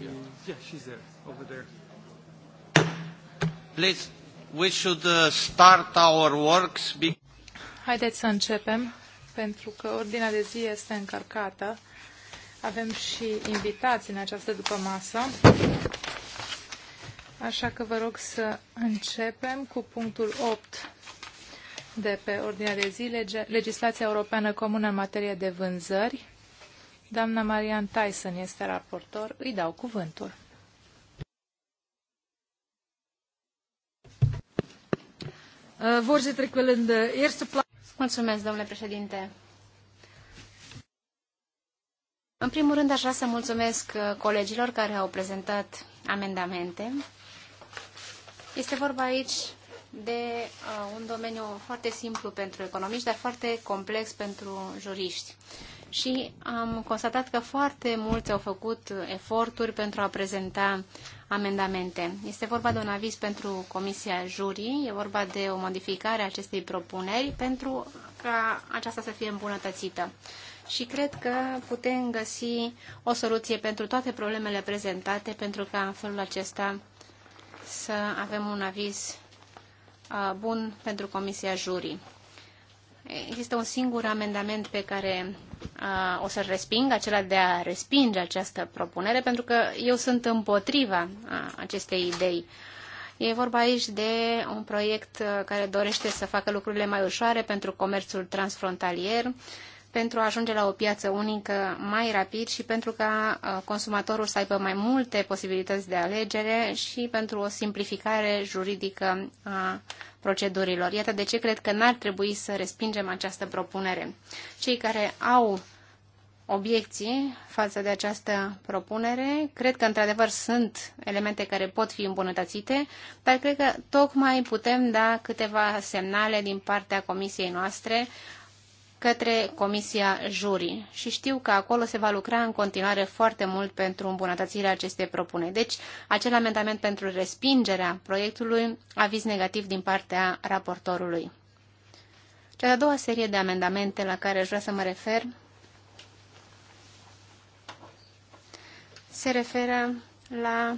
Yeah. yeah, she's there, over there. Please, we should uh, start our works. Haideți să începem, pentru că ordinea de zi este încărcată. Avem și invitații în această după-masă. Așa că vă rog să începem cu punctul 8 de pe ordinea de zi, legislația europeană comună în materie de vânzări. Doamna Marian Tyson este raportor. Îi dau cuvântul. Uh, voorzitter, ik wil in Mulțumesc, domnule președinte. În primul rând, aș vrea să mulțumesc uh, colegilor care au prezentat amendamente. Este vorba aici de uh, un domeniu foarte simplu pentru economiști, dar foarte complex pentru juriști și am constatat că foarte mulți au făcut eforturi pentru a prezenta amendamente. Este vorba de un aviz pentru Comisia Jurii, e vorba de o modificare a acestei propuneri pentru ca aceasta să fie îmbunătățită. Și cred că putem găsi o soluție pentru toate problemele prezentate, pentru ca în felul acesta să avem un aviz uh, bun pentru Comisia Jurii. Există un singur amendament pe care uh, o să resping, acela de a respinge această propunere, pentru că eu sunt împotriva uh, acestei idei. E vorba aici de un proiect uh, care dorește să facă lucrurile mai ușoare pentru comerțul transfrontalier pentru a ajunge la o piață unică mai rapid și pentru ca uh, consumatorul să aibă mai multe posibilități de alegere și pentru o simplificare juridică a procedurilor. Iată de ce cred că n-ar trebui să respingem această propunere. Cei care au obiecții față de această propunere. Cred că, într-adevăr, sunt elemente care pot fi îmbunătățite, dar cred că tocmai putem da câteva semnale din partea comisiei noastre către Comisia Juri și știu că acolo se va lucra în continuare foarte mult pentru îmbunătățirea acestei propuneri. Deci, acel amendament pentru respingerea proiectului, aviz negativ din partea raportorului. Cea de-a doua serie de amendamente la care aș vrea să mă refer se referă la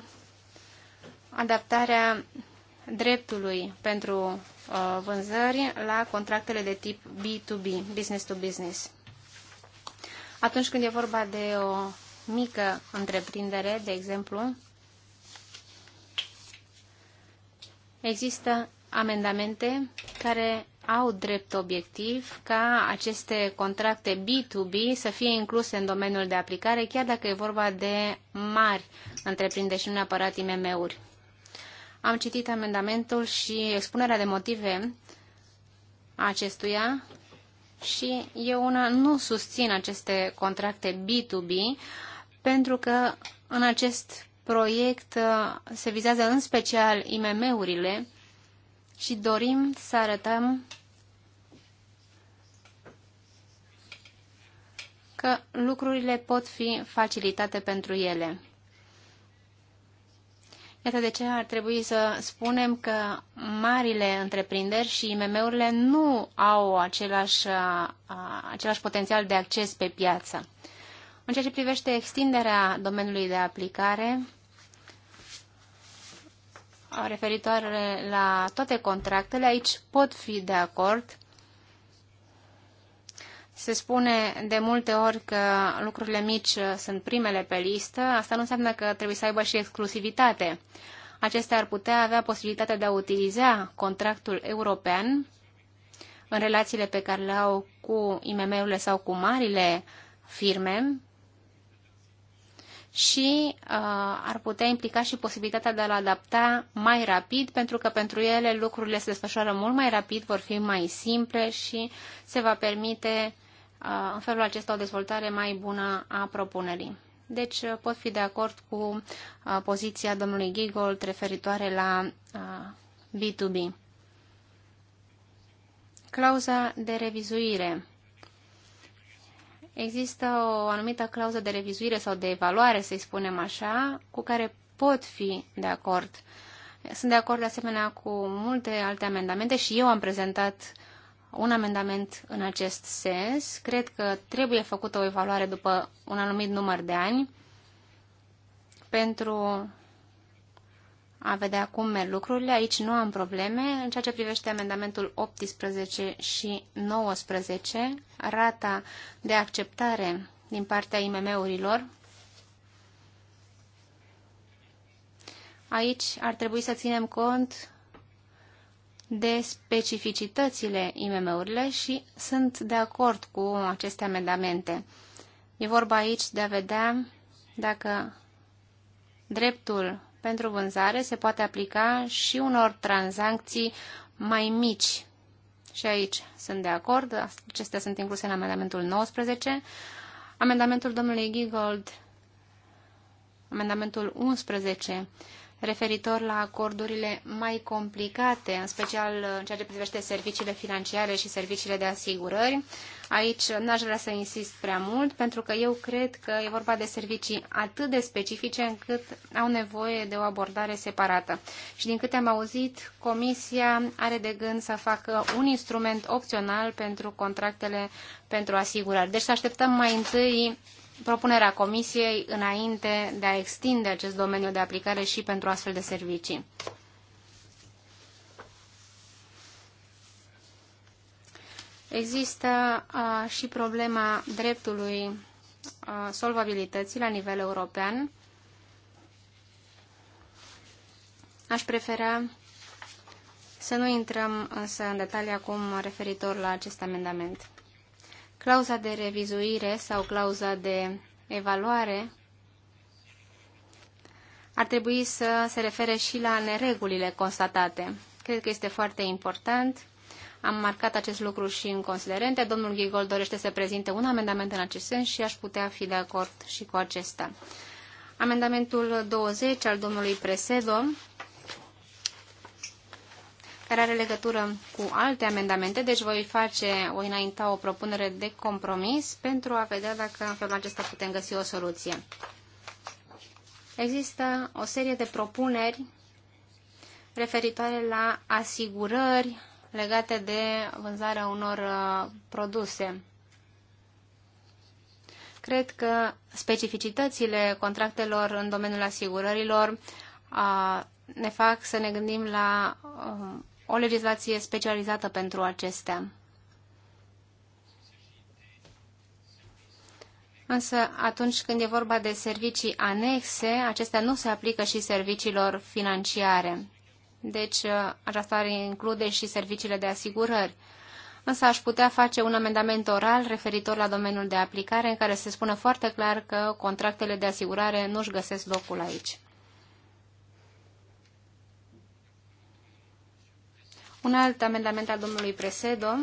adaptarea dreptului pentru Uh, vânzări la contractele de tip B2B, business to business. Atunci când e vorba de o mică întreprindere, de exemplu, există amendamente care au drept obiectiv ca aceste contracte B2B să fie incluse în domeniul de aplicare, chiar dacă e vorba de mari întreprinderi și nu neapărat IMM-uri. Am citit amendamentul și expunerea de motive a acestuia și eu una nu susțin aceste contracte B2B pentru că în acest proiect uh, se vizează în special IMM-urile și dorim să arătăm că lucrurile pot fi facilitate pentru ele. Iată de ce ar trebui să spunem că marile întreprinderi și IMM-urile nu au același, același potențial de acces pe piață. În ceea ce privește extinderea domeniului de aplicare, referitoare la toate contractele, aici pot fi de acord se spune de multe ori că lucrurile mici uh, sunt primele pe listă, asta nu înseamnă că trebuie să aibă și exclusivitate. Acestea ar putea avea posibilitatea de a utiliza contractul european în relațiile pe care le au cu IMM-urile sau cu marile firme și uh, ar putea implica și posibilitatea de a-l adapta mai rapid, pentru că pentru ele lucrurile se desfășoară mult mai rapid, vor fi mai simple și se va permite uh, în felul acesta o dezvoltare mai bună a propunerii. Deci pot fi de acord cu poziția domnului Giggold referitoare la B2B. Clauza de revizuire. Există o anumită clauză de revizuire sau de evaluare, să-i spunem așa, cu care pot fi de acord. Sunt de acord de asemenea cu multe alte amendamente și eu am prezentat uh, un amendament în acest sens. Cred că trebuie făcută o evaluare după un anumit număr de ani pentru a vedea cum merg lucrurile. Aici nu am probleme. În ceea ce privește amendamentul 18 și 19, rata de acceptare din partea IMM-urilor, aici ar trebui să ținem cont de specificitățile IMM-urile și sunt de acord cu aceste amendamente. E vorba aici de a vedea dacă dreptul pentru vânzare se poate aplica și unor tranzacții mai mici. Și aici sunt de acord, acestea sunt incluse în amendamentul 19. Amendamentul domnului Giggold, amendamentul 11, referitor la acordurile mai complicate, în special în ceea ce privește serviciile financiare și serviciile de asigurări. Aici n-aș vrea să insist prea mult, pentru că eu cred că e vorba de servicii atât de specifice încât au nevoie de o abordare separată. Și din câte am auzit, Comisia are de gând să facă un instrument opțional pentru contractele pentru asigurări. Deci să așteptăm mai întâi propunerea Comisiei înainte de a extinde acest domeniu de aplicare și pentru astfel de servicii. Există a, și problema dreptului a, solvabilității la nivel european. Aș prefera să nu intrăm însă în detalii acum referitor la acest amendament. Clauza de revizuire sau clauza de evaluare ar trebui să se refere și la neregulile constatate. Cred că este foarte important. Am marcat acest lucru și în considerente. Domnul Ghigol dorește să prezinte un amendament în acest sens și aș putea fi de acord și cu acesta. Amendamentul 20 al domnului Presedo care are legătură cu alte amendamente, deci voi face, o înainta o propunere de compromis pentru a vedea dacă în felul acesta putem găsi o soluție. Există o serie de propuneri referitoare la asigurări legate de vânzarea unor uh, produse. Cred că specificitățile contractelor în domeniul asigurărilor uh, ne fac să ne gândim la um, o legislație specializată pentru acestea. Însă atunci când e vorba de servicii anexe, acestea nu se aplică și serviciilor financiare. Deci uh, aceasta ar include și serviciile de asigurări. Însă aș putea face un amendament oral referitor la domeniul de aplicare în care se spune foarte clar că contractele de asigurare nu își găsesc locul aici. Un alt amendament al domnului Presedo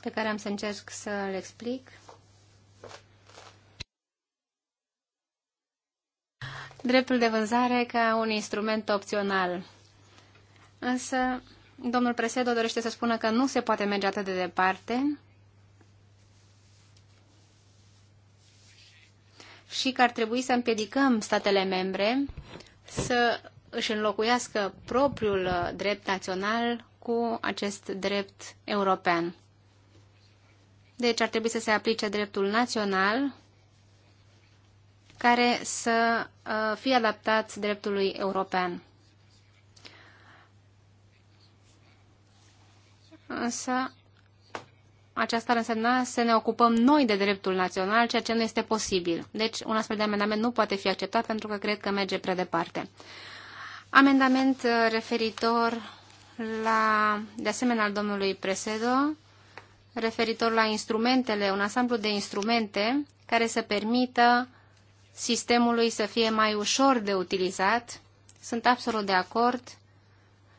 pe care am să încerc să-l explic. Dreptul de vânzare ca un instrument opțional. Însă, domnul Presedo dorește să spună că nu se poate merge atât de departe și că ar trebui să împiedicăm statele membre să își înlocuiască propriul uh, drept național cu acest drept european. Deci ar trebui să se aplice dreptul național care să uh, fie adaptat dreptului european. Însă aceasta ar însemna să ne ocupăm noi de dreptul național, ceea ce nu este posibil. Deci, un astfel de amendament nu poate fi acceptat pentru că cred că merge prea departe. Amendament uh, referitor la, de asemenea, al domnului Presedo, referitor la instrumentele, un ansamblu de instrumente care să permită sistemului să fie mai ușor de utilizat. Sunt absolut de acord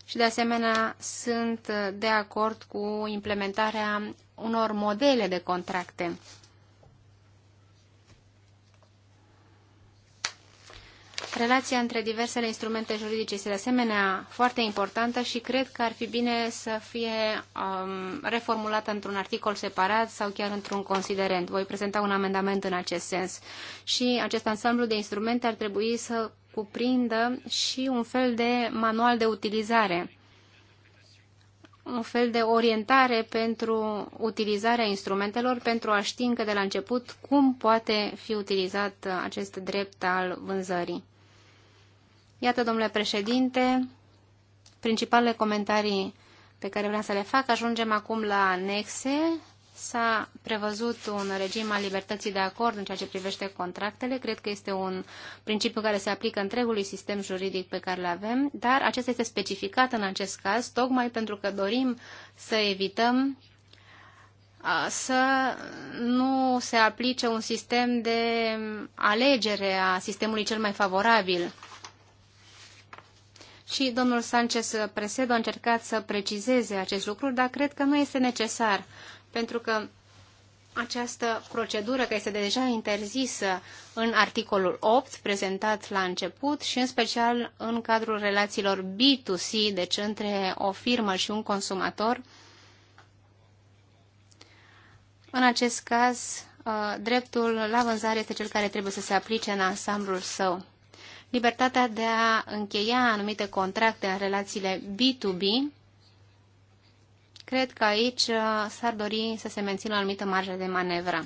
și de asemenea sunt uh, de acord cu implementarea unor modele de contracte. Relația între diversele instrumente juridice este de asemenea foarte importantă și cred că ar fi bine să fie um, reformulată într-un articol separat sau chiar într-un considerent. Voi prezenta un amendament în acest sens. Și acest ansamblu de instrumente ar trebui să cuprindă și un fel de manual de utilizare un fel de orientare pentru utilizarea instrumentelor, pentru a ști încă de la început cum poate fi utilizat acest drept al vânzării. Iată, domnule președinte, principalele comentarii pe care vreau să le fac. Ajungem acum la anexe s-a prevăzut un regim al libertății de acord în ceea ce privește contractele. Cred că este un principiu care se aplică întregului sistem juridic pe care îl avem, dar acesta este specificat în acest caz, tocmai pentru că dorim să evităm să nu se aplice un sistem de alegere a sistemului cel mai favorabil. Și domnul Sanchez Presedo a încercat să precizeze acest lucru, dar cred că nu este necesar pentru că această procedură, care este deja interzisă în articolul 8, prezentat la început, și în special în cadrul relațiilor B2C, deci între o firmă și un consumator, în acest caz, uh, dreptul la vânzare este cel care trebuie să se aplice în ansamblul său. Libertatea de a încheia anumite contracte în relațiile B2B Cred că aici uh, s-ar dori să se mențină o anumită marjă de manevră.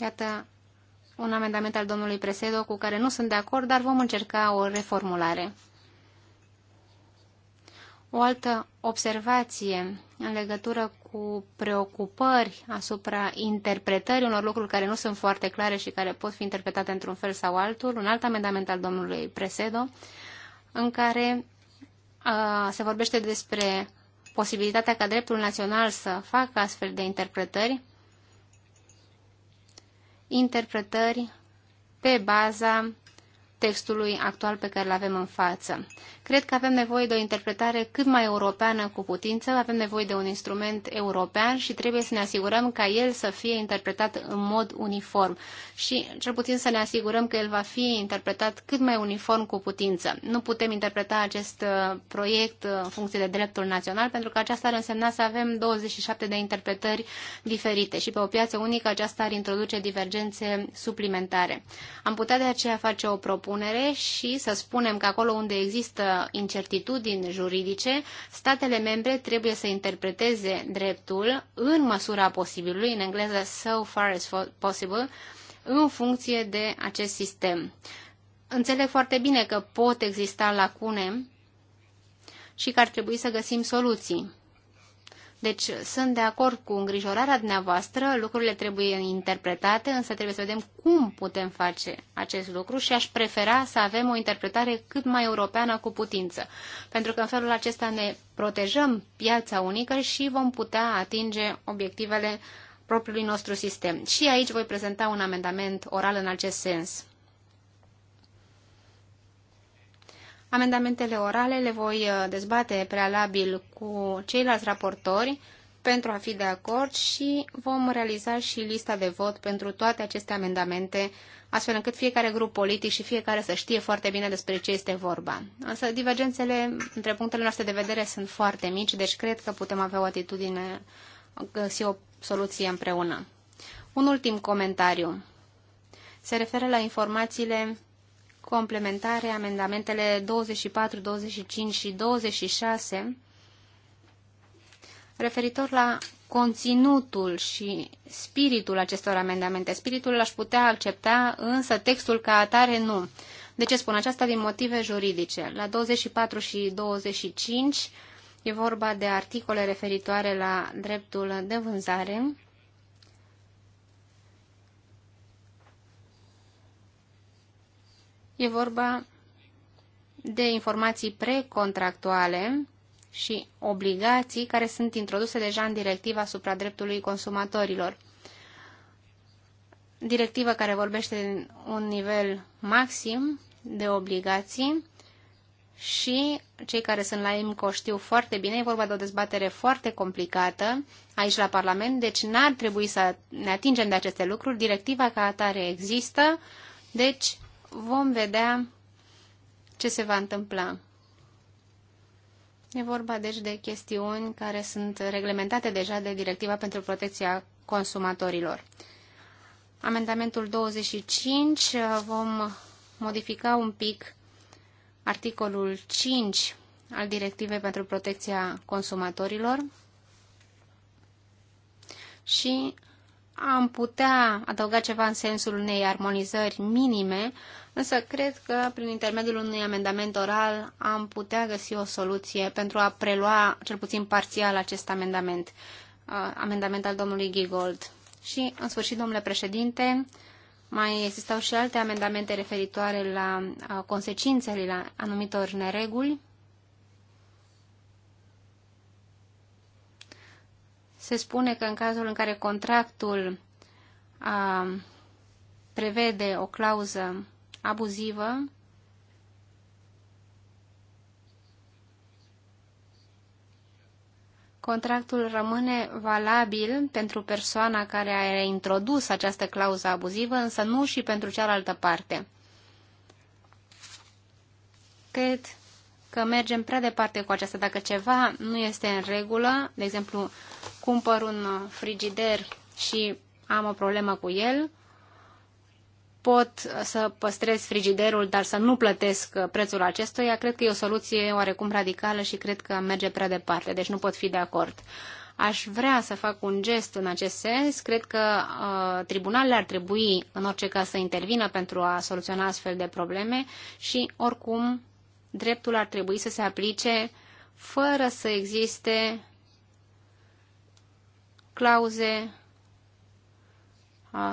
Iată un amendament al domnului Presedo cu care nu sunt de acord, dar vom încerca o reformulare. O altă observație în legătură cu preocupări asupra interpretării unor lucruri care nu sunt foarte clare și care pot fi interpretate într-un fel sau altul, un alt amendament al domnului Presedo, în care se vorbește despre posibilitatea ca dreptul național să facă astfel de interpretări, interpretări pe baza textului actual pe care îl avem în față. Cred că avem nevoie de o interpretare cât mai europeană cu putință, avem nevoie de un instrument european și trebuie să ne asigurăm ca el să fie interpretat în mod uniform și cel puțin să ne asigurăm că el va fi interpretat cât mai uniform cu putință. Nu putem interpreta acest uh, proiect uh, în funcție de dreptul național pentru că aceasta ar însemna să avem 27 de interpretări diferite și pe o piață unică aceasta ar introduce divergențe suplimentare. Am putea de aceea face o propunere propunere și să spunem că acolo unde există incertitudini juridice, statele membre trebuie să interpreteze dreptul în măsura posibilului, în engleză so far as possible, în funcție de acest sistem. Înțeleg foarte bine că pot exista lacune și că ar trebui să găsim soluții. Deci sunt de acord cu îngrijorarea dumneavoastră, lucrurile trebuie interpretate, însă trebuie să vedem cum putem face acest lucru și aș prefera să avem o interpretare cât mai europeană cu putință, pentru că în felul acesta ne protejăm piața unică și vom putea atinge obiectivele propriului nostru sistem. Și aici voi prezenta un amendament oral în acest sens. Amendamentele orale le voi uh, dezbate prealabil cu ceilalți raportori pentru a fi de acord și vom realiza și lista de vot pentru toate aceste amendamente, astfel încât fiecare grup politic și fiecare să știe foarte bine despre ce este vorba. Însă divergențele între punctele noastre de vedere sunt foarte mici, deci cred că putem avea o atitudine, găsi o soluție împreună. Un ultim comentariu. Se referă la informațiile complementare amendamentele 24, 25 și 26 referitor la conținutul și spiritul acestor amendamente. Spiritul l-aș putea accepta, însă textul ca atare nu. De ce spun aceasta? Din motive juridice. La 24 și 25 e vorba de articole referitoare la dreptul de vânzare E vorba de informații precontractuale și obligații care sunt introduse deja în directiva asupra dreptului consumatorilor. Directiva care vorbește de un nivel maxim de obligații și cei care sunt la IMCO știu foarte bine, e vorba de o dezbatere foarte complicată aici la Parlament, deci n-ar trebui să ne atingem de aceste lucruri. Directiva ca atare există, deci vom vedea ce se va întâmpla. E vorba deci de chestiuni care sunt reglementate deja de Directiva pentru Protecția Consumatorilor. Amendamentul 25 vom modifica un pic articolul 5 al Directivei pentru Protecția Consumatorilor și am putea adăuga ceva în sensul unei armonizări minime Însă cred că prin intermediul unui amendament oral am putea găsi o soluție pentru a prelua cel puțin parțial acest amendament, uh, amendament al domnului Gigold. Și, în sfârșit, domnule președinte, mai existau și alte amendamente referitoare la uh, consecințele la anumitor nereguli. Se spune că în cazul în care contractul a, uh, prevede o clauză abuzivă contractul rămâne valabil pentru persoana care a introdus această clauză abuzivă, însă nu și pentru cealaltă parte. Cred că mergem prea departe cu aceasta. Dacă ceva nu este în regulă, de exemplu, cumpăr un frigider și am o problemă cu el, pot să păstrez frigiderul, dar să nu plătesc uh, prețul acestuia, cred că e o soluție oarecum radicală și cred că merge prea departe, deci nu pot fi de acord. Aș vrea să fac un gest în acest sens. Cred că uh, tribunalele ar trebui, în orice caz, să intervină pentru a soluționa astfel de probleme și, oricum, dreptul ar trebui să se aplice fără să existe clauze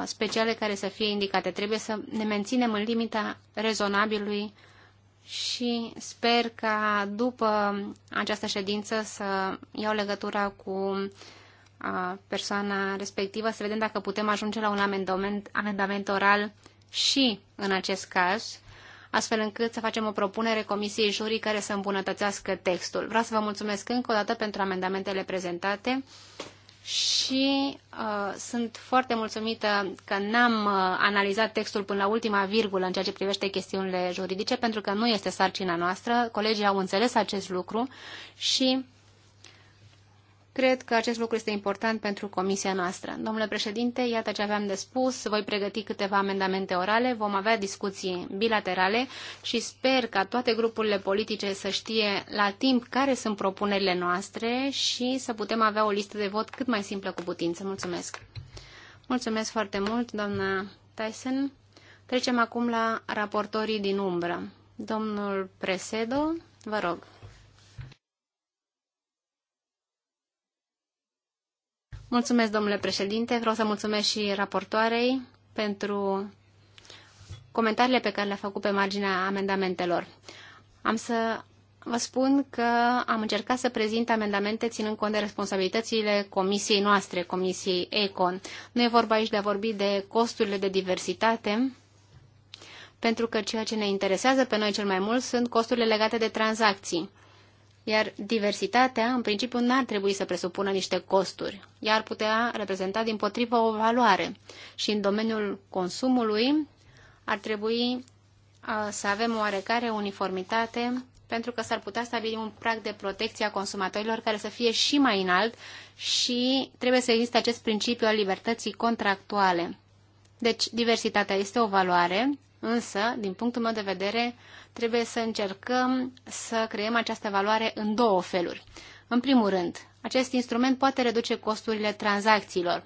speciale care să fie indicate. Trebuie să ne menținem în limita rezonabilului și sper ca după această ședință să iau legătura cu persoana respectivă, să vedem dacă putem ajunge la un amendament, amendament oral și în acest caz, astfel încât să facem o propunere Comisiei Jurii care să îmbunătățească textul. Vreau să vă mulțumesc încă o dată pentru amendamentele prezentate și uh, sunt foarte mulțumită că n-am uh, analizat textul până la ultima virgulă în ceea ce privește chestiunile juridice, pentru că nu este sarcina noastră. Colegii au înțeles acest lucru și Cred că acest lucru este important pentru comisia noastră. Domnule președinte, iată ce aveam de spus. Voi pregăti câteva amendamente orale, vom avea discuții bilaterale și sper ca toate grupurile politice să știe la timp care sunt propunerile noastre și să putem avea o listă de vot cât mai simplă cu putință. Mulțumesc! Mulțumesc foarte mult, doamna Tyson. Trecem acum la raportorii din umbră. Domnul Presedo, vă rog. Mulțumesc, domnule președinte. Vreau să mulțumesc și raportoarei pentru comentariile pe care le-a făcut pe marginea amendamentelor. Am să vă spun că am încercat să prezint amendamente ținând cont de responsabilitățile comisiei noastre, comisiei ECON. Nu e vorba aici de a vorbi de costurile de diversitate, pentru că ceea ce ne interesează pe noi cel mai mult sunt costurile legate de tranzacții. Iar diversitatea, în principiu, n-ar trebui să presupună niște costuri. Ea ar putea reprezenta, din potrivă, o valoare. Și în domeniul consumului ar trebui să avem oarecare uniformitate pentru că s-ar putea stabili un prag de protecție a consumatorilor care să fie și mai înalt și trebuie să existe acest principiu al libertății contractuale. Deci, diversitatea este o valoare Însă, din punctul meu de vedere, trebuie să încercăm să creăm această valoare în două feluri. În primul rând, acest instrument poate reduce costurile tranzacțiilor,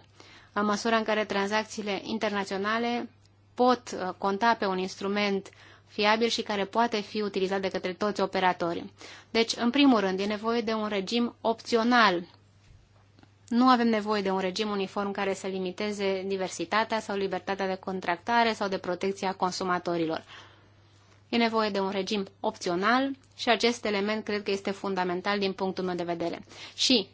în măsura în care tranzacțiile internaționale pot uh, conta pe un instrument fiabil și care poate fi utilizat de către toți operatorii. Deci, în primul rând, e nevoie de un regim opțional nu avem nevoie de un regim uniform care să limiteze diversitatea sau libertatea de contractare sau de protecția consumatorilor. E nevoie de un regim opțional și acest element cred că este fundamental din punctul meu de vedere. Și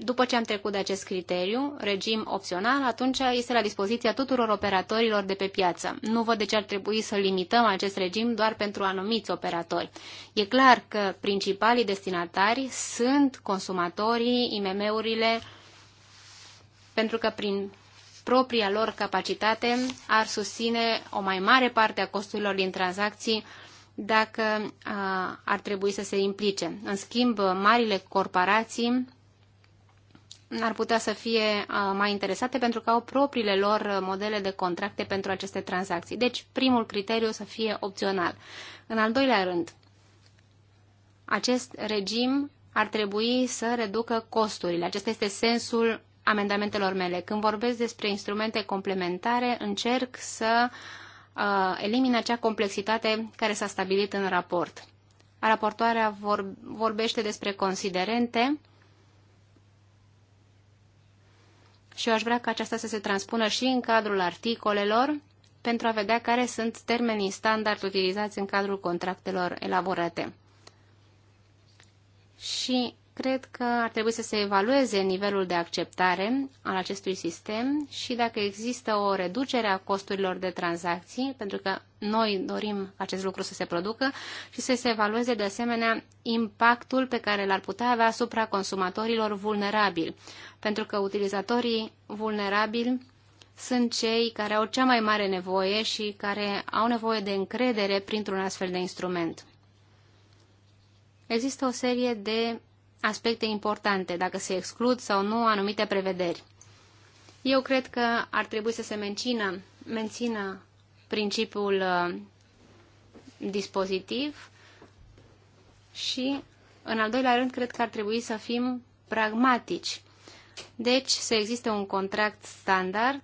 după ce am trecut de acest criteriu, regim opțional, atunci este la dispoziția tuturor operatorilor de pe piață. Nu văd de ce ar trebui să limităm acest regim doar pentru anumiți operatori. E clar că principalii destinatari sunt consumatorii, IMM-urile, pentru că prin propria lor capacitate ar susține o mai mare parte a costurilor din tranzacții dacă a, ar trebui să se implice. În schimb, marile corporații ar putea să fie uh, mai interesate pentru că au propriile lor modele de contracte pentru aceste tranzacții. Deci, primul criteriu să fie opțional. În al doilea rând, acest regim ar trebui să reducă costurile. Acesta este sensul amendamentelor mele. Când vorbesc despre instrumente complementare, încerc să uh, elimin acea complexitate care s-a stabilit în raport. Raportoarea vor, vorbește despre considerente și eu aș vrea ca aceasta să se transpună și în cadrul articolelor pentru a vedea care sunt termenii standard utilizați în cadrul contractelor elaborate. Și cred că ar trebui să se evalueze nivelul de acceptare al acestui sistem și dacă există o reducere a costurilor de tranzacții, pentru că noi dorim acest lucru să se producă și să se evalueze de asemenea impactul pe care l-ar putea avea asupra consumatorilor vulnerabili, pentru că utilizatorii vulnerabili sunt cei care au cea mai mare nevoie și care au nevoie de încredere printr-un astfel de instrument. Există o serie de aspecte importante, dacă se exclud sau nu anumite prevederi. Eu cred că ar trebui să se mențină, mențină principiul uh, dispozitiv și, în al doilea rând, cred că ar trebui să fim pragmatici. Deci, să existe un contract standard,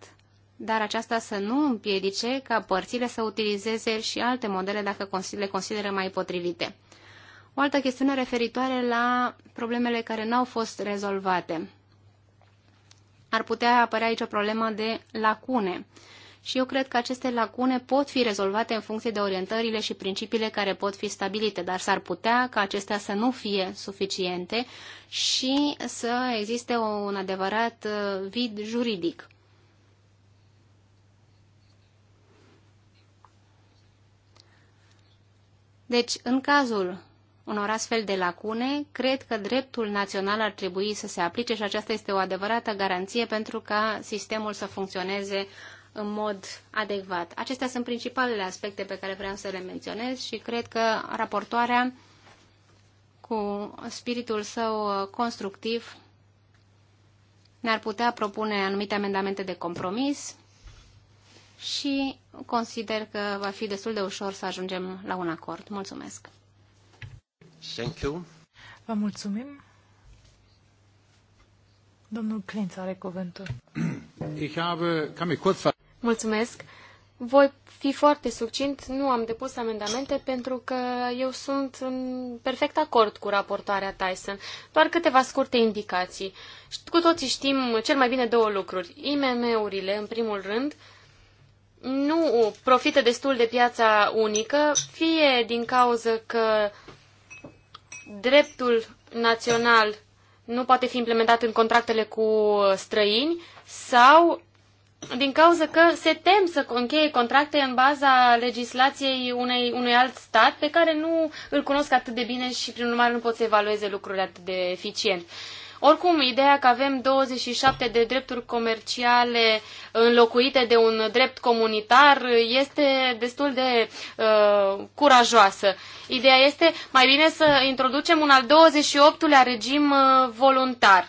dar aceasta să nu împiedice ca părțile să utilizeze și alte modele dacă le consideră mai potrivite. O altă chestiune referitoare la problemele care n-au fost rezolvate. Ar putea apărea aici o problemă de lacune. Și eu cred că aceste lacune pot fi rezolvate în funcție de orientările și principiile care pot fi stabilite, dar s-ar putea ca acestea să nu fie suficiente și să existe un adevărat uh, vid juridic. Deci, în cazul unor astfel de lacune, cred că dreptul național ar trebui să se aplice și aceasta este o adevărată garanție pentru ca sistemul să funcționeze în mod adecvat. Acestea sunt principalele aspecte pe care vreau să le menționez și cred că raportoarea cu spiritul său constructiv ne-ar putea propune anumite amendamente de compromis și consider că va fi destul de ușor să ajungem la un acord. Mulțumesc! Thank you. Vă mulțumim. Domnul Clinț are cuvântul. Ich habe, kann mich kurz... Mulțumesc. Voi fi foarte succint, nu am depus amendamente pentru că eu sunt în perfect acord cu raportarea Tyson. Doar câteva scurte indicații. Cu toții știm cel mai bine două lucruri. IMM-urile, în primul rând, nu profită destul de piața unică, fie din cauză că dreptul național nu poate fi implementat în contractele cu străini sau din cauza că se tem să încheie contracte în baza legislației unei, unui alt stat pe care nu îl cunosc atât de bine și prin urmare nu pot să evalueze lucrurile atât de eficient. Uh, oricum, ideea că avem 27 de drepturi comerciale înlocuite de un drept comunitar este destul de uh, curajoasă. Ideea este mai bine să introducem un al 28-lea regim uh, voluntar.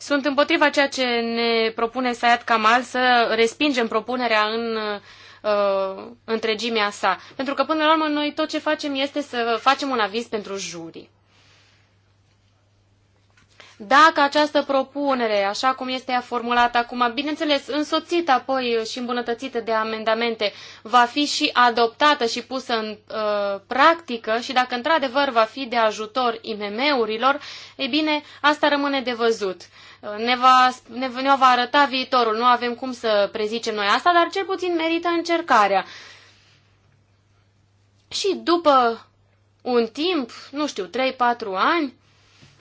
Sunt împotriva ceea ce ne propune Sayat Kamal să respingem propunerea în uh, uh, întregimea sa. Pentru că, până la urmă, noi tot ce facem este să facem un aviz pentru jurii. Dacă această propunere, așa cum este ea formulată acum, bineînțeles însoțită apoi și îmbunătățită de amendamente, va fi și adoptată și pusă în uh, practică și dacă într-adevăr va fi de ajutor IMM-urilor, e bine, asta rămâne de văzut. Uh, ne va, ne, ne va arăta viitorul, nu avem cum să prezicem noi asta, dar cel puțin merită încercarea. Și după un timp, nu știu, 3-4 ani,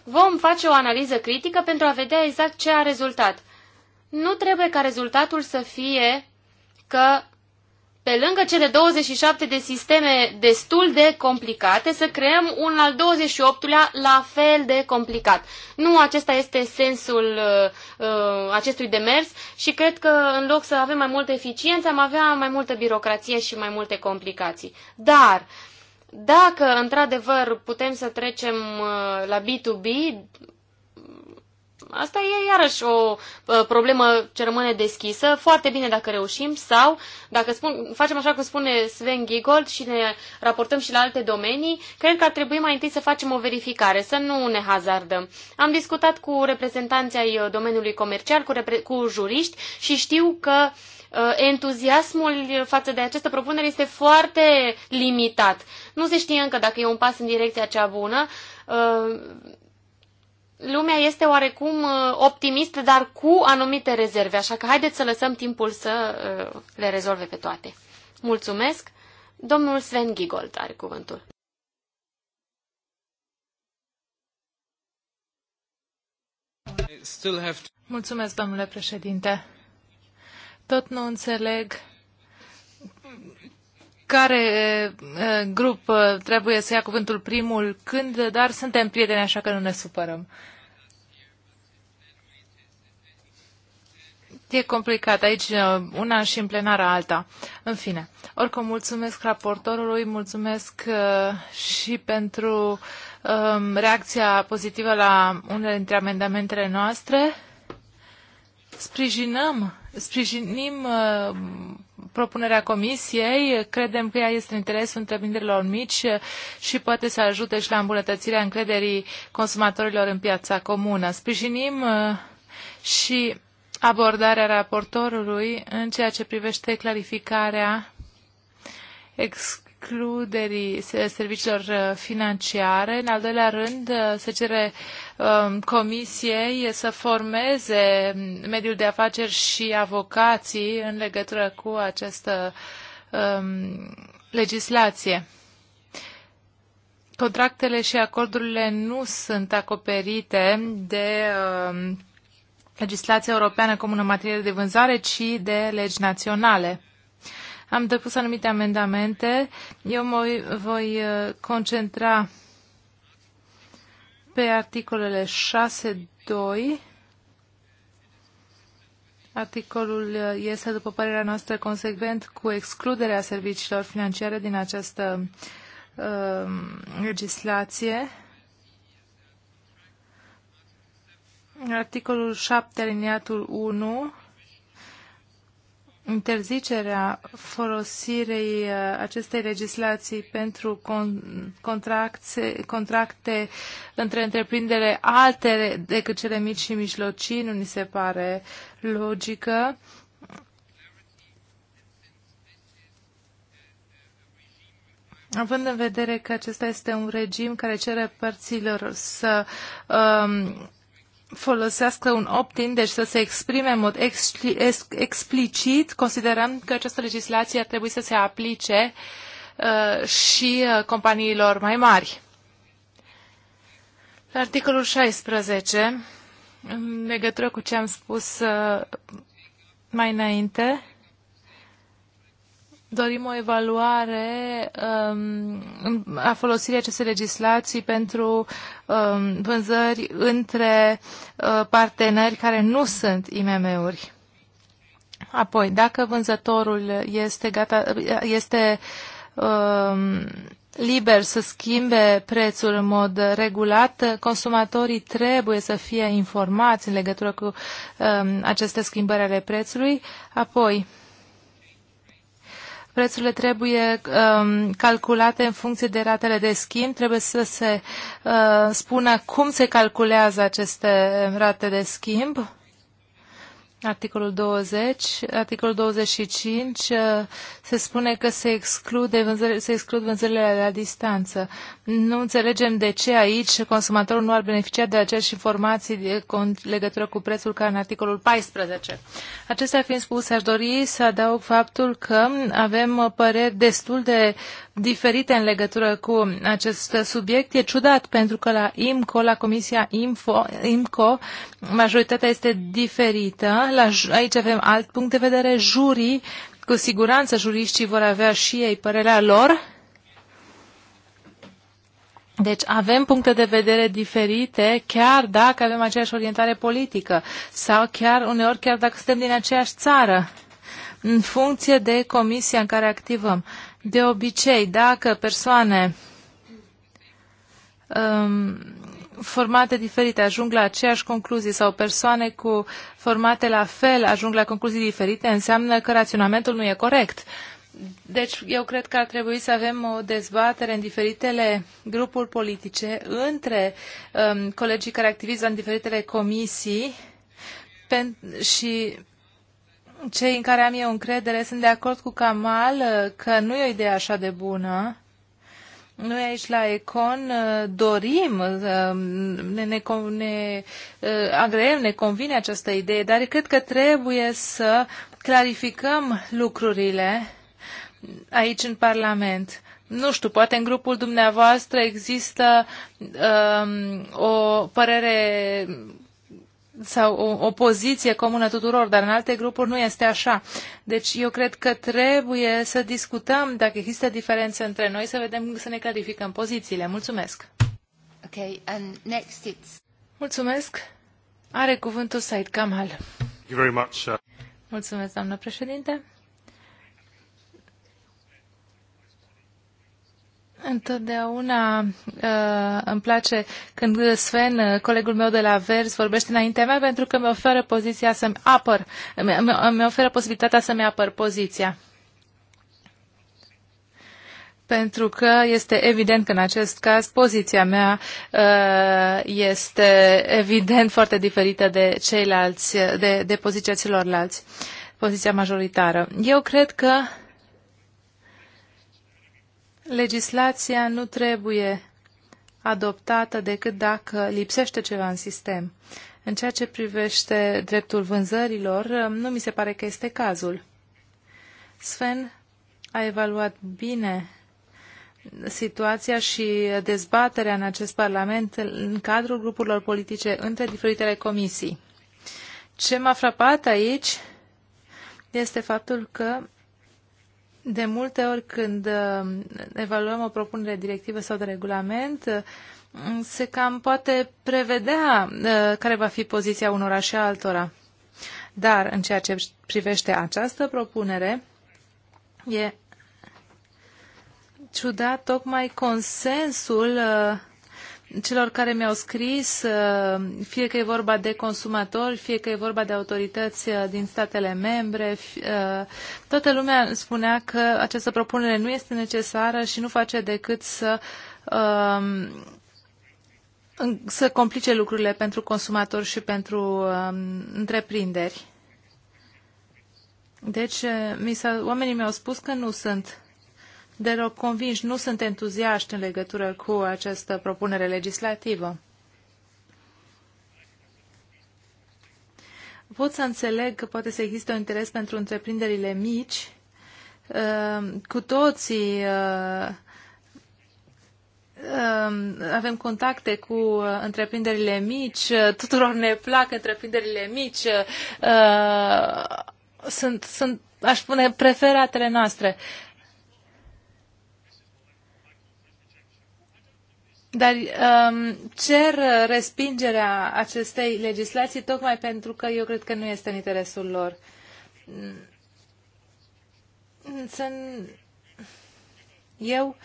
vom face o analiză critică pentru a vedea exact ce a rezultat. Nu trebuie ca rezultatul să fie că pe lângă cele 27 de sisteme destul de complicate, să creăm un al 28-lea la fel de complicat. Nu acesta este sensul uh, uh, acestui demers și cred că în loc să avem mai multă eficiență, am avea mai multă birocrație și mai multe complicații. Dar uh, dacă, într-adevăr, putem să trecem uh, la B2B, asta e iarăși o uh, problemă ce rămâne deschisă. Foarte bine dacă reușim sau, dacă spun, facem așa cum spune Sven Giegold și ne raportăm și la alte domenii, cred că ar trebui mai întâi să facem o verificare, să nu ne hazardăm. Am discutat cu reprezentanții ai uh, domeniului comercial, cu, repre- cu juriști și știu că uh, Uh, entuziasmul față de această propunere este foarte limitat. Nu se știe încă dacă e un pas în direcția cea bună. Uh, lumea este oarecum uh, optimistă, dar cu anumite rezerve, așa că haideți să lăsăm timpul să le rezolve pe toate. Mulțumesc! Domnul Sven Gigold are cuvântul. Mulțumesc, domnule președinte. Tot nu înțeleg care grup trebuie să ia cuvântul primul când, dar suntem prieteni, așa că nu ne supărăm. E complicat aici una și în plenara alta. În fine, oricum mulțumesc raportorului, mulțumesc și pentru reacția pozitivă la unele dintre amendamentele noastre. Sprijinăm, sprijinim uh, propunerea comisiei, credem că ea este în interesul întreprinderilor mici uh, și poate să ajute și la îmbunătățirea încrederii consumatorilor în piața comună. Sprijinim uh, și abordarea raportorului în ceea ce privește clarificarea excluderii serviciilor uh, financiare. În al doilea rând, uh, se cere um, comisiei să formeze um, mediul de afaceri și avocații în legătură cu această um, legislație. Contractele și acordurile nu sunt acoperite de legislația europeană comună în materie de vânzare, ci de legi naționale. Am depus anumite amendamente. Eu mă voi uh, concentra pe articolele 6.2. Articolul uh, este, după părerea noastră, consecvent cu excluderea serviciilor financiare din această um, legislație. Articolul 7, aliniatul 1 interzicerea folosirii uh, acestei legislații pentru contracte, contracte între întreprindere alte decât cele mici și mijlocii nu ni se pare logică. Având în vedere că acesta este un regim care cere părților să um, folosească un opt-in, deci să se exprime în mod explicit, considerând că această legislație ar trebui să se aplice uh, și uh, companiilor mai mari. La articolul 16, în legătură cu ce am spus uh, mai înainte, dorim o evaluare um, a folosirii acestei legislații pentru um, vânzări între uh, parteneri care nu sunt IMM-uri. Apoi, dacă vânzătorul este, gata, este um, liber să schimbe prețul în mod regulat, consumatorii trebuie să fie informați în legătură cu um, aceste schimbări ale prețului. Apoi, uh, Prețurile trebuie um, calculate în funcție de ratele de schimb, trebuie să se uh, spună cum se calculează aceste rate de schimb. Articolul 20, articolul 25 uh, se spune că se, exclude vânzările, se exclud vânzările la distanță. Nu înțelegem de ce aici consumatorul nu ar beneficia de aceeași informații de, în legătură cu prețul ca în articolul 14. Acestea fiind spuse, aș dori să adaug faptul că avem păreri destul de diferite în legătură cu acest subiect. E ciudat pentru că la IMCO, la Comisia Info, IMCO, majoritatea este diferită. La, aici avem alt punct de vedere, jurii. Cu siguranță juriștii vor avea și ei părerea lor deci avem puncte de vedere diferite, chiar dacă avem aceeași orientare politică sau chiar uneori chiar dacă suntem din aceeași țară, în funcție de comisia în care activăm. De obicei, dacă persoane um, formate diferite ajung la aceeași concluzie sau persoane cu formate la fel ajung la concluzii diferite, înseamnă că raționamentul nu e corect. Uh, deci, eu cred că ar trebui să avem o dezbatere în diferitele grupuri politice între um, colegii care activizează în diferitele comisii și cei în care am eu încredere sunt de acord cu Kamal uh, că nu e o idee așa de bună. Noi aici la Econ uh, dorim, uh, um, ne, ne, ne agreem, ne convine această idee, dar cred că trebuie să clarificăm lucrurile aici în Parlament. Nu știu, poate în grupul dumneavoastră există um, o părere sau o, o poziție comună tuturor, dar în alte grupuri nu este așa. Deci eu cred că trebuie să discutăm dacă există diferențe între noi, să vedem, să ne clarificăm pozițiile. Mulțumesc! Okay, and next it's... Mulțumesc! Are cuvântul Said Kamal. Thank you very much, Mulțumesc, doamnă președinte! Întotdeauna uh, îmi place când Sven, uh, colegul meu de la Vers, vorbește înaintea mea pentru că mi oferă poziția să-mi apăr, mi oferă posibilitatea să-mi apăr poziția. Pentru că este evident că în acest caz poziția mea uh, este evident foarte diferită de ceilalți, de, de poziția celorlalți, poziția majoritară. Eu cred că uh, legislația nu trebuie adoptată decât dacă lipsește ceva în sistem. În ceea ce privește dreptul vânzărilor, nu mi se pare că este cazul. Sven a evaluat bine situația și dezbaterea în acest Parlament în cadrul grupurilor politice între diferitele comisii. Ce m-a frapat aici este faptul că de multe ori când uh, evaluăm o propunere directivă sau de regulament, uh, se cam poate prevedea uh, care va fi poziția unora și altora. Dar în ceea ce privește această propunere, e ciudat tocmai consensul celor care mi-au scris, uh, fie că e vorba de consumatori, fie că e vorba de autorități uh, din statele membre, uh, toată lumea spunea că această propunere nu este necesară și nu face decât să um, să complice lucrurile pentru consumatori și pentru um, întreprinderi. Deci, mi oamenii mi-au spus că nu sunt deloc convinși, nu sunt entuziaști în legătură cu această propunere legislativă. Pot să înțeleg că poate să există un interes pentru întreprinderile mici. Ehm, cu toții ehm, ehm, avem contacte cu întreprinderile mici, tuturor ne plac întreprinderile mici, sunt, sunt aș spune, preferatele noastre. Dar um, cer respingerea acestei legislații tocmai pentru că eu cred că nu este în interesul lor. Sunt... Eu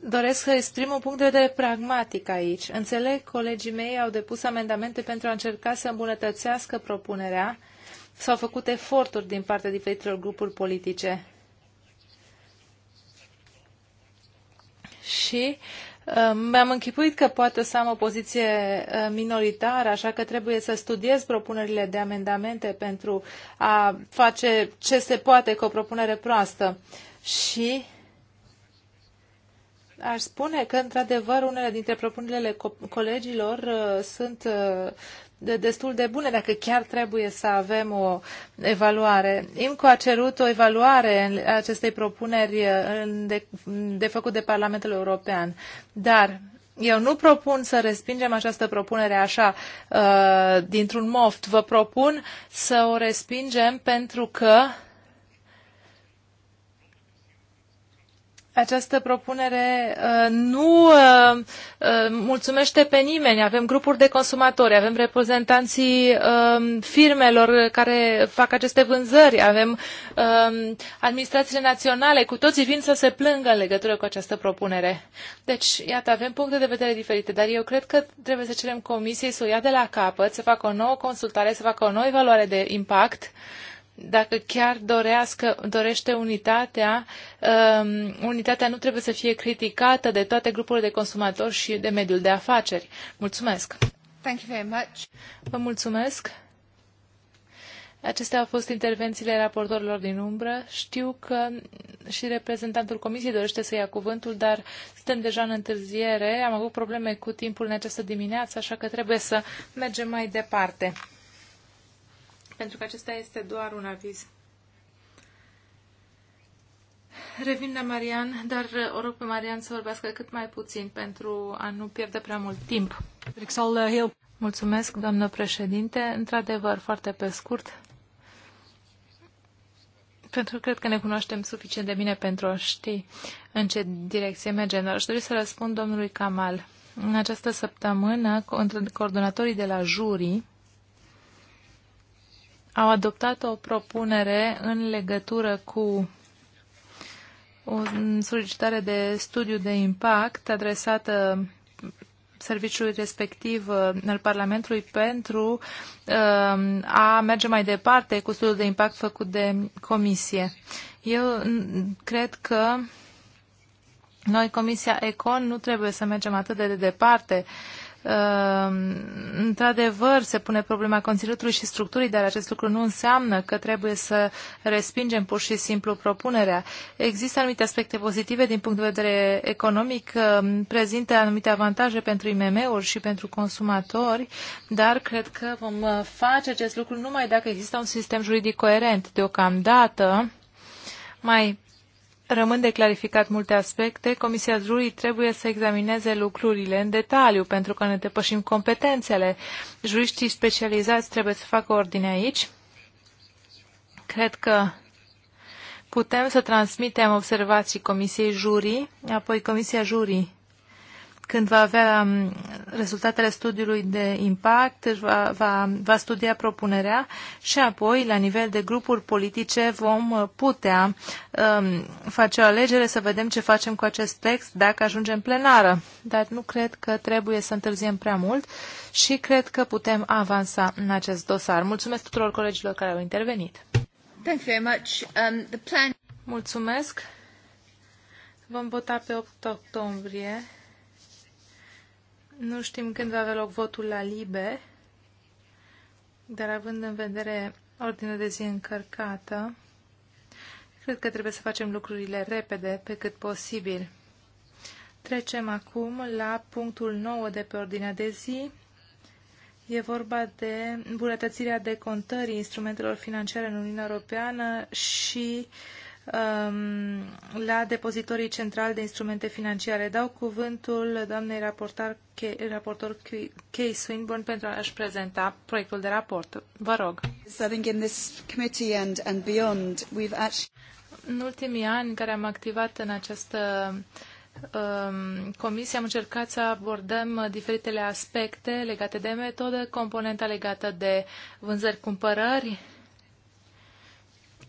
doresc să exprim un punct de vedere pragmatic aici. Înțeleg, colegii mei au depus amendamente pentru a încerca să îmbunătățească propunerea. S-au făcut eforturi din partea diferitelor grupuri politice. Și uh, Ehm, mi-am închipuit că poate să am o poziție ehm, minoritară, așa că trebuie să studiez propunerile de amendamente pentru a face ce se poate cu o propunere proastă. Și aș spune că, într-adevăr, unele dintre propunerile colegilor ehm, sunt uh, de destul de bune dacă chiar trebuie să avem o evaluare. IMCO a cerut o evaluare a acestei propuneri uh, de, de făcut de Parlamentul European, dar eu nu propun să respingem această propunere așa, uh, dintr-un moft. Vă propun să o respingem pentru că Această propunere uh, nu uh, uh, mulțumește pe nimeni. Avem grupuri de consumatori, avem reprezentanții uh, firmelor care fac aceste vânzări, avem uh, administrațiile naționale, cu toții vin să se plângă în legătură cu această propunere. Deci, iată, avem puncte de vedere diferite, dar eu cred că trebuie să cerem comisiei să o ia de la capăt, să facă o nouă consultare, să facă o nouă evaluare de impact uh, dacă chiar dorească, dorește unitatea, um, unitatea nu trebuie să fie criticată de toate grupurile de consumatori și de mediul de afaceri. Mulțumesc! Thank you very much. Vă mulțumesc! Acestea au fost intervențiile raportorilor din umbră. Știu că și reprezentantul comisiei dorește să ia cuvântul, dar suntem deja în întârziere. Am avut probleme cu timpul în această dimineață, așa că trebuie să mergem mai departe pentru că acesta este doar un aviz. Revin la Marian, dar uh, o rog pe Marian să vorbească cât mai puțin pentru a nu pierde prea mult timp. Uh, Mulțumesc, doamnă președinte. Într-adevăr, foarte pe scurt, pentru că cred că ne cunoaștem suficient de bine pentru a ști în ce direcție mergem. Dar aș dori să răspund domnului Kamal. În această săptămână, coordonatorii de la jurii au adoptat o propunere în legătură cu o solicitare de studiu de impact adresată serviciului respectiv uh, al Parlamentului pentru uh, a merge mai departe cu studiul de impact făcut de comisie. Eu mm, cred că noi, Comisia Econ, nu trebuie să mergem atât de departe uh, Ehm, într-adevăr se pune problema conținutului și structurii, dar acest lucru nu înseamnă că trebuie să respingem pur și simplu propunerea. Există anumite aspecte pozitive din punct de vedere economic, ehm, prezintă anumite avantaje pentru IMM-uri și pentru consumatori, dar cred că vom eh, face acest lucru numai dacă există un sistem juridic coerent. Deocamdată mai Rămân de clarificat multe aspecte. Comisia Jurii trebuie să examineze lucrurile în detaliu, pentru că ne depășim competențele. Juriștii specializați trebuie să facă ordine aici. Cred că putem să transmitem observații Comisiei Jurii, apoi Comisia Jurii când va avea um, rezultatele studiului de impact, va, va, va studia propunerea și apoi, la nivel de grupuri politice, vom uh, putea um, face o alegere să vedem ce facem cu acest text dacă ajungem plenară. Dar nu cred că trebuie să întârziem prea mult și cred că putem avansa în acest dosar. Mulțumesc tuturor colegilor care au intervenit. Thank you very much. Um, the plan... Mulțumesc. Vom vota pe 8 octombrie nu știm când va avea loc votul la Libe, dar având în vedere ordinea de zi încărcată, cred că trebuie să facem lucrurile repede, pe cât posibil. Trecem acum la punctul 9 de pe ordinea de zi. E vorba de îmbunătățirea decontării instrumentelor financiare în Uniunea Europeană și uh, Um, la depozitorii centrali de instrumente financiare. Dau cuvântul doamnei raportar, raportor Kay Swinburne pentru a-și prezenta proiectul de raport. Vă rog. În ultimii ani în care am activat în această um, comisie am încercat să abordăm diferitele aspecte legate de metodă, componenta legată de vânzări-cumpărări,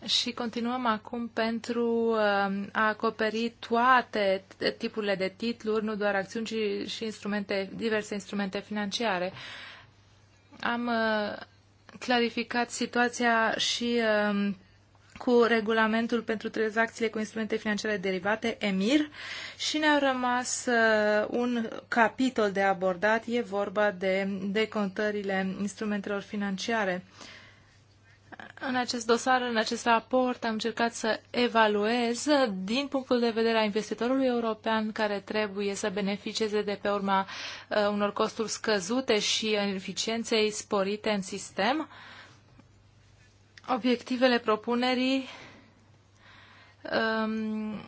și continuăm acum pentru um, a acoperi toate tipurile de titluri, nu doar acțiuni, ci și instrumente, diverse instrumente financiare. Am uh, clarificat situația și um, cu regulamentul pentru tranzacțiile cu instrumente financiare derivate, EMIR, și ne-a rămas uh, un capitol de abordat, e vorba de decontările instrumentelor financiare. Uh, în acest dosar, în acest raport, am încercat să evaluez din punctul de vedere a investitorului european care trebuie să beneficieze de pe urma uh, unor costuri scăzute și eficienței sporite în sistem. Obiectivele propunerii um,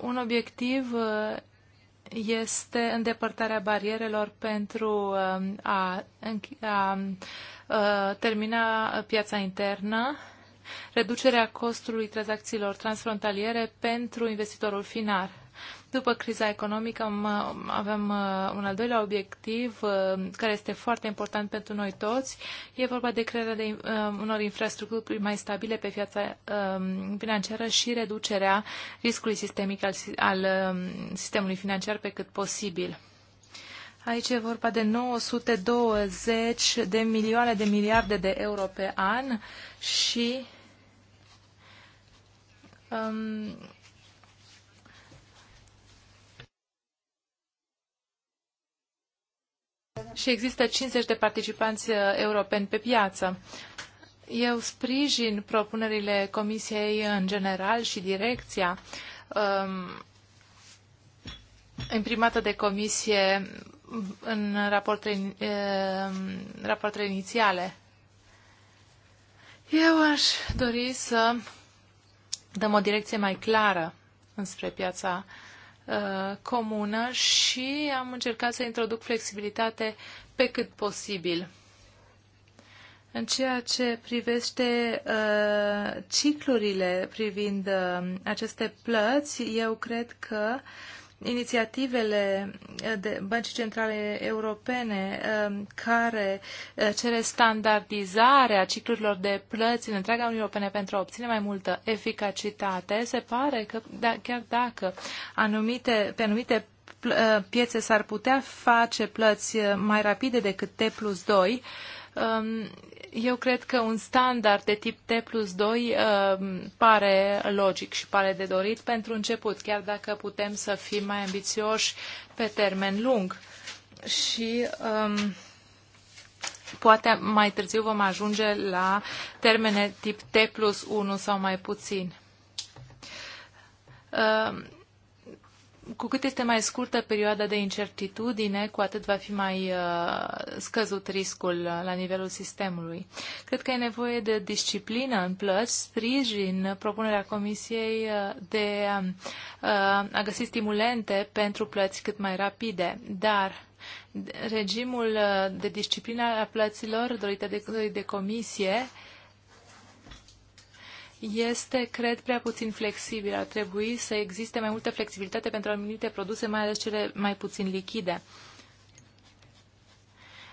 un obiectiv uh, este îndepărtarea barierelor pentru um, a, a, a um, uh, termina piața internă, reducerea costului tranzacțiilor transfrontaliere pentru investitorul final. După criza economică avem uh, un al doilea obiectiv uh, care este foarte important pentru noi toți. E vorba de crearea de uh, unor infrastructuri mai stabile pe piața um, financiară și reducerea riscului sistemic al, um, sistemului financiar pe cât posibil. Aici e vorba de 920 de milioane de miliarde de euro pe an și um, Și există 50 de participanți uh, europeni pe piață. Eu sprijin propunerile Comisiei în general și direcția um, imprimată de Comisie în raportele, um, raportele inițiale. Eu aș dori să dăm o direcție mai clară înspre piața uh, Uh, comună și am încercat să introduc flexibilitate pe cât posibil. În ceea ce privește uh, ciclurile privind uh, aceste plăți, eu cred că uh, inițiativele eh, de băncii centrale europene eh, care eh, cere standardizarea ciclurilor de plăți în întreaga Uniune Europene pentru a obține mai multă eficacitate, se pare că da, chiar dacă anumite, pe anumite piețe s-ar putea face plăți mai rapide decât T plus 2, eu cred că un standard de tip T plus 2 uh, pare logic și pare de dorit pentru început, chiar dacă putem să fim mai ambițioși pe termen lung. Și um, poate mai târziu vom ajunge la termene tip T plus 1 sau mai puțin. Uh, cu cât este mai scurtă perioada de incertitudine, cu atât va fi mai uh, scăzut riscul uh, la nivelul sistemului. Cred că e nevoie de disciplină în plăți, sprijin propunerea Comisiei uh, de um, a găsi stimulente pentru plăți cât mai rapide, dar regimul de disciplină a plăților dorită de, de comisie este, cred, prea puțin flexibil. Ar trebui să existe mai multă flexibilitate pentru anumite produse, mai ales cele mai puțin lichide.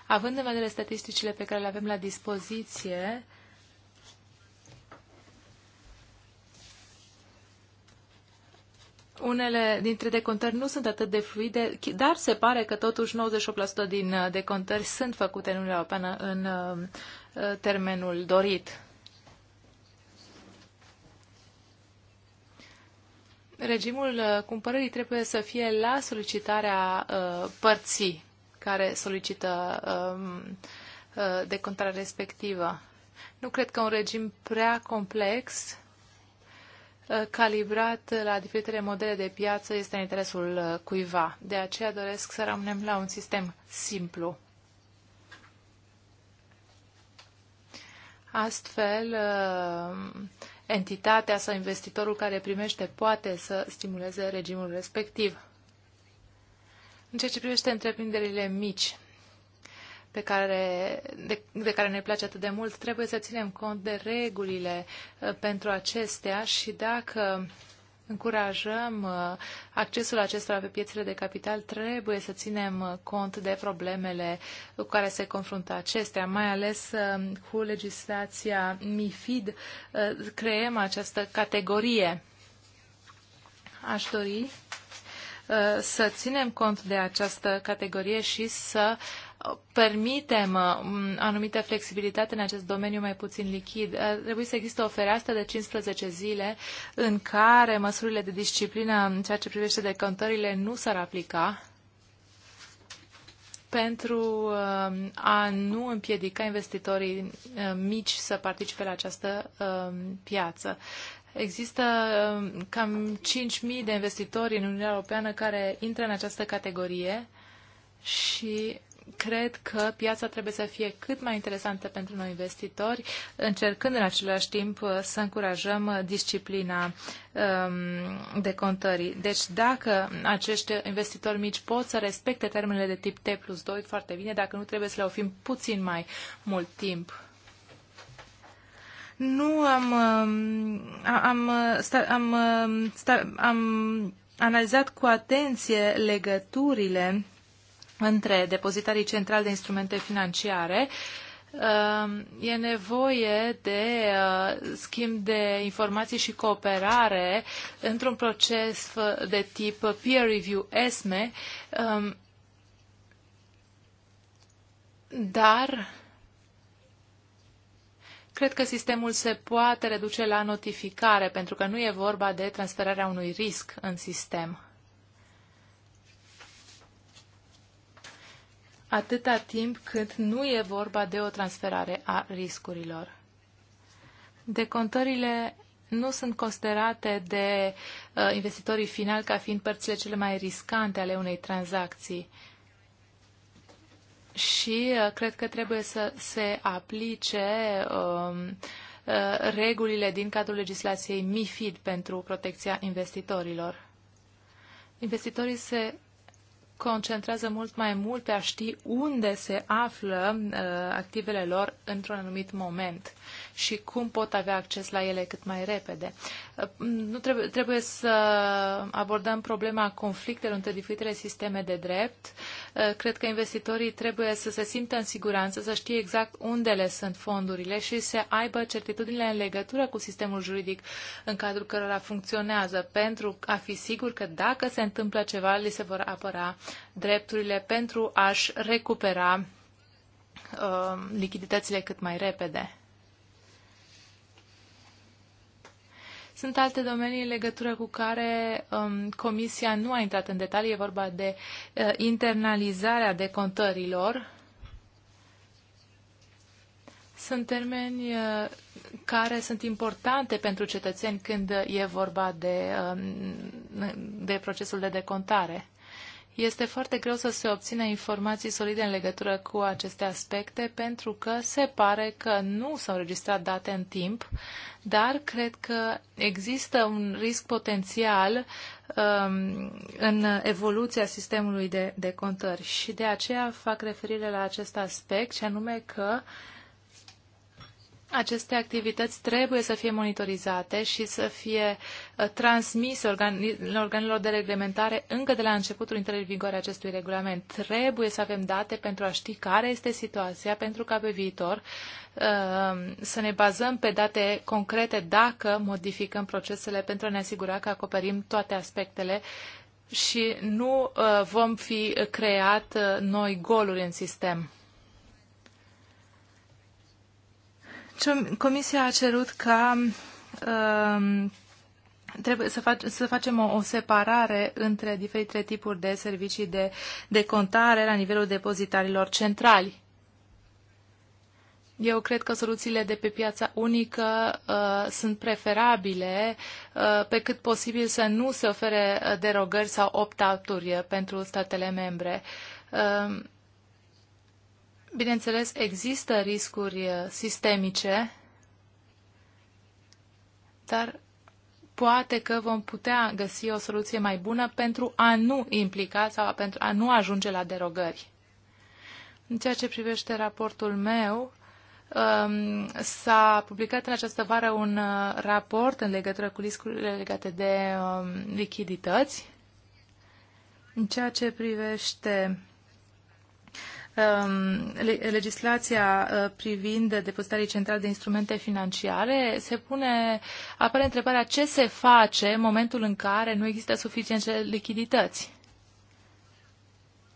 Având în vedere statisticile pe care le avem la dispoziție, unele dintre decontări nu sunt atât de fluide, dar se pare că totuși 98% din uh, decontări sunt făcute în Uniunea Europeană în uh, uh, termenul dorit. regimul uh, cumpărării trebuie să fie la solicitarea uh, părții care solicită um, uh, decontarea respectivă. Nu cred că un regim prea complex, calibrat la diferitele modele de piață, este în interesul cuiva. De aceea doresc să rămânem la un sistem simplu. Astfel, uh, entitatea sau investitorul care primește poate să stimuleze regimul respectiv. În ceea ce privește întreprinderile mici, pe care, de, de care ne place atât de mult, trebuie să ținem cont de regulile uh, pentru acestea și dacă uh, încurajăm uh, accesul acestora pe piețele de capital, trebuie să ținem uh, cont de problemele cu care se confruntă acestea, mai ales uh, cu legislația MIFID, creăm această categorie. Aș dori să ținem cont de această categorie și să permitem uh, anumite flexibilitate în acest domeniu mai puțin lichid. Uh, trebuie să există o fereastră de 15 zile în care măsurile de disciplină în ceea ce privește decontările nu s-ar aplica pentru uh, a nu împiedica investitorii mici să participe la această piață. Există cam 5.000 de investitori în Uniunea Europeană care intră în această categorie și cred că piața trebuie să fie cât mai interesantă pentru noi investitori, încercând în același timp uh, să încurajăm uh, disciplina um, de contări. Deci dacă acești investitori mici pot să respecte termenele de tip T plus 2 foarte bine, dacă nu trebuie să le ofim puțin mai mult timp. Nu am, um, am, uh, am, am, um, am analizat cu atenție legăturile între depozitarii centrali de instrumente financiare, um, e nevoie de uh, schimb de informații și cooperare într-un proces uh, de tip peer review ESME, um, dar cred că sistemul se poate reduce la notificare, pentru că nu e vorba de transferarea unui risc în sistem. atâta timp cât nu e vorba de o transferare a riscurilor. Decontările nu sunt considerate de uh, investitorii finali ca fiind părțile cele mai riscante ale unei tranzacții. Și uh, cred că trebuie să se aplice uh, uh, regulile din cadrul legislației MIFID pentru protecția investitorilor. Investitorii se concentrează mult mai mult pe a ști unde se află uh, activele lor într-un anumit moment și cum pot avea acces la ele cât mai repede. Nu trebuie, trebuie să abordăm problema conflictelor între diferitele sisteme de drept. Cred că investitorii trebuie să se simtă în siguranță, să știe exact unde le sunt fondurile și să aibă certitudinile în legătură cu sistemul juridic în cadrul cărora funcționează, pentru a fi sigur că dacă se întâmplă ceva, li se vor apăra drepturile pentru a-și recupera uh, lichiditățile cât mai repede. Sunt alte domenii în legătură cu care um, Comisia nu a intrat în detalii. E vorba de uh, internalizarea contărilor. Sunt termeni uh, care sunt importante pentru cetățeni când e vorba de, um, de procesul de decontare. Este foarte greu să se obțină informații solide în legătură cu aceste aspecte, pentru că se pare că nu s-au registrat date în timp, dar cred că există un risc potențial um, în evoluția sistemului de, de contări. Și de aceea fac referire la acest aspect, și anume că uh, aceste activități trebuie să fie monitorizate și să fie uh, transmise organi- organelor de reglementare încă de la începutul intrării în vigoare acestui regulament. Trebuie să avem date pentru a ști care este situația, pentru ca pe viitor uh, să ne bazăm pe date concrete dacă modificăm procesele pentru a ne asigura că acoperim toate aspectele și nu uh, vom fi creat noi goluri în sistem. Comisia a cerut ca um, trebuie să, fac, să facem o, o separare între diferite tipuri de servicii de, de contare la nivelul depozitarilor centrali. Eu cred că soluțiile de pe piața unică uh, sunt preferabile uh, pe cât posibil să nu se ofere uh, derogări sau opt-out-uri uh, pentru statele membre. Uh, Bineînțeles, există riscuri uh, sistemice, dar poate că vom putea găsi o soluție mai bună pentru a nu implica sau pentru a nu ajunge la derogări. În ceea ce privește raportul meu, um, s-a publicat în această vară un uh, raport în legătură cu riscurile legate de um, lichidități. În ceea ce privește Um, legislația uh, privind depozitarii centrali de instrumente financiare, se pune, apare întrebarea ce se face în momentul în care nu există suficiente lichidități.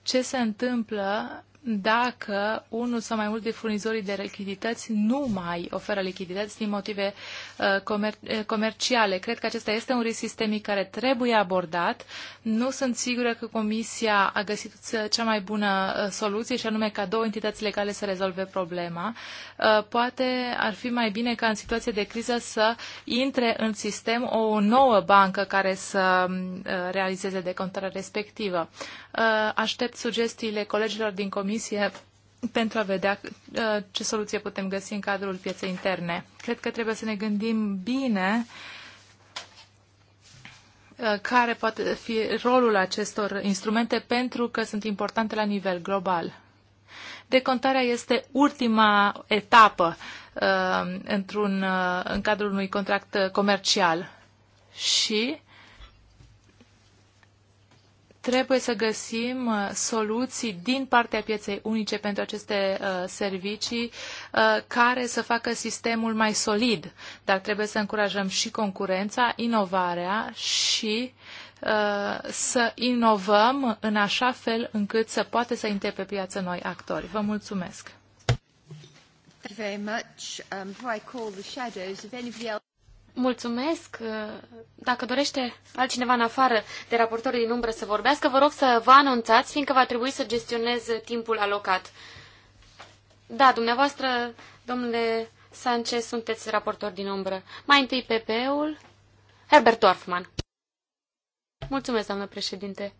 Ce se întâmplă dacă unul sau mai multe furnizorii de lichidități nu mai oferă lichidități din motive uh, comer- uh, comerciale. Cred că acesta este un risc sistemic care trebuie abordat. Nu sunt sigură că Comisia a găsit uh, cea mai bună soluție și anume ca două entități legale să rezolve problema. Poate ar fi mai bine ca în situație de criză să intre în sistem o nouă bancă care să realizeze decontarea respectivă. Uh, aștept sugestiile colegilor din comisie pentru a vedea uh, ce soluție putem găsi în cadrul pieței interne. Cred că trebuie să ne gândim bine uh, care poate fi rolul acestor instrumente pentru că sunt importante la nivel global. Decontarea este ultima etapă într-un, în cadrul unui contract comercial și Trebuie să găsim uh, soluții din partea pieței unice pentru aceste uh, servicii uh, care să facă sistemul mai solid, dar trebuie să încurajăm și concurența, inovarea și să inovăm în așa fel încât să poată să intre pe piață noi actori. Vă mulțumesc! Thank you very much. Um, before I call the shadows, if anybody else... Mulțumesc. Dacă dorește altcineva în afară de raportorii din umbră să vorbească, vă rog să vă anunțați, fiindcă va trebui să gestionez timpul alocat. Da, dumneavoastră, domnule Sanchez, sunteți raportor din umbră. Mai întâi PP-ul, Herbert Dorfman. Mulțumesc, doamnă președinte.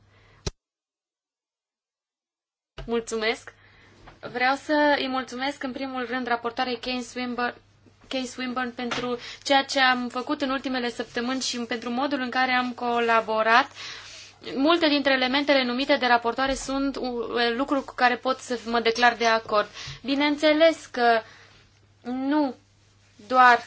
Mulțumesc. Vreau să îi mulțumesc în primul rând raportoarei Kane Swinburne Case Swinburne pentru ceea ce am făcut în ultimele săptămâni și pentru modul în care am colaborat. Multe dintre elementele numite de raportoare sunt lucruri cu care pot să mă declar de acord. Bineînțeles că nu doar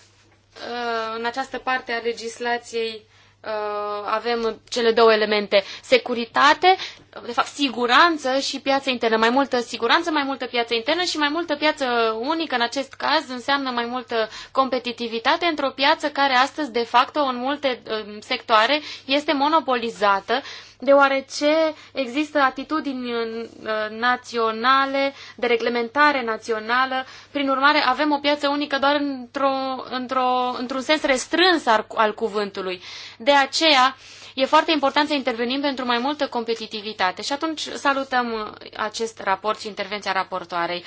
în această parte a legislației Uh, avem cele două elemente, securitate, de fapt siguranță și piața internă. Mai multă siguranță, mai multă piață internă și mai multă piață unică în acest caz înseamnă mai multă competitivitate într-o piață care astăzi, de facto, în multe uh, sectoare este monopolizată uh, deoarece există atitudini uh, naționale, de reglementare națională. Prin urmare, avem o piață unică doar într-o, într-o, într-un sens restrâns al, al cuvântului. De aceea, e foarte important să intervenim pentru mai multă competitivitate. Și atunci salutăm acest raport și intervenția raportoarei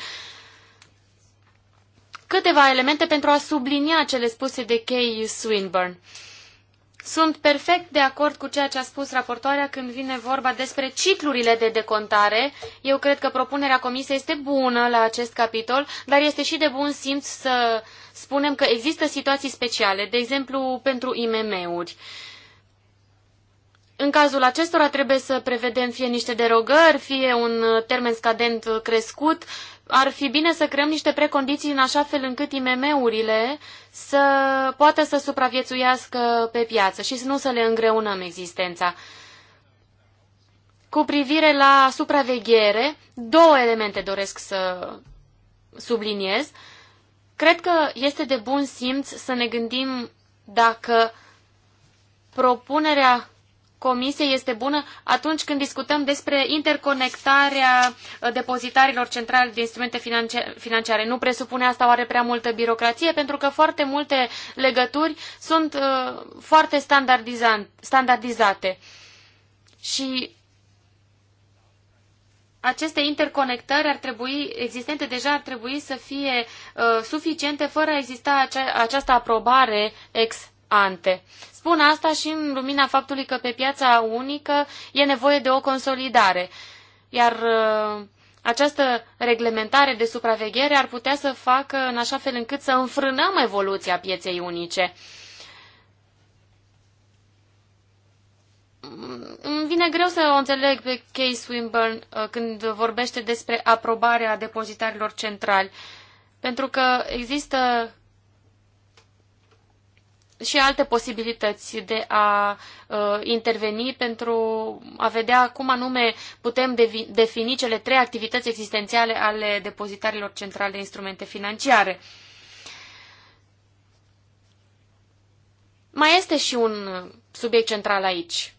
câteva elemente pentru a sublinia cele spuse de Kay Swinburne. Sunt perfect de acord cu ceea ce a spus raportoarea când vine vorba despre ciclurile de decontare. Eu cred că propunerea comisiei este bună la acest capitol, dar este și de bun simț să spunem că există situații speciale, de exemplu pentru IMM-uri. Uh, în cazul acestora trebuie să prevedem fie niște derogări, fie un uh, termen scadent uh, crescut. Ar fi bine să creăm niște precondiții în așa fel încât IMM-urile să poată să supraviețuiască pe piață și să nu să le îngreunăm existența. Cu privire la supraveghere, două elemente doresc să subliniez. Cred că este de bun simț să ne gândim dacă propunerea Comisiei este bună atunci când discutăm despre interconectarea uh, depozitarilor centrale de instrumente financiare. Nu presupune asta oare prea multă birocrație, pentru că foarte multe legături sunt uh, foarte standardizate. Și aceste interconectări ar trebui, existente deja ar trebui să fie uh, suficiente fără a exista această aprobare ex ante. Spun asta și în lumina faptului că pe piața unică e nevoie de o consolidare, iar uh, această reglementare de supraveghere ar putea să facă în așa fel încât să înfrânăm evoluția pieței unice. Mm, îmi vine greu să o înțeleg pe Kay Swinburne uh, când vorbește despre aprobarea depozitarilor centrali, pentru că există și alte posibilități de a uh, interveni pentru a vedea cum anume putem defini cele trei activități existențiale ale depozitarilor centrale de instrumente financiare. Mai este și un subiect central aici.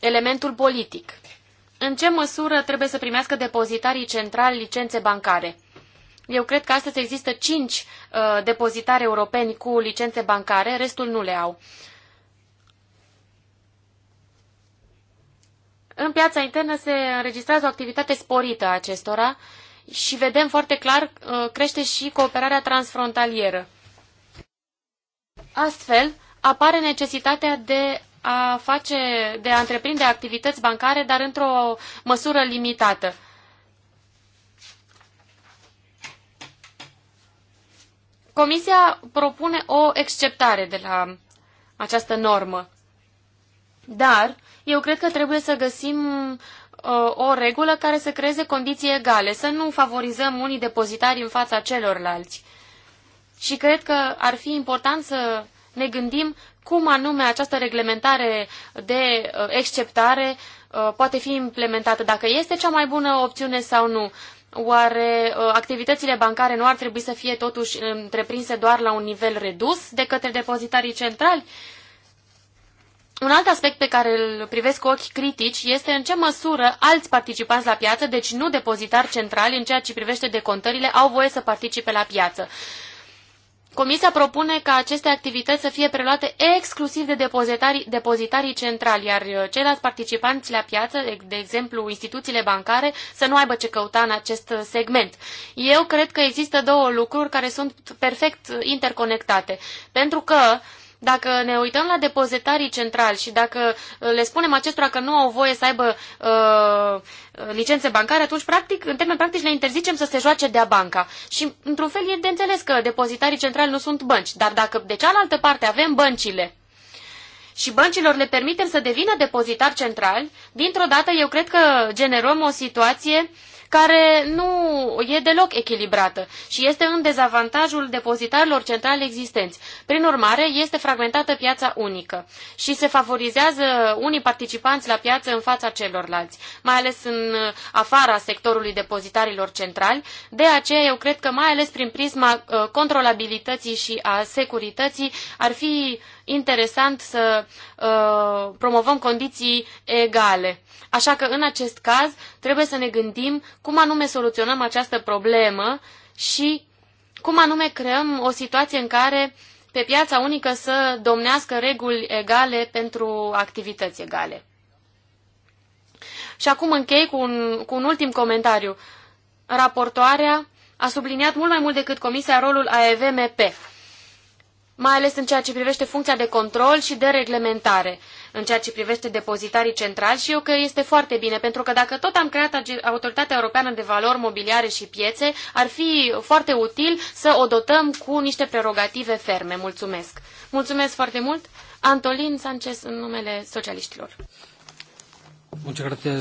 Elementul politic. În ce măsură trebuie să primească depozitarii centrali licențe bancare? Eu cred că astăzi există cinci uh, depozitari europeni cu licențe bancare, restul nu le au. În piața internă se înregistrează o activitate sporită a acestora și vedem foarte clar uh, crește și cooperarea transfrontalieră. Astfel, apare necesitatea de a face, de a întreprinde activități bancare, dar într-o măsură limitată. Comisia propune o exceptare de la această normă. Dar eu cred că trebuie să găsim uh, o regulă care să creeze condiții egale, să nu favorizăm unii depozitari în fața celorlalți. Și cred că ar fi important să ne gândim cum anume această reglementare de uh, exceptare uh, poate fi implementată, dacă este cea mai bună opțiune sau nu. Oare uh, activitățile bancare nu ar trebui să fie totuși um, întreprinse doar la un nivel redus de către depozitarii centrali? Un alt aspect pe care îl privesc cu ochi critici este în ce măsură alți participanți la piață, deci nu depozitari centrali în ceea ce privește decontările, au voie să participe la piață. Comisia propune ca aceste activități să fie preluate exclusiv de depozitarii, depozitarii centrali, iar uh, ceilalți participanți la piață, de exemplu instituțiile bancare, să nu aibă ce căuta în acest uh, segment. Eu cred că există două lucruri care sunt perfect uh, interconectate, pentru că uh, dacă ne uităm la depozitarii centrali și dacă uh, le spunem acestora că nu au voie să aibă uh, uh, licențe bancare, atunci, practic, în termeni practici, le interzicem să se joace de-a banca. Și, într-un fel, e de înțeles că depozitarii centrali nu sunt bănci, dar dacă de cealaltă parte avem băncile și băncilor le permitem să devină depozitari centrali, dintr-o dată eu cred că generăm o situație uh, care nu e deloc echilibrată și este în dezavantajul depozitarilor centrale existenți. Prin urmare, este fragmentată piața unică și se favorizează unii participanți la piață în fața celorlalți, mai ales în afara sectorului depozitarilor centrali. De aceea, eu cred că mai ales prin prisma uh, controlabilității și a securității ar fi interesant să uh, promovăm condiții egale. Așa că în acest caz trebuie să ne gândim cum anume soluționăm această problemă și cum anume creăm o situație în care pe piața unică să domnească reguli egale pentru activități egale. Și acum închei cu un, cu un ultim comentariu. Raportoarea a subliniat mult mai mult decât Comisia rolul AEVMP mai ales în ceea ce privește funcția de control și de reglementare, în ceea ce privește depozitarii centrali și eu că este foarte bine, pentru că dacă tot am creat Autoritatea Europeană de Valori Mobiliare și Piețe, ar fi foarte util să o dotăm cu niște prerogative ferme. Mulțumesc! Mulțumesc foarte mult! Antolin Sanchez în numele socialiștilor. Eh,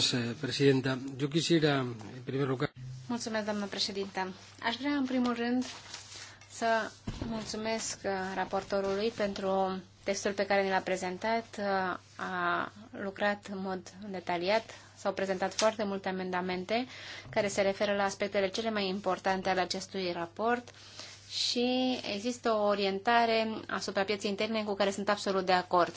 Mulțumesc, doamnă președintă. Aș vrea, în primul rând, să mulțumesc uh, raportorului pentru textul pe care ne l-a prezentat. Uh, a lucrat în mod detaliat. S-au prezentat foarte multe amendamente care se referă la aspectele cele mai importante ale acestui raport și există o orientare asupra pieței interne cu care sunt absolut de acord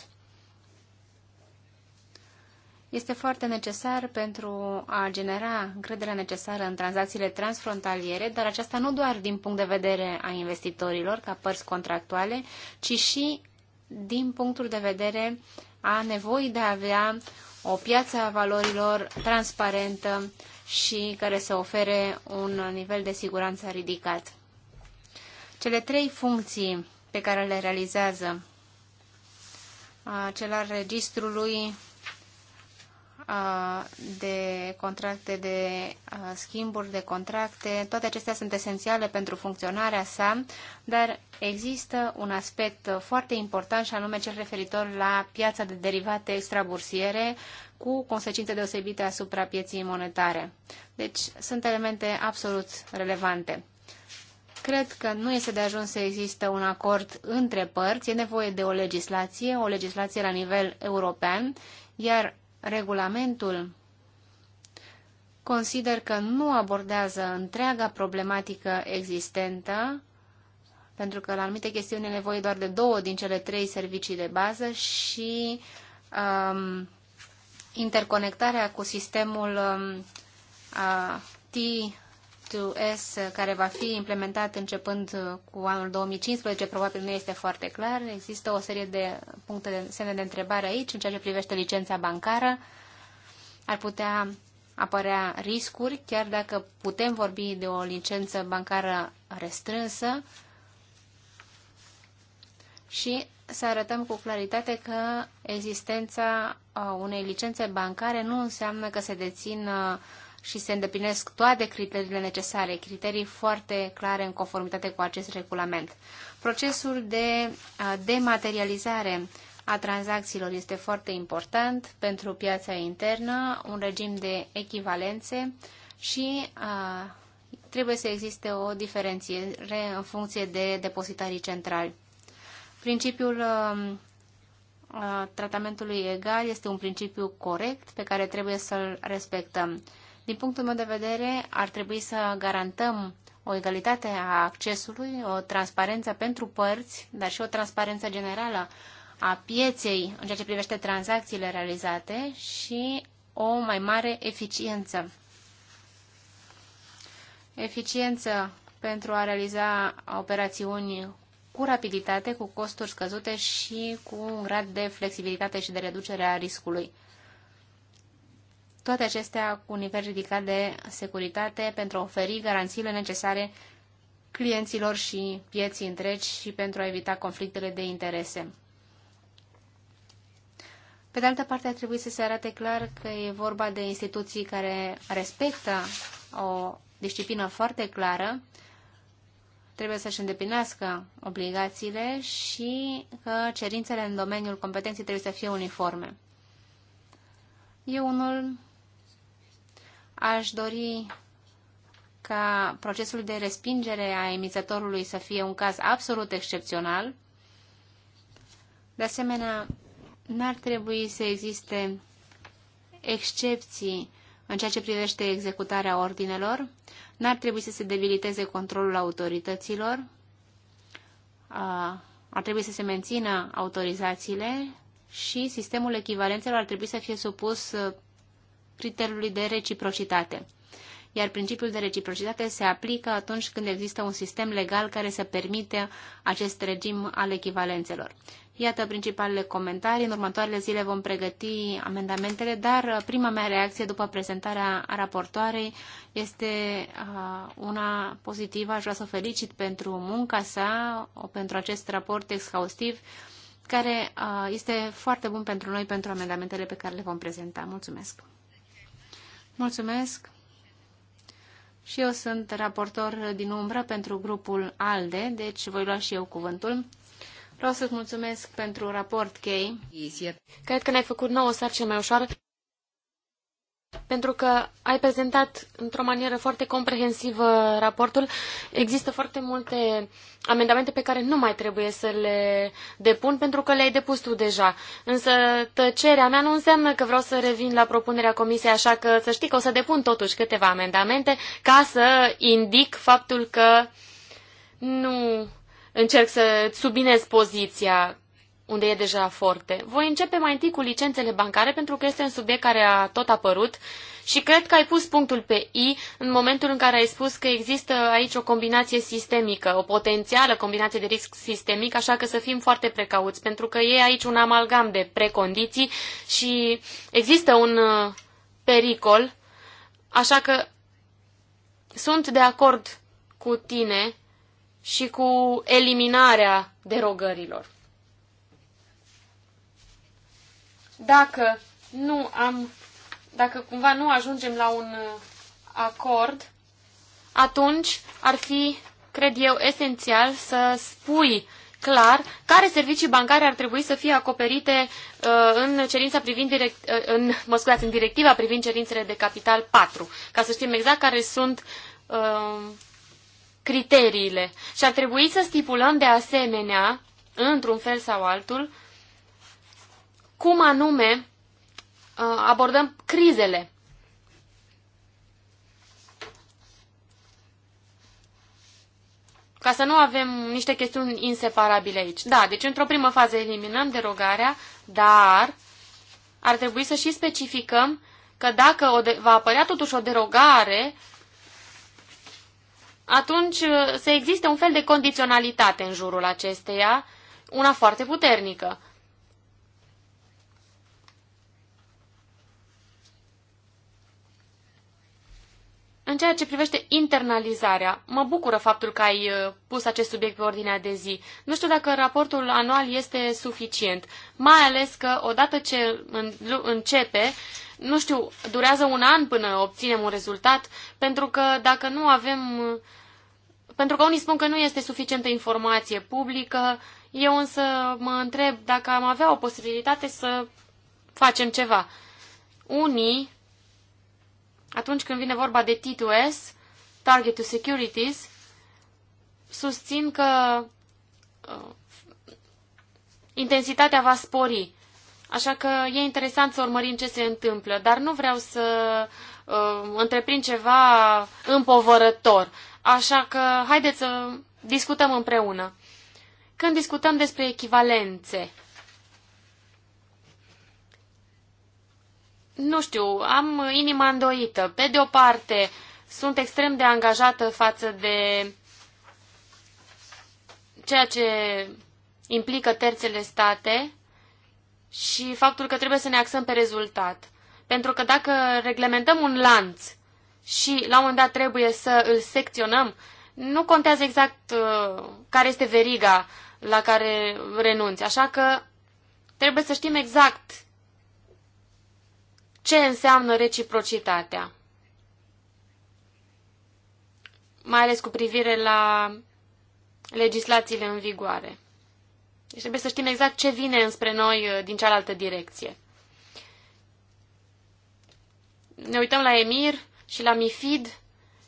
este foarte necesar pentru a genera încrederea necesară în tranzacțiile transfrontaliere, dar aceasta nu doar din punct de vedere a investitorilor ca părți contractuale, ci și din punctul de vedere a nevoii de a avea o piață a valorilor transparentă și care să ofere un nivel de siguranță ridicat. Cele trei funcții pe care le realizează acela registrului de contracte de schimburi de contracte, toate acestea sunt esențiale pentru funcționarea sa, dar există un aspect foarte important și anume cel referitor la piața de derivate extrabursiere cu consecințe deosebite asupra pieții monetare. Deci sunt elemente absolut relevante cred că nu este de ajuns să există un acord între părți, e nevoie de o legislație, o legislație la nivel european, iar regulamentul consider că nu abordează întreaga problematică existentă, pentru că la anumite chestiuni e nevoie doar de două din cele trei servicii de bază și um, interconectarea cu sistemul um, T s care va fi implementat începând cu anul 2015, probabil nu este foarte clar. Există o serie de puncte de semne de întrebare aici în ceea ce privește licența bancară. Ar putea apărea riscuri, chiar dacă putem vorbi de o licență bancară restrânsă și să arătăm cu claritate că existența uh, unei licențe bancare nu înseamnă că se uh, și se îndeplinesc toate criteriile necesare, criterii foarte clare în conformitate cu acest regulament. Procesul de dematerializare a tranzacțiilor este foarte important pentru piața internă, un regim de echivalențe și a, trebuie să existe o diferențiere în funcție de depozitarii centrali. Principiul a, a, tratamentului egal este un principiu corect pe care trebuie să-l respectăm. Din punctul meu de vedere, ar trebui să garantăm o egalitate a accesului, o transparență pentru părți, dar și o transparență generală a pieței în ceea ce privește tranzacțiile realizate și o mai mare eficiență. Eficiență pentru a realiza operațiuni cu rapiditate, cu costuri scăzute și cu un grad de flexibilitate și de reducere a riscului toate acestea cu un nivel ridicat de securitate pentru a oferi garanțiile necesare clienților și pieții întregi și pentru a evita conflictele de interese. Pe de altă parte, ar trebui să se arate clar că e vorba de instituții care respectă o disciplină foarte clară, trebuie să-și îndeplinească obligațiile și că cerințele în domeniul competenței trebuie să fie uniforme. Eu unul Aș dori ca procesul de respingere a emițătorului să fie un caz absolut excepțional. De asemenea, n-ar trebui să existe excepții în ceea ce privește executarea ordinelor, n-ar trebui să se debiliteze controlul autorităților, ar trebui să se mențină autorizațiile și sistemul echivalențelor ar trebui să fie supus criteriului de reciprocitate. Iar principiul de reciprocitate se aplică atunci când există un sistem legal care să permite acest regim al echivalențelor. Iată principalele comentarii. În următoarele zile vom pregăti amendamentele, dar uh, prima mea reacție după prezentarea raportoarei este uh, una pozitivă. Aș vrea să o felicit pentru munca sa, pentru acest raport exhaustiv, care uh, este foarte bun pentru noi pentru amendamentele pe care le vom prezenta. Mulțumesc! Mulțumesc! Și eu sunt raportor din umbră pentru grupul ALDE, deci voi lua și eu cuvântul. Vreau să-ți mulțumesc pentru raport, Kay. Cred că ne-ai făcut nouă sarcină mai ușoară pentru că ai prezentat într-o manieră foarte comprehensivă raportul. Există foarte multe amendamente pe care nu mai trebuie să le depun pentru că le-ai depus tu deja. Însă tăcerea mea nu înseamnă că vreau să revin la propunerea comisiei, așa că să știi că o să depun totuși câteva amendamente ca să indic faptul că nu încerc să subinez poziția unde e deja foarte. Voi începe mai întâi cu licențele bancare, pentru că este un subiect care a tot apărut și cred că ai pus punctul pe I în momentul în care ai spus că există aici o combinație sistemică, o potențială combinație de risc sistemic, așa că să fim foarte precauți, pentru că e aici un amalgam de precondiții și există un uh, pericol, așa că sunt de acord cu tine și cu eliminarea derogărilor. dacă nu am, dacă cumva nu ajungem la un uh, acord, atunci ar fi, cred eu, esențial să spui clar care servicii bancare ar trebui să fie acoperite uh, în cerința privind direct, uh, în, mă scuzați, în directiva privind cerințele de capital 4, ca să știm exact care sunt uh, criteriile. Și ar trebui să stipulăm de asemenea, într-un fel sau altul, uh, cum anume uh, abordăm crizele. Ca să nu avem niște chestiuni inseparabile aici. Da, deci într-o primă fază eliminăm derogarea, dar ar trebui să și specificăm că dacă o va apărea totuși o derogare, atunci uh, să existe un fel de condiționalitate în jurul acesteia, una foarte puternică. În ceea ce privește internalizarea, mă bucură faptul că ai uh, pus acest subiect pe ordinea de zi. Nu știu dacă raportul anual este suficient, mai ales că odată ce începe, nu știu, durează un an până obținem un rezultat, pentru că dacă nu avem... Uh, pentru că unii spun că nu este suficientă informație publică, eu însă mă întreb dacă am avea o posibilitate să facem ceva. Unii atunci când vine vorba de T2S, Target to Securities, susțin că uh, intensitatea va spori. Așa că e interesant să urmărim ce se întâmplă, dar nu vreau să uh, întreprind ceva împovărător. Așa că haideți să discutăm împreună. Când discutăm despre echivalențe, nu știu, am inima îndoită. Pe de o parte, sunt extrem de angajată față de ceea ce implică terțele state și faptul că trebuie să ne axăm pe rezultat. Pentru că dacă reglementăm un lanț și la un moment dat trebuie să îl secționăm, nu contează exact uh, care este veriga la care renunți. Așa că trebuie să știm exact ce înseamnă reciprocitatea. Mai ales cu privire la legislațiile în vigoare. Deci trebuie să știm exact ce vine înspre noi uh, din cealaltă direcție. Ne uităm la EMIR și la MIFID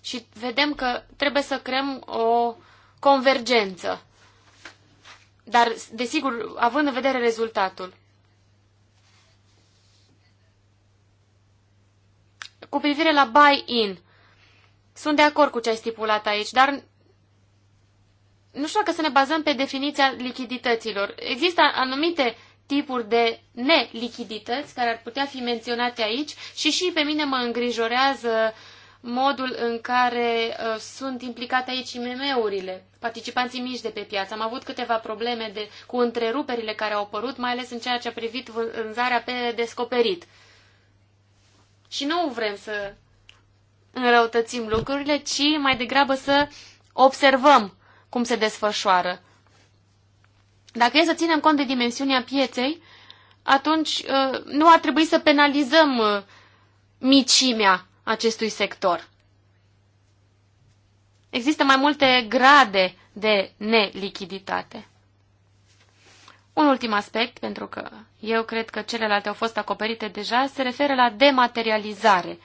și vedem că trebuie să creăm o convergență. Dar, desigur, având în vedere rezultatul. cu privire la buy-in. Sunt de acord cu ce ai stipulat aici, dar nu știu dacă să ne bazăm pe definiția lichidităților. Există anumite tipuri de nelichidități care ar putea fi menționate aici și și pe mine mă îngrijorează modul în care uh, sunt implicate aici IMM-urile, participanții mici de pe piață. Am avut câteva probleme de, cu întreruperile care au apărut, mai ales în ceea ce a privit vânzarea pe descoperit. Și nu vrem să înrăutățim lucrurile, ci mai degrabă să observăm cum se desfășoară. Dacă e să ținem cont de dimensiunea pieței, atunci uh, nu ar trebui să penalizăm uh, micimea acestui sector. Există mai multe grade de nelichiditate. Un ultim aspect, pentru că eu cred că celelalte au fost acoperite deja, se referă la dematerializare.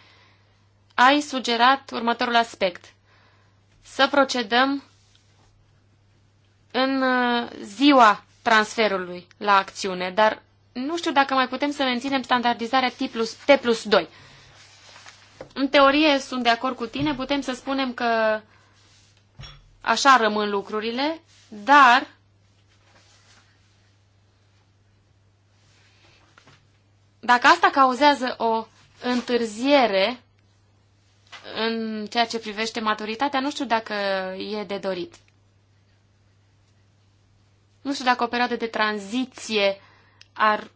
Ai sugerat următorul aspect. Să procedăm în uh, ziua transferului la acțiune, dar nu știu dacă mai putem să menținem standardizarea T plus, T plus 2. În teorie sunt de acord cu tine, putem să spunem că așa rămân lucrurile, dar Dacă asta cauzează o întârziere în ceea ce privește maturitatea, nu știu dacă e de dorit. Nu știu dacă o perioadă de tranziție ar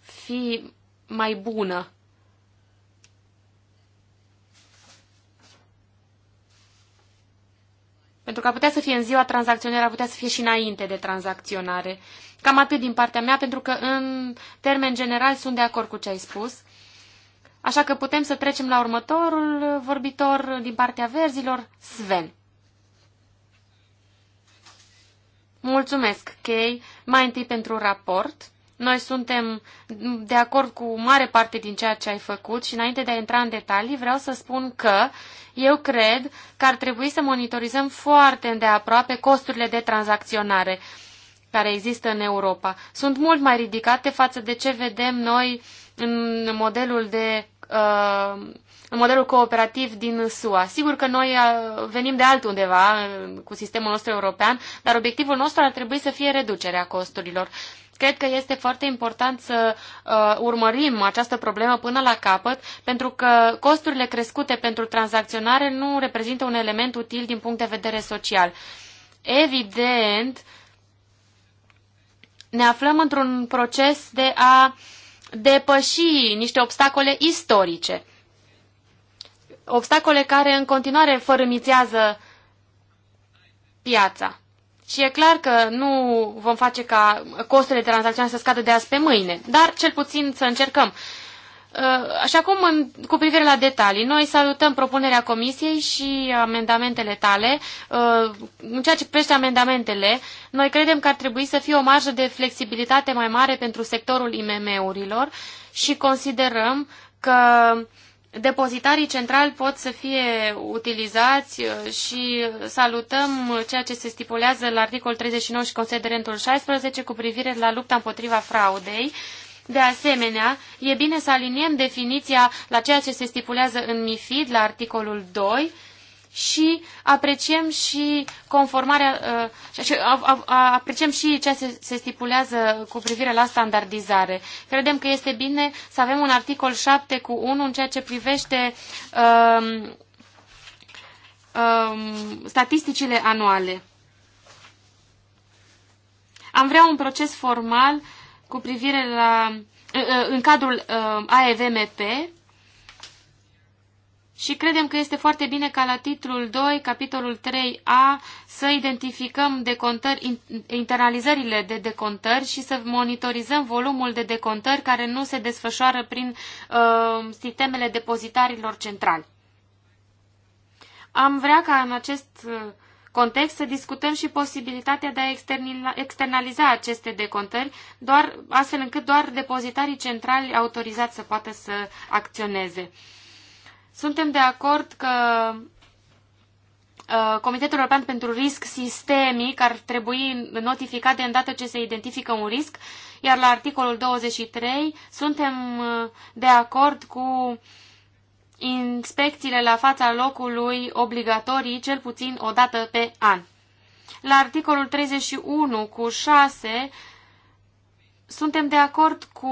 fi mai bună. Pentru că ar putea să fie în ziua tranzacționare, ar putea să fie și înainte de tranzacționare. Cam atât din partea mea, pentru că în termen general sunt de acord cu ce ai spus. Așa că putem să trecem la următorul vorbitor din partea verzilor, Sven. Mulțumesc, Kay, mai întâi pentru raport. Noi suntem de acord cu mare parte din ceea ce ai făcut și înainte de a intra în detalii vreau să spun că eu cred că ar trebui să monitorizăm foarte îndeaproape costurile de tranzacționare care există în Europa sunt mult mai ridicate față de ce vedem noi în modelul de uh, în modelul cooperativ din SUA. Sigur că noi uh, venim de altundeva uh, cu sistemul nostru european, dar obiectivul nostru ar trebui să fie reducerea costurilor. Cred că este foarte important să uh, urmărim această problemă până la capăt, pentru că costurile crescute pentru tranzacționare nu reprezintă un element util din punct de vedere social. Evident, uh, ne aflăm într-un proces de a depăși niște obstacole istorice. Obstacole care în continuare fărâmițează piața. Și e clar că nu vom face ca costurile tranzacționale să scadă de azi pe mâine, dar cel puțin să încercăm. Uh, așa cum în, cu privire la detalii, noi salutăm propunerea comisiei și amendamentele tale. Uh, în ceea ce privește amendamentele, noi credem că ar trebui să fie o marjă de flexibilitate mai mare pentru sectorul IMM-urilor și considerăm că depozitarii centrali pot să fie utilizați uh, și salutăm ceea ce se stipulează la articol 39 și considerentul 16 cu privire la lupta împotriva fraudei. De asemenea, e bine să aliniem definiția la ceea ce se stipulează în MIFID, la articolul 2, și apreciem și conformarea, uh, și, apreciem și ceea ce se stipulează cu privire la standardizare. Credem că este bine să avem un articol 7 cu 1 în ceea ce privește um, um, statisticile anuale. Am vrea un proces formal uh, cu privire la ă, ă, în cadrul ă, AEVMP și credem că este foarte bine ca la titlul 2, capitolul 3a, să identificăm decontări, internalizările de decontări și să monitorizăm volumul de decontări care nu se desfășoară prin uh, sistemele depozitarilor centrali. Am vrea ca în acest uh, context să discutăm și posibilitatea de a externaliza aceste decontări, doar, astfel încât doar depozitarii centrali autorizați să poată să acționeze. Suntem de acord că uh, Comitetul European pentru Risc Sistemic ar trebui notificat de îndată ce se identifică un risc, iar la articolul 23 suntem uh, de acord cu uh, inspecțiile la fața locului obligatorii cel puțin o dată pe an. La articolul 31 cu 6 suntem de acord cu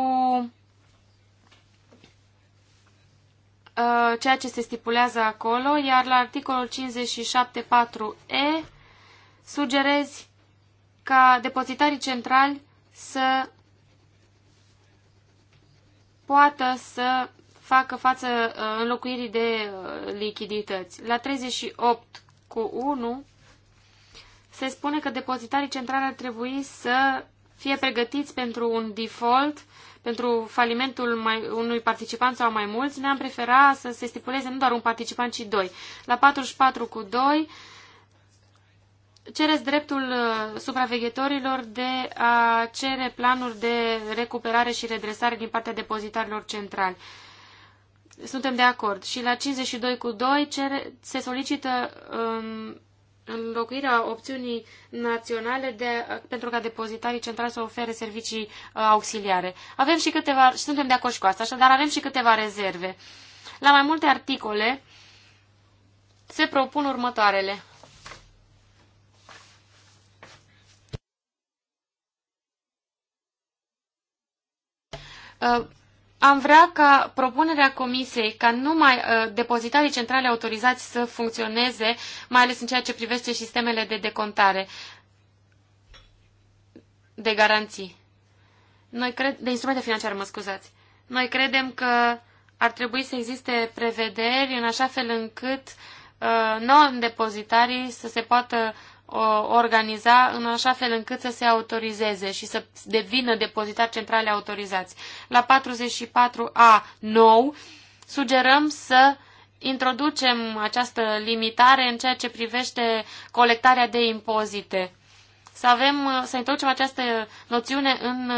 uh, ceea ce se stipulează acolo, iar la articolul 57.4e sugerezi ca depozitarii centrali să poată să facă față uh, înlocuirii de uh, lichidități. La 38 cu 1 se spune că depozitarii centrali ar trebui să fie pregătiți pentru un default, pentru falimentul mai, unui participant sau mai mulți, ne-am preferat să se stipuleze nu doar un participant, ci doi. La 44 cu 2 cereți dreptul uh, supraveghetorilor de a cere planuri de recuperare și redresare din partea depozitarilor centrali suntem de acord. Și la 52 cu 2 cere, se solicită um, înlocuirea opțiunii naționale de, pentru ca depozitarii centrali să ofere servicii uh, auxiliare. Avem și câteva, și suntem de acord și cu asta, așa, dar avem și câteva rezerve. La mai multe articole se propun următoarele. Uh, am vrea ca propunerea Comisiei ca numai uh, depozitarii centrale autorizați să funcționeze, mai ales în ceea ce privește sistemele de decontare, de garanții, Noi cred, de instrumente financiare, mă scuzați. Noi credem că ar trebui să existe prevederi în așa fel încât uh, non-depozitarii să se poată organiza în așa fel încât să se autorizeze și să devină depozitar centrale autorizați. La 44A nou sugerăm să introducem această limitare în ceea ce privește colectarea de impozite. Să, avem, să introducem această noțiune în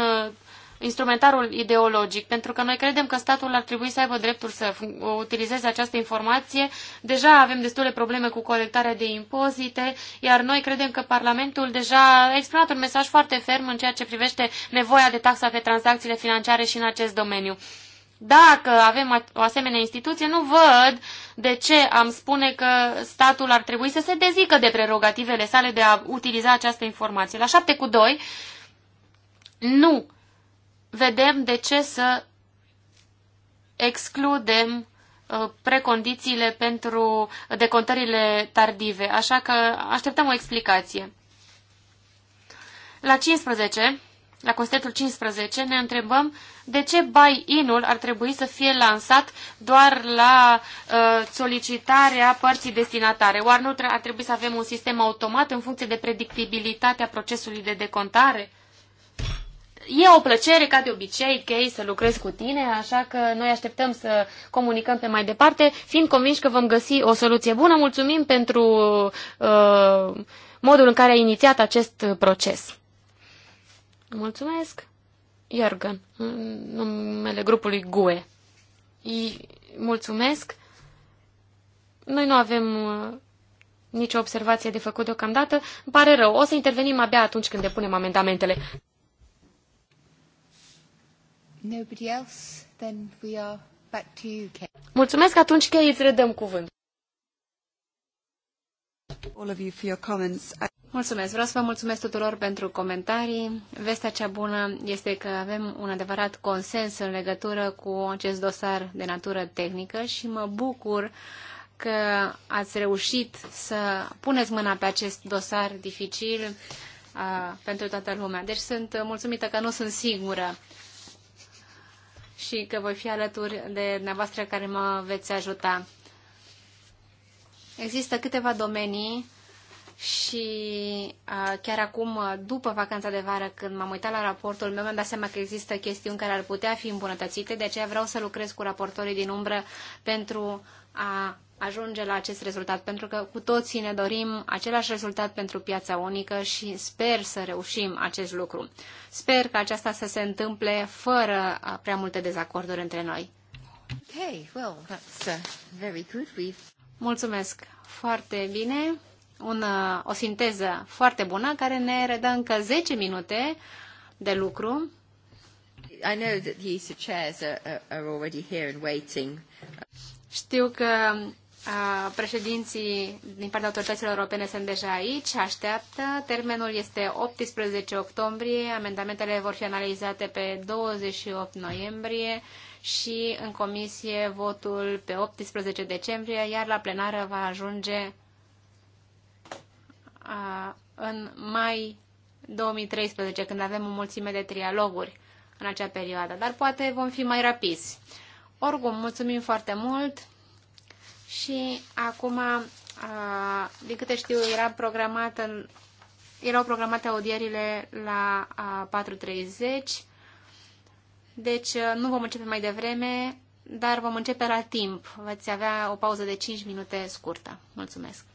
instrumentarul ideologic, pentru că noi credem că statul ar trebui să aibă dreptul să utilizeze această informație. Deja avem destule probleme cu colectarea de impozite, iar noi credem că Parlamentul deja a exprimat un mesaj foarte ferm în ceea ce privește nevoia de taxa pe tranzacțiile financiare și în acest domeniu. Dacă avem o asemenea instituție, nu văd de ce am spune că statul ar trebui să se dezică de prerogativele sale de a utiliza această informație. La 7 cu 2, nu vedem de ce să excludem uh, precondițiile pentru decontările tardive, așa că așteptăm o explicație. La 15, la constetul 15, ne întrebăm de ce buy-in-ul ar trebui să fie lansat doar la uh, solicitarea părții destinatare. Oare nu ar trebui să avem un sistem automat în funcție de predictibilitatea procesului de decontare? E o plăcere, ca de obicei, Kay, să lucrez cu tine, așa că noi așteptăm să comunicăm pe mai departe, fiind convinși că vom găsi o soluție bună. Mulțumim pentru uh, modul în care ai inițiat acest proces. Mulțumesc, Iorgen, numele grupului GUE. I mulțumesc. Noi nu avem uh, nicio observație de făcut deocamdată. Îmi pare rău. O să intervenim abia atunci când depunem amendamentele. Nobody else? Then we are back to you, Mulțumesc atunci că îți redăm cuvânt. All of you for your comments. Mulțumesc. Vreau să vă mulțumesc tuturor pentru comentarii. Vestea cea bună este că avem un adevărat consens în legătură cu acest dosar de natură tehnică și mă bucur că ați reușit să puneți mâna pe acest dosar dificil uh, pentru toată lumea. Deci sunt mulțumită că nu sunt singură și că voi fi alături de dumneavoastră care mă veți ajuta. Există câteva domenii și chiar acum, după vacanța de vară, când m-am uitat la raportul meu, mi-am dat seama că există chestiuni care ar putea fi îmbunătățite, de aceea vreau să lucrez cu raportorii din umbră pentru a ajunge la acest rezultat, pentru că cu toții ne dorim același rezultat pentru piața unică și sper să reușim acest lucru. Sper că aceasta să se întâmple fără prea multe dezacorduri între noi. Okay, well, that's uh, very good. We've... Mulțumesc foarte bine. Un, uh, o sinteză foarte bună care ne redă încă 10 minute de lucru. I know that the chairs are, are already here and waiting. Știu că președinții din partea autorităților europene sunt deja aici, așteaptă. Termenul este 18 octombrie, amendamentele vor fi analizate pe 28 noiembrie și în comisie votul pe 18 decembrie, iar la plenară va ajunge în mai 2013, când avem o mulțime de trialoguri în acea perioadă, dar poate vom fi mai rapizi. Oricum, mulțumim foarte mult! și acum, din câte știu, era programată, erau programate audierile la 4.30, deci nu vom începe mai devreme, dar vom începe la timp. Veți avea o pauză de 5 minute scurtă. Mulțumesc!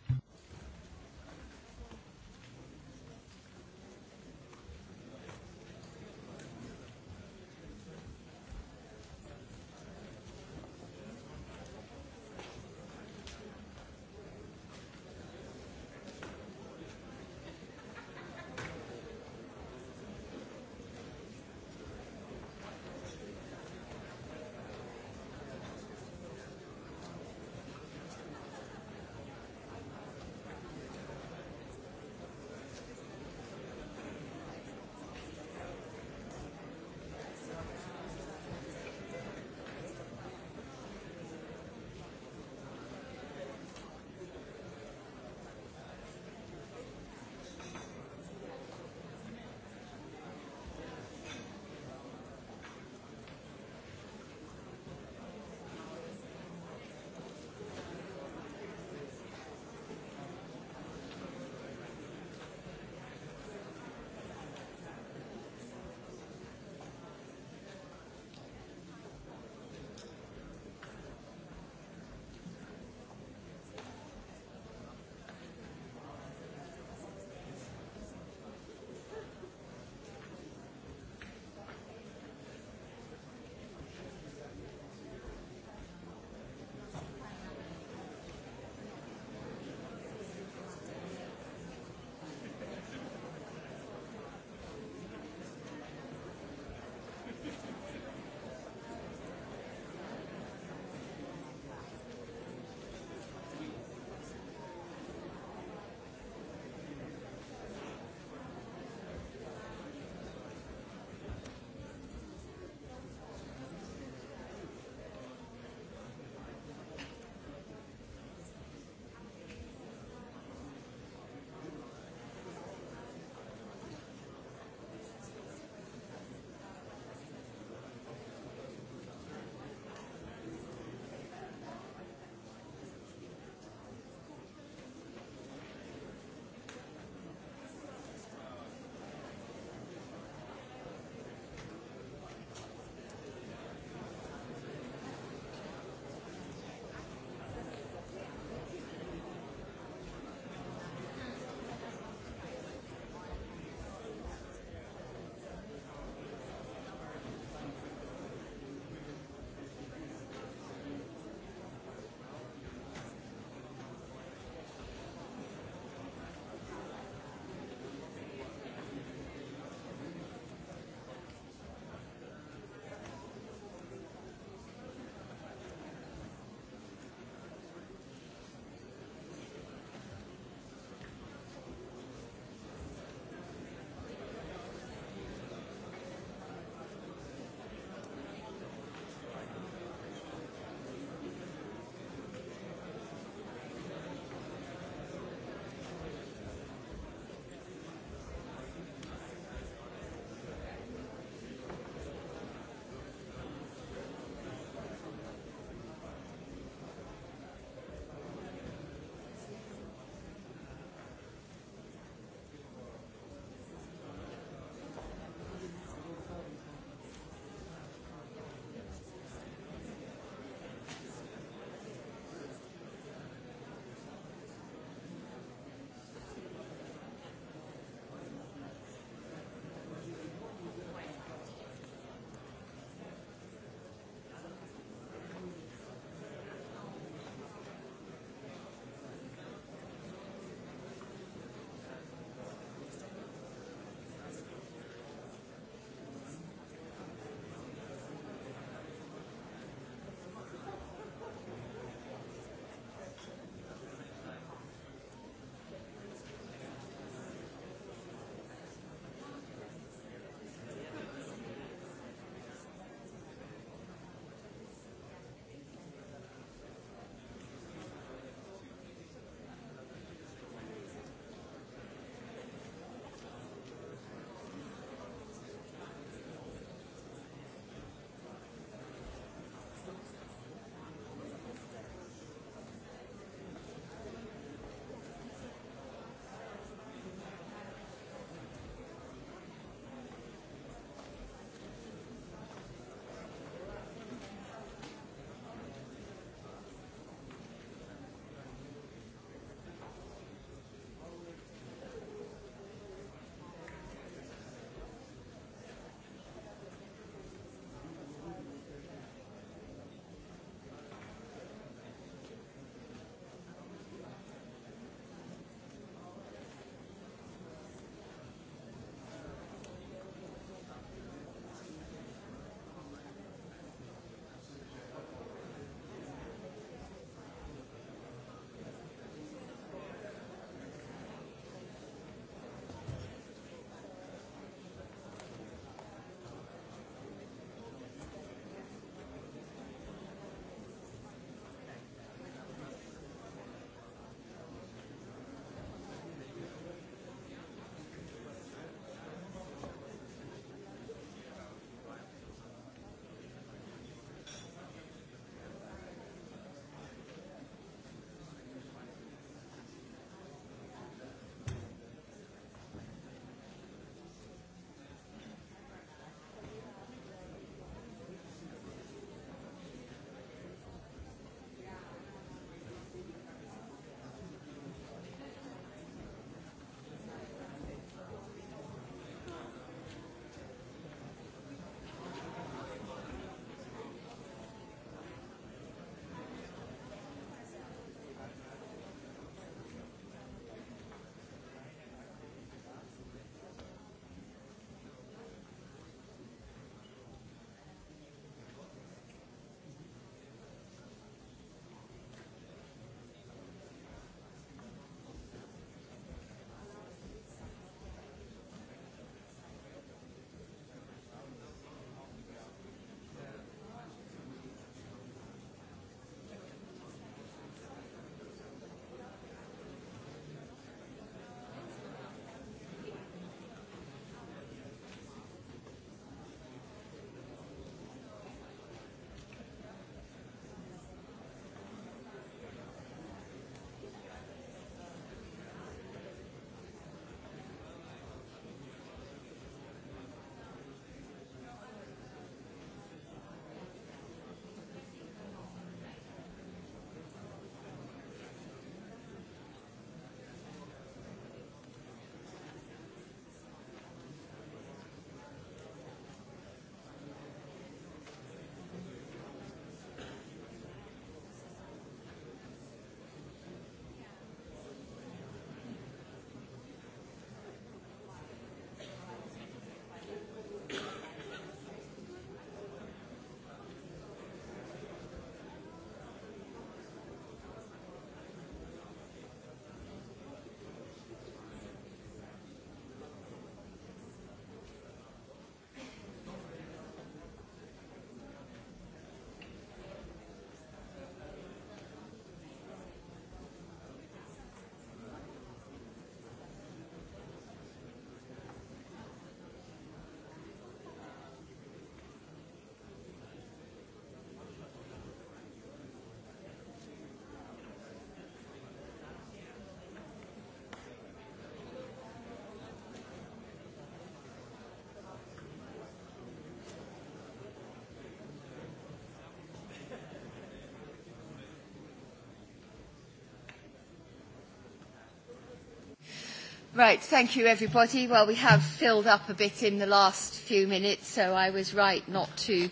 Right, thank you everybody. Well, we have filled up a bit in the last few minutes, so I was right not to,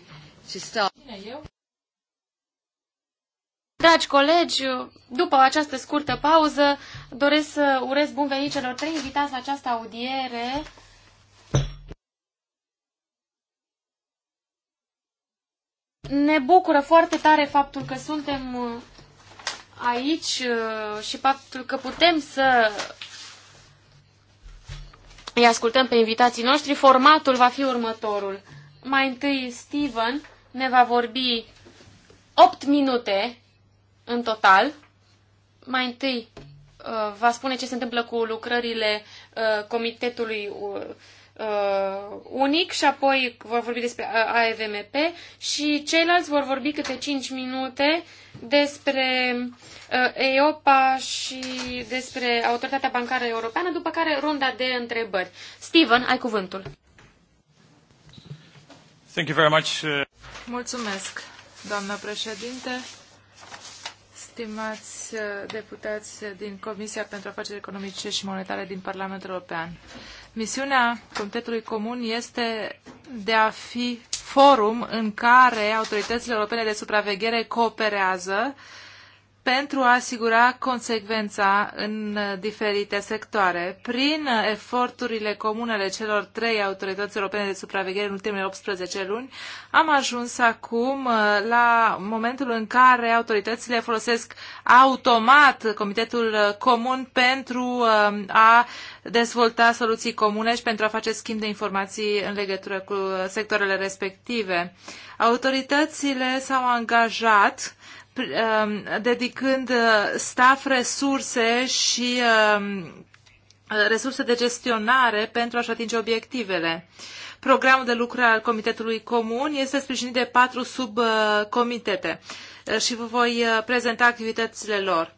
to start. Dragi colegi, după această scurtă pauză, doresc să urez bun venit celor trei invitați la această audiere. Ne bucură foarte tare faptul că suntem uh, aici uh, și faptul că putem să îi ascultăm pe invitații noștri, formatul va fi următorul. Mai întâi Steven ne va vorbi 8 minute în total. Mai întâi uh, va spune ce se întâmplă cu lucrările uh, Comitetului uh, uh, unic și apoi vor vorbi despre AEVMP și ceilalți vor vorbi câte 5 minute despre uh, EOPA și despre Autoritatea Bancară Europeană, după care runda de întrebări. Steven, ai cuvântul. Thank you very much. Uh, Mulțumesc, doamnă președinte. Stimați uh, deputați din Comisia pentru Afaceri Economice și Monetare din Parlamentul European. Misiunea Comitetului Comun este de a fi forum în care autoritățile europene de supraveghere cooperează uh, pentru a asigura consecvența în uh, diferite sectoare. Prin uh, eforturile ale celor trei autorități europene de supraveghere în ultimele 18 luni, am ajuns acum uh, la momentul în care autoritățile folosesc automat Comitetul Comun pentru a dezvolta soluții comune și pentru a face schimb de informații în legătură cu sectoarele respective. Autoritățile s-au angajat Um, dedicând uh, staff, resurse și um, resurse de gestionare pentru a-și atinge obiectivele. Programul de lucru al Comitetului Comun este sprijinit de patru subcomitete uh, și vă voi uh, prezenta activitățile lor.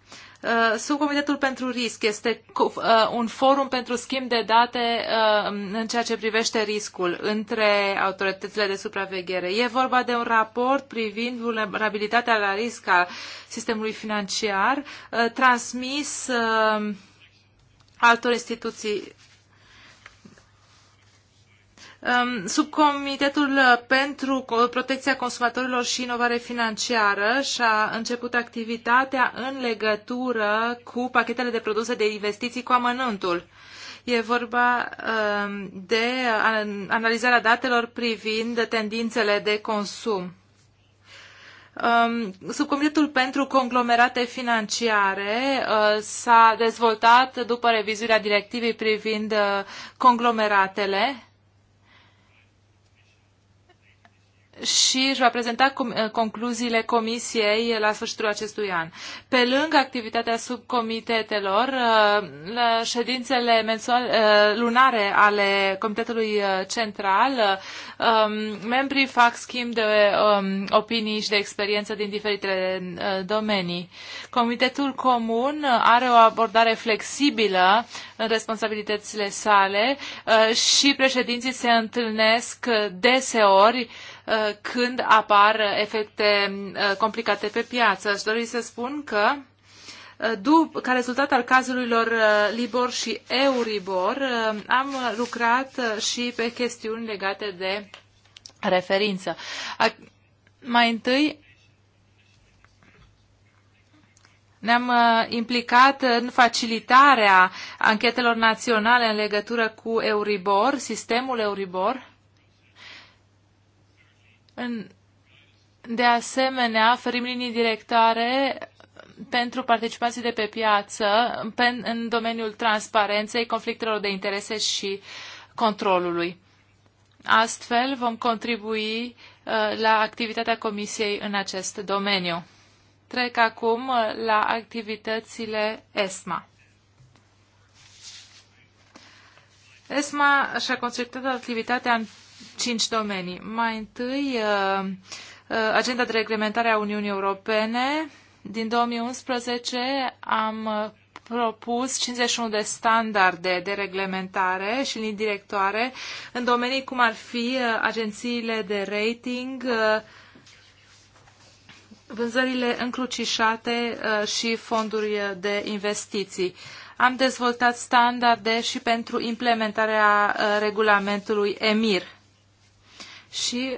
Uh, subcomitetul pentru risc este uh, un forum pentru schimb de date uh, în ceea ce privește riscul între autoritățile de supraveghere. E vorba de un raport privind vulnerabilitatea la risc a sistemului financiar transmis altor instituții Um, subcomitetul uh, pentru protecția consumatorilor și inovare financiară și-a început activitatea în legătură cu pachetele de produse de investiții cu amănântul. E vorba um, de analizarea datelor privind tendințele de consum. Um, subcomitetul pentru conglomerate financiare uh, s-a dezvoltat după revizuirea directivei privind uh, conglomeratele și își va prezenta eh, concluziile comisiei la sfârșitul acestui an. Pe lângă activitatea subcomitetelor, eh, la ședințele mensual, eh, lunare ale Comitetului Central, um, membrii fac schimb de um, opinii și de experiență din diferitele domenii. Comitetul Comun are o abordare flexibilă în responsabilitățile sale și președinții se întâlnesc deseori Uh, când apar efecte uh, complicate pe piață. Aș dori să spun că uh, după, ca rezultat al cazurilor Libor și Euribor, am lucrat și pe chestiuni legate de referință. Mai întâi, ne-am implicat în facilitarea anchetelor naționale în legătură cu Euribor, sistemul Euribor în, de asemenea, oferim linii directoare pentru participații de pe piață pen, în domeniul transparenței, conflictelor de interese și controlului. Astfel vom contribui uh, la activitatea Comisiei în acest domeniu. Trec acum uh, la activitățile ESMA. ESMA și-a concentrat activitatea în cinci domenii. Mai întâi, uh, uh, agenda de reglementare a Uniunii Europene. Din 2011 am uh, propus 51 de standarde de reglementare și linii directoare în domenii cum ar fi agențiile de rating, vânzările încrucișate și fonduri de investiții. Am dezvoltat standarde și pentru implementarea regulamentului EMIR și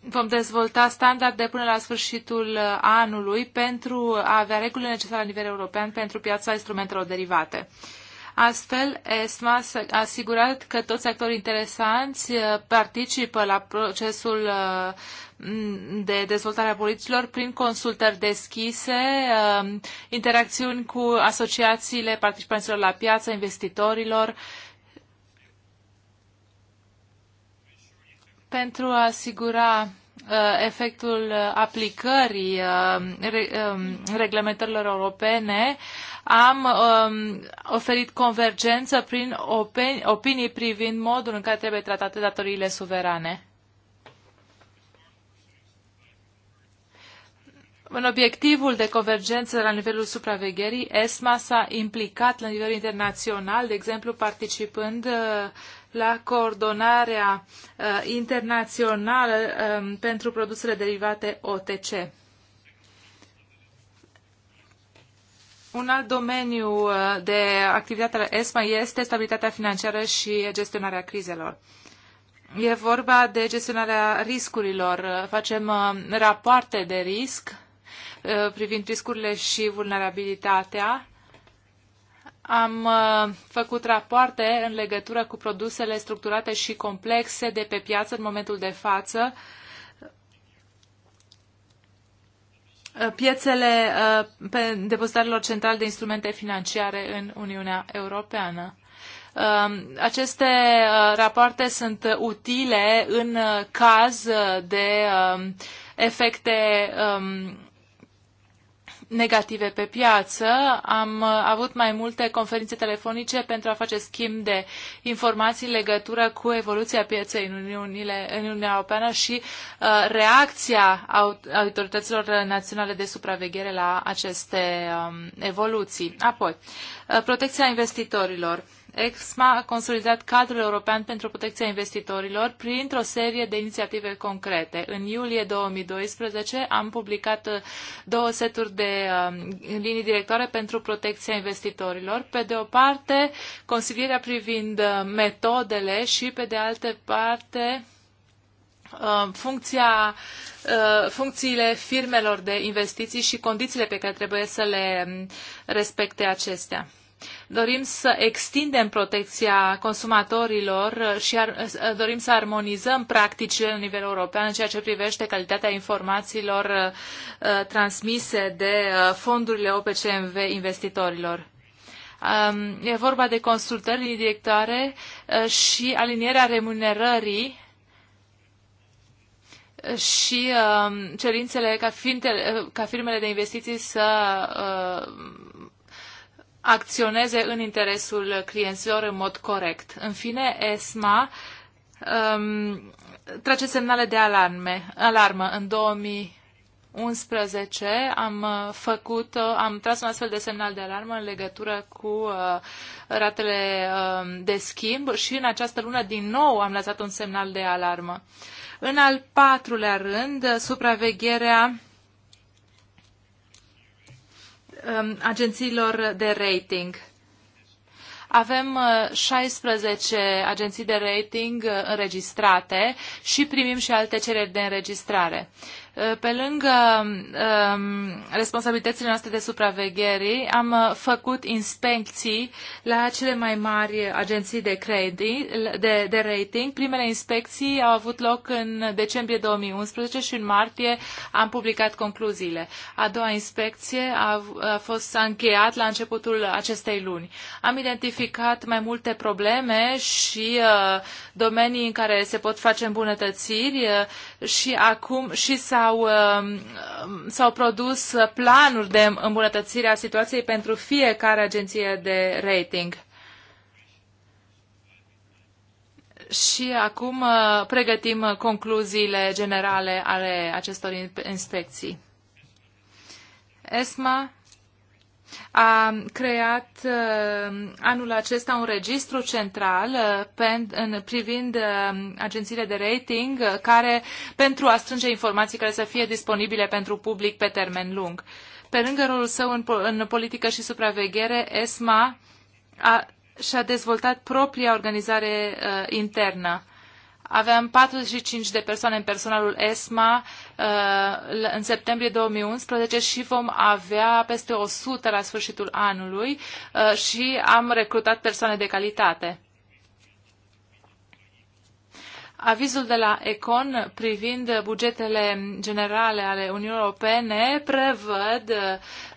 vom dezvolta standarde până la sfârșitul anului pentru a avea regulile necesare la nivel european pentru piața instrumentelor derivate. Astfel, ESMA a asigurat că toți actorii interesanți uh, participă la procesul uh, de dezvoltare a politicilor prin consultări deschise, uh, interacțiuni cu asociațiile participanților la piață, investitorilor pentru a asigura uh, efectul aplicării uh, um, reglementărilor europene, am um, oferit convergență prin opinii privind modul în care trebuie tratate datoriile suverane. În obiectivul de convergență la nivelul supravegherii, ESMA s-a implicat la nivel internațional, de exemplu participând uh, la coordonarea uh, internațională uh, pentru produsele derivate OTC. Un alt domeniu uh, de activitate la ESMA este stabilitatea financiară și gestionarea crizelor. E vorba de gestionarea riscurilor. Facem uh, rapoarte de risc uh, privind riscurile și vulnerabilitatea am uh, făcut rapoarte în legătură cu produsele structurate și complexe de pe piață în momentul de față. Uh, piețele uh, pe depozitarilor centrale de instrumente financiare în Uniunea Europeană. Aceste rapoarte sunt utile în caz de efecte um, negative pe piață. Am uh, avut mai multe conferințe telefonice pentru a face schimb de informații în legătură cu evoluția pieței în, Uniunile, în Uniunea Europeană și uh, reacția autorităților naționale de supraveghere la aceste um, evoluții. Apoi, uh, protecția investitorilor. Uh, EXMA a consolidat cadrul european pentru protecția investitorilor printr-o serie de inițiative concrete. În iulie 2012 am publicat uh, două seturi de um, linii directoare pentru protecția investitorilor. Pe de o parte, consilierea privind uh, metodele și pe de altă parte um, funcția, uh, funcțiile firmelor de investiții și condițiile pe care trebuie să le um, respecte acestea. Dorim să extindem protecția consumatorilor și ar, dorim să armonizăm practicile la nivel european în ceea ce privește calitatea informațiilor uh, transmise de uh, fondurile OPCMV investitorilor. Um, e vorba de consultări directoare uh, și alinierea remunerării și uh, cerințele ca, finte, ca firmele de investiții să uh, acționeze în interesul clienților în mod corect. În fine, ESMA um, trage semnale de alarme, alarmă. În 2011 am uh, făcut, uh, am tras un astfel de semnal de alarmă în legătură cu uh, ratele uh, de schimb și în această lună din nou am lansat un semnal de alarmă. În al patrulea rând, uh, supravegherea Um, agențiilor de rating. Avem 16 uh, agenții de rating uh, înregistrate și primim și alte cereri de înregistrare. Eh, pe lângă um, responsabilitățile noastre de supraveghere, am eh, făcut inspecții la cele mai mari agenții de, credit, de, de rating. Primele inspecții au avut loc în decembrie 2011 și în martie am publicat concluziile. A doua inspecție a, a fost încheiat la începutul acestei luni. Am identificat mai multe probleme și uh, domenii în care se pot face îmbunătățiri. Uh, și acum și s-au, um, s-au produs planuri de îmbunătățire a situației pentru fiecare agenție de rating. Și acum uh, pregătim concluziile generale ale acestor inspecții. ESMA a creat uh, anul acesta un registru central uh, privind uh, agențiile de rating care, pentru a strânge informații care să fie disponibile pentru public pe termen lung. Pe lângă rolul său în, politică și supraveghere, ESMA a, și-a dezvoltat propria organizare internă Aveam 45 de persoane în personalul ESMA uh, în septembrie 2011 și vom avea peste 100 la sfârșitul anului uh, și am recrutat persoane de calitate. Avizul de la Econ privind bugetele generale ale Uniunii Europene prevăd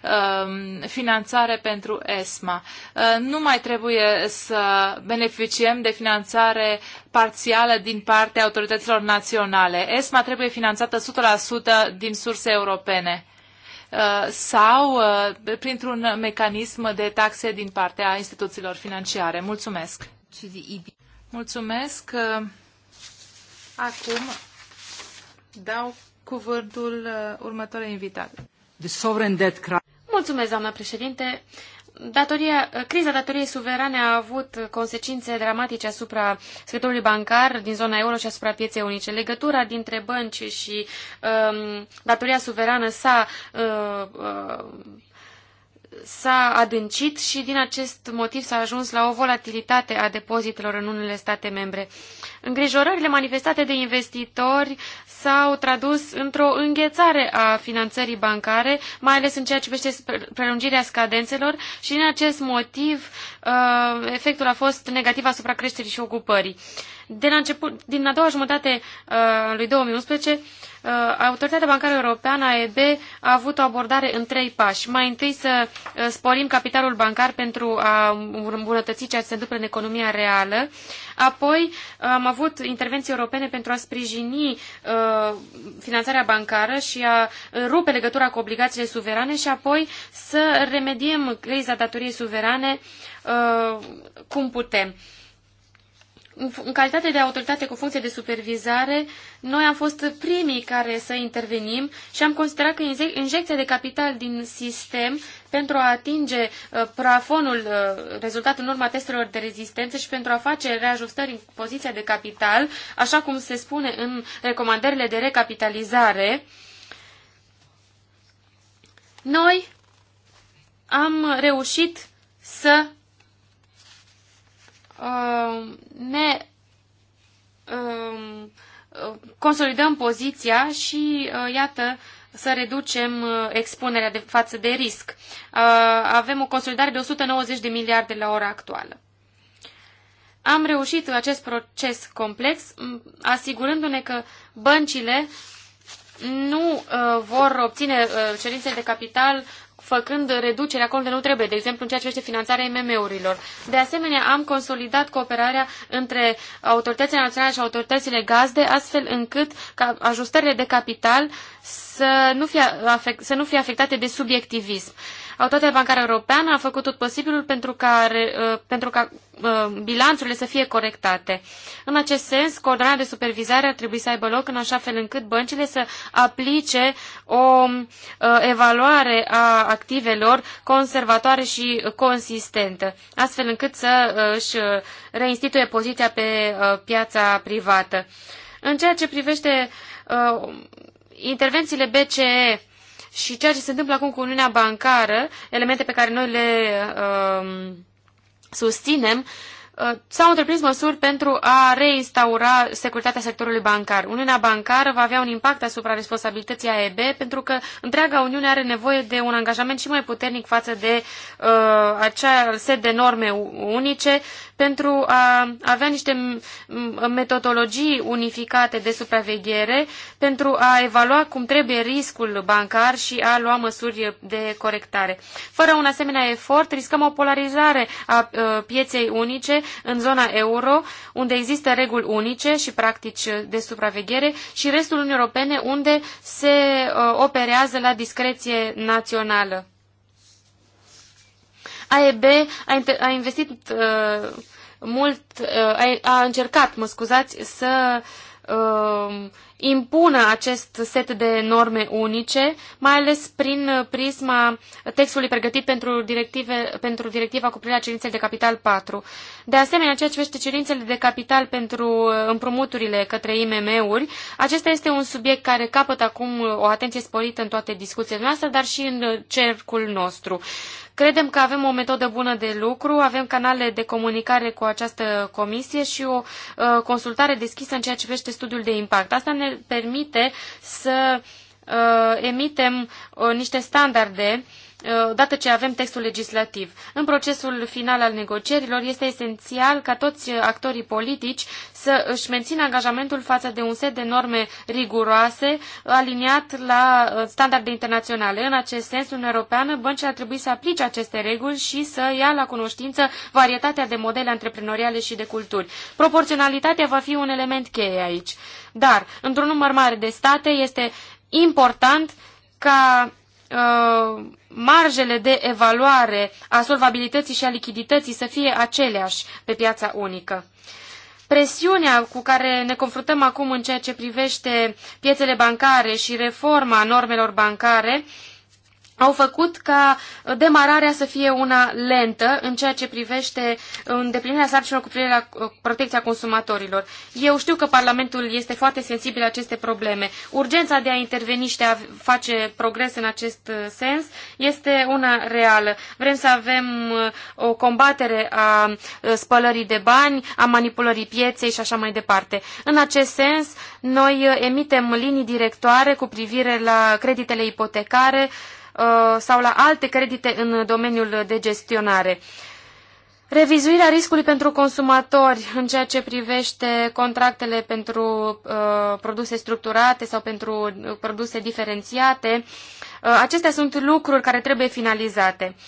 um, finanțare pentru ESMA. Uh, nu mai trebuie să beneficiem de finanțare parțială din partea autorităților naționale. ESMA trebuie finanțată 100% din surse europene uh, sau uh, printr-un mecanism de taxe din partea instituțiilor financiare. Mulțumesc! Mulțumesc! Acum dau cuvântul uh, următoarei invitat. The sovereign debt crisis. Mulțumesc, doamna președinte. Datoria, uh, criza datoriei suverane a avut consecințe dramatice asupra sectorului bancar din zona euro și asupra pieței unice. Legătura dintre bănci și um, datoria suverană s-a uh, uh, s-a adâncit și din acest motiv s-a ajuns la o volatilitate a depozitelor în unele state membre. Îngrijorările manifestate de investitori s-au tradus într-o înghețare a finanțării bancare, mai ales în ceea ce privește prelungirea scadențelor și din acest motiv uh, efectul a fost negativ asupra creșterii și ocupării. De la început, din a doua jumătate uh, a lui 2011, uh, Autoritatea Bancară Europeană, AEB, a avut o abordare în trei pași. Mai întâi să sporim capitalul bancar pentru a îmbunătăți ceea ce se întâmplă în economia reală, apoi am avut avut intervenții europene pentru a sprijini uh, finanțarea bancară și a rupe legătura cu obligațiile suverane și apoi să remediem criza datoriei suverane uh, cum putem. Uh, în calitate de autoritate cu funcție de supervizare, noi am fost primii care să intervenim și am considerat că injecția de capital din sistem pentru a atinge uh, plafonul uh, rezultat în urma testelor de rezistență și pentru a face reajustări în poziția de capital, așa cum se spune în recomandările de recapitalizare, noi am reușit să Um, ne um, consolidăm poziția și, uh, iată, să reducem uh, expunerea de față de risc. Uh, avem o consolidare de 190 de miliarde la ora actuală. Am reușit acest proces complex asigurându-ne că băncile nu vor obține cerințe de capital făcând reduceri acolo unde nu trebuie, de exemplu în ceea ce privește finanțarea IMM-urilor. De asemenea, am consolidat cooperarea între autoritățile naționale și autoritățile gazde, astfel încât ca ajustările de capital să nu fie, afectate de subiectivism. Autoritatea Bancară Europeană a făcut tot posibilul pentru ca, uh, pentru ca uh, bilanțurile să fie corectate. În acest sens, coordonarea de supervizare ar trebui să aibă loc în așa fel încât băncile să aplice o uh, evaluare a activelor conservatoare și consistentă, astfel încât să își reinstituie poziția pe piața privată. În ceea ce privește intervențiile BCE și ceea ce se întâmplă acum cu Uniunea Bancară, elemente pe care noi le uh, susținem, Uh, s-au întreprins măsuri pentru a reinstaura securitatea sectorului bancar. Uniunea bancară va avea un impact asupra responsabilității AEB pentru că întreaga Uniune are nevoie de un angajament și mai puternic față de uh, acea set de norme unice pentru a avea niște metodologii unificate de supraveghere pentru a evalua cum trebuie riscul bancar și a lua măsuri de corectare. Fără un asemenea efort, riscăm o polarizare a uh, pieței unice în zona euro, unde există reguli unice și practici de supraveghere, și restul Uniunii Europene, unde se uh, operează la discreție națională. AEB a, a investit uh, mult, uh, a, a încercat, mă scuzați, să uh, impună acest set de norme unice, mai ales prin prisma textului pregătit pentru, directive, pentru directiva cu privire la cerințele de capital 4. De asemenea, ceea ce vește cerințele de capital pentru uh, împrumuturile către IMM-uri, acesta este un subiect care capătă acum uh, o atenție sporită în toate discuțiile noastre, dar și în uh, cercul nostru. Credem că avem o metodă bună de lucru, avem canale de comunicare cu această comisie și o uh, consultare deschisă în ceea ce privește studiul de impact. Asta ne permite să Uh, emitem uh, niște standarde uh, odată ce avem textul legislativ. În procesul final al negocierilor este esențial ca toți actorii politici să își mențină angajamentul față de un set de norme riguroase aliniat la standarde internaționale. În acest sens, Uniunea Europeană, băncile ar trebui să aplice aceste reguli și să ia la cunoștință varietatea de modele antreprenoriale și de culturi. Proporționalitatea va fi un element cheie aici. Dar, într-un număr mare de state, este important ca uh, marjele de evaluare a solvabilității și a lichidității să fie aceleași pe piața unică. Presiunea cu care ne confruntăm acum în ceea ce privește piețele bancare și reforma normelor bancare uh, au făcut ca demararea să fie una lentă în ceea ce privește îndeplinirea sarcinilor cu privire la uh, protecția consumatorilor. Eu știu că Parlamentul este foarte sensibil la aceste probleme. Urgența de a interveni și de a face progres în acest uh, sens este una reală. Vrem să avem uh, o combatere a spălării de bani, a manipulării pieței și așa mai departe. În acest sens, noi emitem linii directoare cu privire la creditele ipotecare, Uh, sau la alte credite în domeniul de gestionare. Revizuirea riscului pentru consumatori în ceea ce privește contractele pentru uh, produse structurate sau pentru uh, produse diferențiate, uh, acestea sunt lucruri care trebuie finalizate. Uh,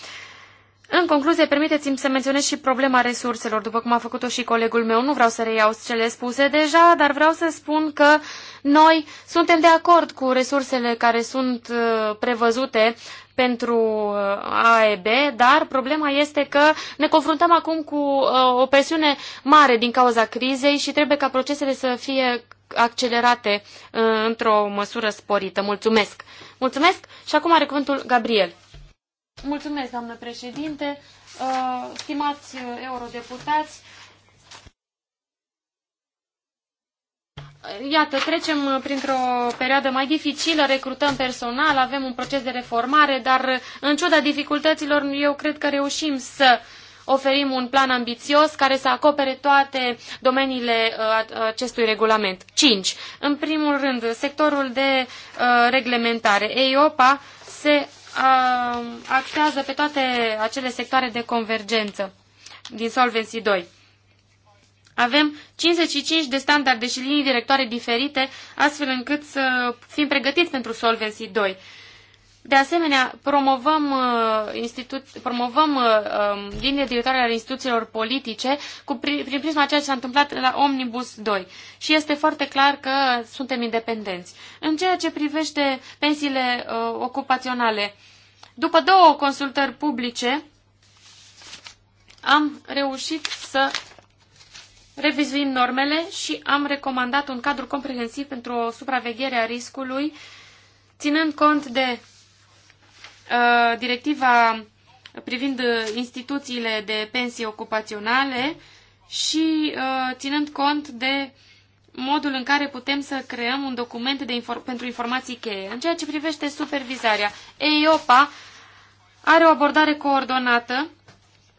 în concluzie, permiteți-mi să menționez și problema resurselor, după cum a făcut-o și colegul meu. Nu vreau să reiau cele spuse deja, dar vreau să spun că noi suntem de acord cu resursele care sunt uh, prevăzute pentru uh, AEB, dar problema este că ne confruntăm acum cu uh, o presiune mare din cauza crizei și trebuie ca procesele să fie accelerate într-o măsură sporită. Mulțumesc! Mulțumesc și acum are cuvântul Gabriel. Mulțumesc, doamnă președinte. Uh, stimați uh, eurodeputați, Iată, trecem uh, printr-o perioadă mai dificilă, recrutăm personal, avem un proces de reformare, dar în ciuda dificultăților eu cred că reușim să oferim un plan ambițios care să acopere toate domeniile acestui regulament. 5. În primul rând, sectorul de reglementare. EIOPA se Um, actează pe toate acele sectoare de convergență din Solvency 2. Avem 55 de standarde și linii directoare diferite, astfel încât să fim pregătiți pentru Solvency 2. De asemenea, promovăm, uh, institut, promovăm uh, um, linii directoare ale instituțiilor politice cu, prin, prin prisma ceea ce s-a întâmplat la Omnibus 2 și este foarte clar că suntem independenți. În ceea ce privește pensiile uh, ocupaționale, după două consultări publice, am reușit să revizuim normele și am recomandat un cadru comprehensiv pentru o supraveghere a riscului, ținând cont de Uh, directiva privind instituțiile de pensii ocupaționale și uh, ținând cont de modul în care putem să creăm un document de infor pentru informații cheie. În ceea ce privește supervizarea, EIOPA are o abordare coordonată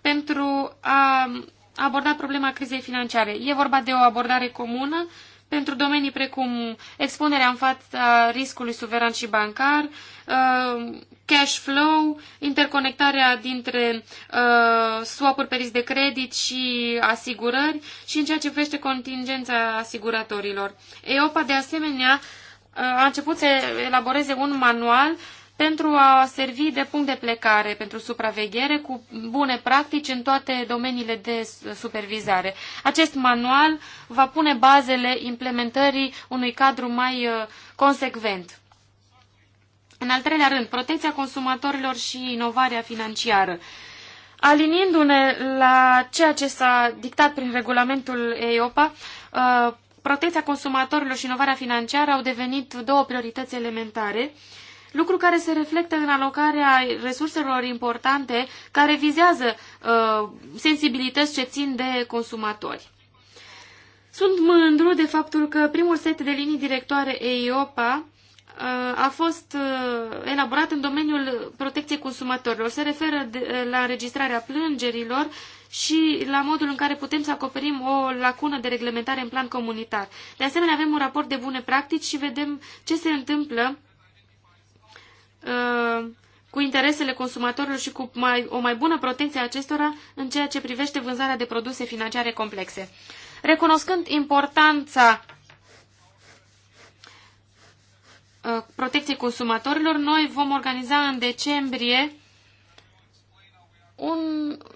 pentru a aborda problema crizei financiare. E vorba de o abordare comună pentru domenii precum expunerea în fața riscului suveran și bancar, uh, cash flow, interconectarea dintre uh, swap-uri pe risc de credit și asigurări și în ceea ce privește contingența asiguratorilor. EOPA, de asemenea, uh, a început să elaboreze un manual pentru a servi de punct de plecare pentru supraveghere cu bune practici în toate domeniile de supervizare. Acest manual va pune bazele implementării unui cadru mai uh, consecvent. În al treilea rând, protecția consumatorilor și inovarea financiară. Aliniindu-ne la ceea ce s-a dictat prin regulamentul EIOPA, uh, protecția consumatorilor și inovarea financiară au devenit două priorități elementare, lucru care se reflectă în alocarea resurselor importante care vizează uh, sensibilități ce țin de consumatori. Sunt mândru de faptul că primul set de linii directoare EIOPA a fost uh, elaborat în domeniul protecției consumatorilor. Se referă la înregistrarea plângerilor și la modul în care putem să acoperim o lacună de reglementare în plan comunitar. De asemenea, avem un raport de bune practici și vedem ce se întâmplă uh, cu interesele consumatorilor și cu mai, o mai bună protecție a acestora în ceea ce privește vânzarea de produse financiare complexe. Recunoscând importanța Uh, protecției consumatorilor, noi vom organiza în decembrie un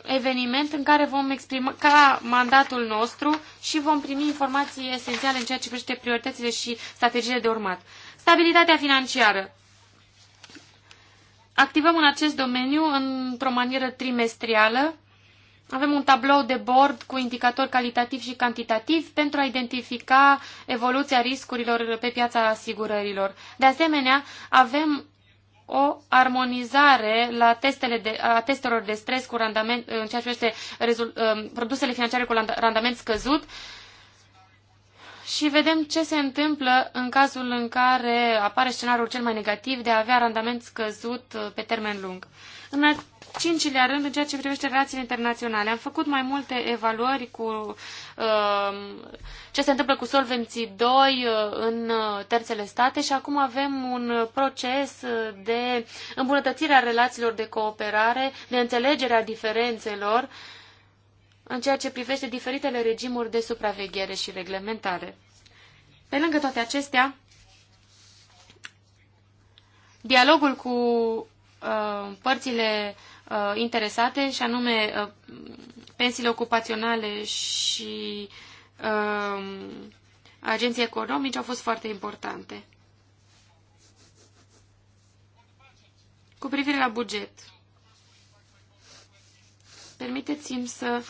eveniment în care vom exprima ca mandatul nostru și vom primi informații esențiale în ceea ce privește prioritățile și strategiile de urmat. Stabilitatea financiară. Activăm în acest domeniu într-o manieră trimestrială. Avem un tablou de bord cu indicatori calitativ și cantitativ pentru a identifica evoluția riscurilor pe piața asigurărilor. De asemenea, avem o armonizare la testele de, a testelor de stres cu randament, în ceea ce privește um, produsele financiare cu randament scăzut și vedem ce se întâmplă în cazul în care apare scenariul cel mai negativ de a avea randament scăzut uh, pe termen lung. În cincilea rând, în ceea ce privește relațiile internaționale, am făcut mai multe evaluări cu uh, ce se întâmplă cu Solvenții 2 uh, în uh, terțele state și acum avem un proces uh, de îmbunătățire a relațiilor de cooperare, de înțelegere a diferențelor în ceea ce privește diferitele regimuri de supraveghere și reglementare. Pe lângă toate acestea, dialogul cu uh, părțile uh, interesate, și anume uh, pensiile ocupaționale și uh, agenții economici au fost foarte importante. Cu privire la buget, permiteți-mi să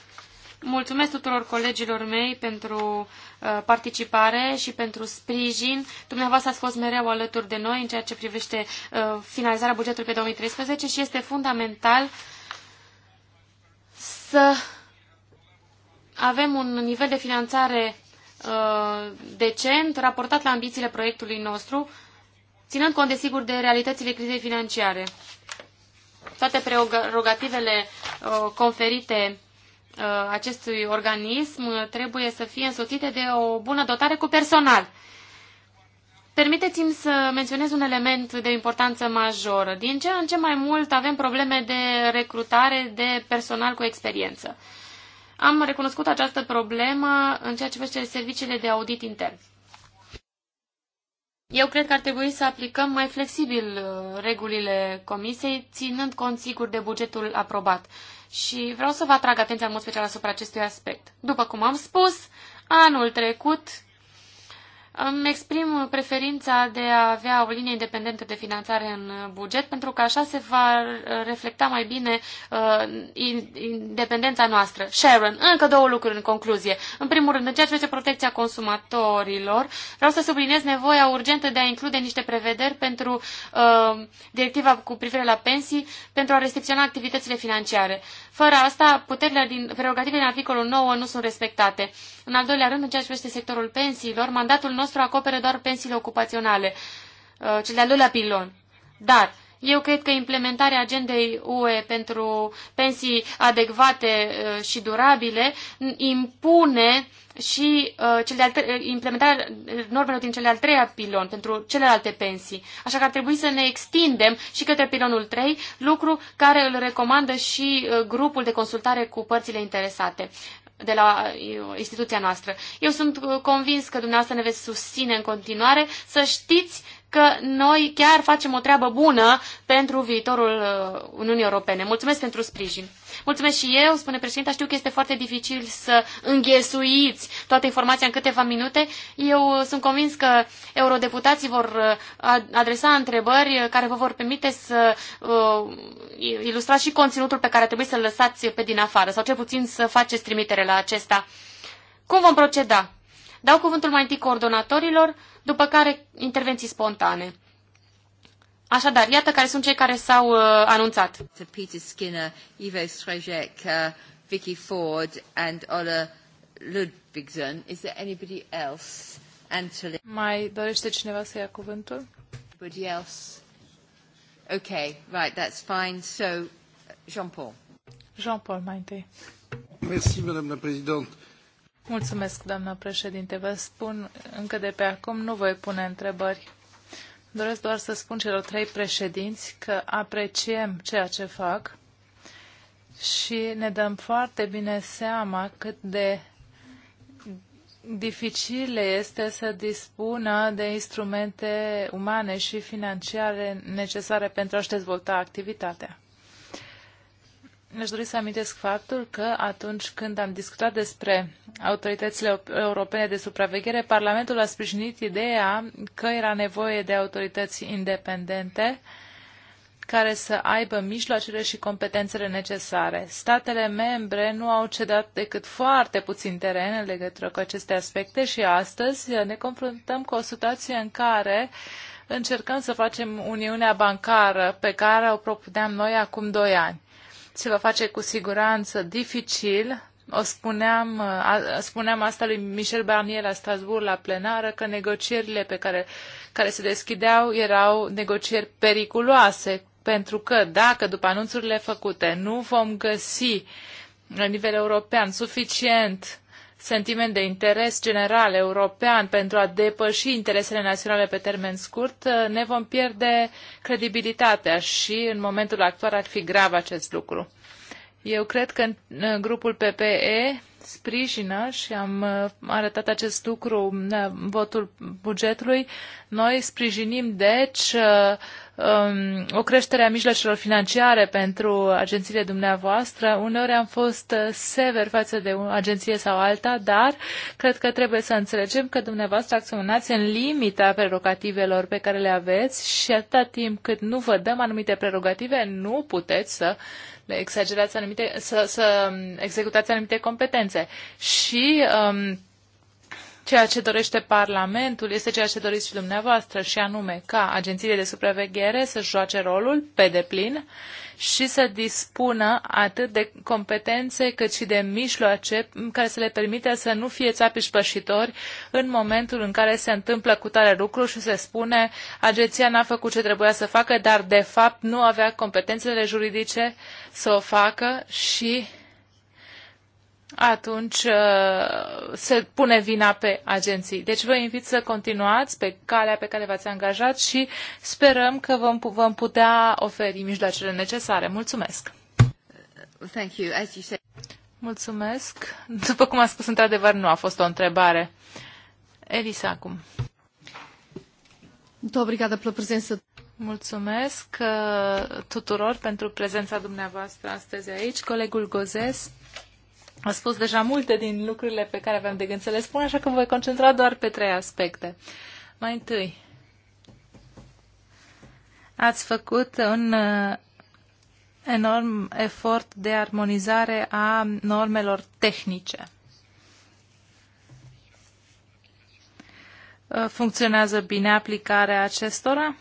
Mulțumesc tuturor colegilor mei pentru uh, participare și pentru sprijin. Dumneavoastră ați fost mereu alături de noi în ceea ce privește uh, finalizarea bugetului pe 2013 și este fundamental să avem un nivel de finanțare uh, decent, raportat la ambițiile proiectului nostru, ținând cont, desigur, de realitățile crizei financiare. Toate prerogativele conferite Uh, acestui organism trebuie să fie însoțite de o bună dotare cu personal. Permiteți-mi să menționez un element de importanță majoră. Din ce în ce mai mult avem probleme de recrutare de personal cu experiență. Am recunoscut această problemă în ceea ce privește serviciile de audit intern. Eu cred că ar trebui să aplicăm mai flexibil uh, regulile comisiei, ținând cont sigur de bugetul aprobat. Și vreau să vă atrag atenția în mod special asupra acestui aspect. După cum am spus, anul trecut îmi exprim preferința de a avea o linie independentă de finanțare în buget, pentru că așa se va reflecta mai bine uh, independența noastră. Sharon, încă două lucruri în concluzie. În primul rând, în ceea ce face protecția consumatorilor, vreau să subliniez nevoia urgentă de a include niște prevederi pentru uh, directiva cu privire la pensii, pentru a restricționa activitățile financiare. Fără asta, puterile din prerogativele din articolul 9 nu sunt respectate. Uh, în al doilea rând, în ceea ce privește sectorul pensiilor, mandatul nostru acopere doar pensiile ocupaționale, uh, cel de-al doilea pilon. Dar eu cred că implementarea agendei UE pentru pensii adecvate uh, și durabile impune și uh, cel de-al implementarea normelor din cel de-al treia pilon pentru celelalte pensii. Așa că ar trebui să ne extindem și către pilonul 3, lucru care îl recomandă și grupul de consultare cu părțile interesate de la instituția noastră. Eu sunt uh, convins că dumneavoastră ne veți susține în continuare. Să știți că noi chiar facem o treabă bună pentru viitorul uh, Uniunii Europene. Mulțumesc pentru sprijin. Mulțumesc și eu, spune președinta, știu că este foarte dificil să înghesuiți toată informația în câteva minute. Eu uh, sunt convins că eurodeputații vor uh, adresa întrebări care vă vor permite să uh, ilustrați și conținutul pe care trebuie să-l lăsați pe din afară sau cel puțin să faceți trimitere la acesta. Cum vom proceda? Dau cuvântul mai întâi coordonatorilor, după care intervenții spontane. Așadar, iată care sunt cei care s-au uh, anunțat. Peter Skinner, Ivo Strejek, uh, Vicky Ford and Ola Ludvigsen. Is there anybody else? Antolin. Mai dorește cineva să ia cuvântul? Anybody else? Okay, right, that's fine. So, uh, Jean-Paul. Jean-Paul mai întâi. Merci, Madame la Présidente. Mulțumesc, doamnă președinte. Vă spun încă de pe acum, nu voi pune întrebări. Doresc doar să spun celor trei președinți că apreciem ceea ce fac și ne dăm foarte bine seama cât de dificil este să dispună de instrumente umane și financiare necesare pentru a-și dezvolta activitatea aș dori să amintesc faptul că atunci când am discutat despre autoritățile europene de supraveghere, Parlamentul a sprijinit ideea că era nevoie de autorități independente care să aibă mijloacele și competențele necesare. Statele membre nu au cedat decât foarte puțin teren în legătură cu aceste aspecte și astăzi ne confruntăm cu o situație în care încercăm să facem Uniunea Bancară pe care o propuneam noi acum doi ani se va face cu siguranță dificil. O spuneam, a, spuneam asta lui Michel Barnier la Strasbourg la plenară, că negocierile pe care, care se deschideau erau negocieri periculoase, pentru că dacă după anunțurile făcute nu vom găsi la nivel european suficient sentiment de interes general european pentru a depăși interesele naționale pe termen scurt, uh, ne vom pierde credibilitatea și în momentul actual ar fi grav acest lucru. Eu cred că grupul PPE sprijină și am uh, arătat acest lucru în uh, votul bugetului. Noi sprijinim, deci, um, o creștere a mijloacelor financiare pentru agențiile dumneavoastră. Uneori am fost uh, sever față de o agenție sau alta, dar cred că trebuie să înțelegem că dumneavoastră acționați în limita prerogativelor pe care le aveți și atâta timp cât nu vă dăm anumite prerogative, nu puteți să le exagerați anumite, să, să um, executați anumite competențe. Și um, Ceea ce dorește Parlamentul este ceea ce doriți și dumneavoastră, și anume ca agențiile de supraveghere să joace rolul pe deplin și să dispună atât de competențe cât și de mijloace care să le permite să nu fie țapiși pășitori în momentul în care se întâmplă cu tare lucru și se spune agenția n-a făcut ce trebuia să facă, dar de fapt nu avea competențele juridice să o facă și atunci uh, se pune vina pe agenții. Deci vă invit să continuați pe calea pe care v-ați angajat și sperăm că vom, vom putea oferi mijloacele necesare. Mulțumesc! Thank you. As you said... Mulțumesc. După cum a spus, într-adevăr, nu a fost o întrebare. Elisa, acum. Mulțumesc uh, tuturor pentru prezența dumneavoastră astăzi aici. Colegul Gozes a spus deja multe din lucrurile pe care aveam de gând să le spun, așa că voi concentra doar pe trei aspecte. Mai întâi, ați făcut un uh, enorm efort de armonizare a normelor tehnice. Uh, funcționează bine aplicarea acestora?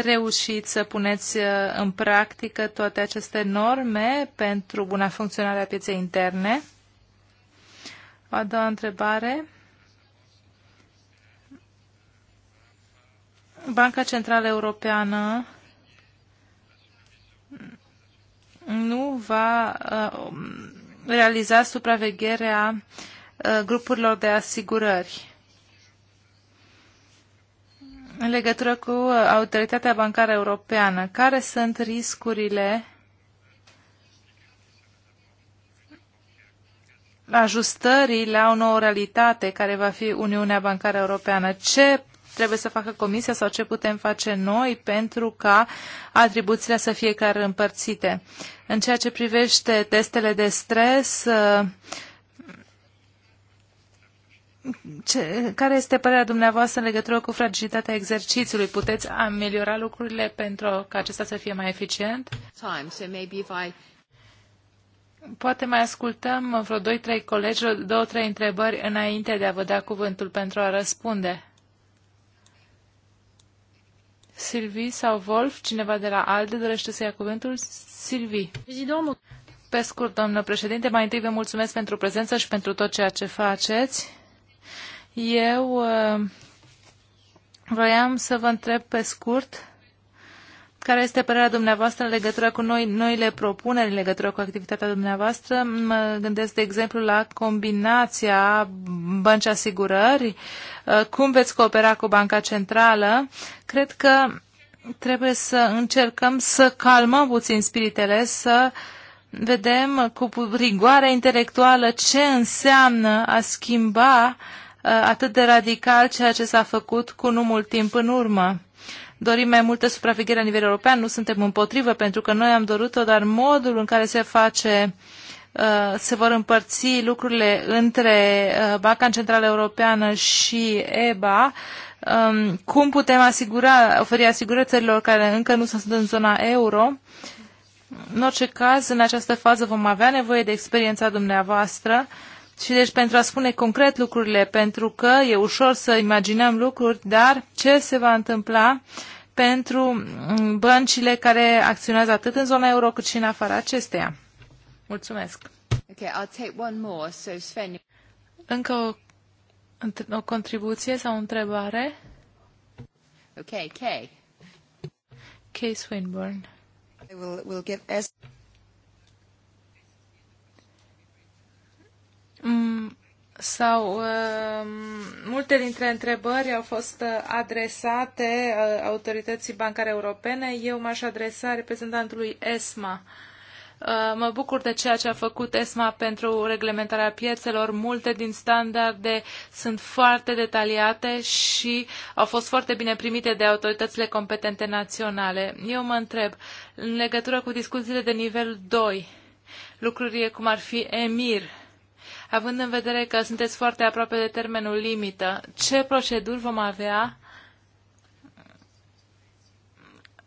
reușit să puneți uh, în practică toate aceste norme pentru buna funcționare a pieței interne? A doua întrebare. Banca Centrală Europeană nu va uh, realiza supravegherea uh, grupurilor de asigurări în legătură cu uh, Autoritatea Bancară Europeană, care sunt riscurile ajustării la o nouă realitate care va fi Uniunea Bancară Europeană? Ce trebuie să facă Comisia sau ce putem face noi pentru ca atribuțiile să fie clar împărțite? În ceea ce privește testele de stres, uh, ce, care este părerea dumneavoastră în legătură cu fragilitatea exercițiului? Puteți ameliora lucrurile pentru ca acesta să fie mai eficient? Time, so maybe if I... Poate mai ascultăm vreo doi, trei colegi, două, trei întrebări înainte de a vă da cuvântul pentru a răspunde. Silvi sau Wolf, cineva de la ALDE dorește să ia cuvântul? Silvi. Pe scurt, domnule președinte, mai întâi vă mulțumesc pentru prezență și pentru tot ceea ce faceți eu uh, vroiam să vă întreb pe scurt care este părerea dumneavoastră în legătură cu noi, noile propuneri în legătură cu activitatea dumneavoastră? Mă gândesc, de exemplu, la combinația bănci asigurări. Uh, cum veți coopera cu Banca Centrală? Cred că trebuie să încercăm să calmăm puțin spiritele, să vedem cu rigoare intelectuală ce înseamnă a schimba uh, Uh, atât de radical ceea ce s-a făcut cu nu mult timp în urmă. Dorim mai multă supraveghere la nivel european, nu suntem împotrivă pentru că noi am dorit-o, dar modul în care se face uh, se vor împărți lucrurile între uh, Banca Centrală Europeană și EBA, um, cum putem asigura, oferi asigurățărilor care încă nu sunt în zona euro. În orice caz, în această fază vom avea nevoie de experiența dumneavoastră și deci pentru a spune concret lucrurile, pentru că e ușor să imaginăm lucruri, dar ce se va întâmpla pentru mm, băncile care acționează atât în zona euro cât și în afara acesteia? Mulțumesc. Okay, I'll take one more. So Sven... Încă o, o contribuție sau o întrebare? Ok, Kay. Kay Swinburne. We'll, we'll give Mm, sau uh, multe dintre întrebări au fost uh, adresate uh, autorității bancare europene. Eu m-aș adresa reprezentantului ESMA. Uh, mă bucur de ceea ce a făcut ESMA pentru reglementarea piețelor. Multe din standarde sunt foarte detaliate și au fost foarte bine primite de autoritățile competente naționale. Eu mă întreb, în legătură cu discuțiile de nivel 2, Lucrurile cum ar fi EMIR, având în vedere că sunteți foarte aproape de termenul limită, ce proceduri vom avea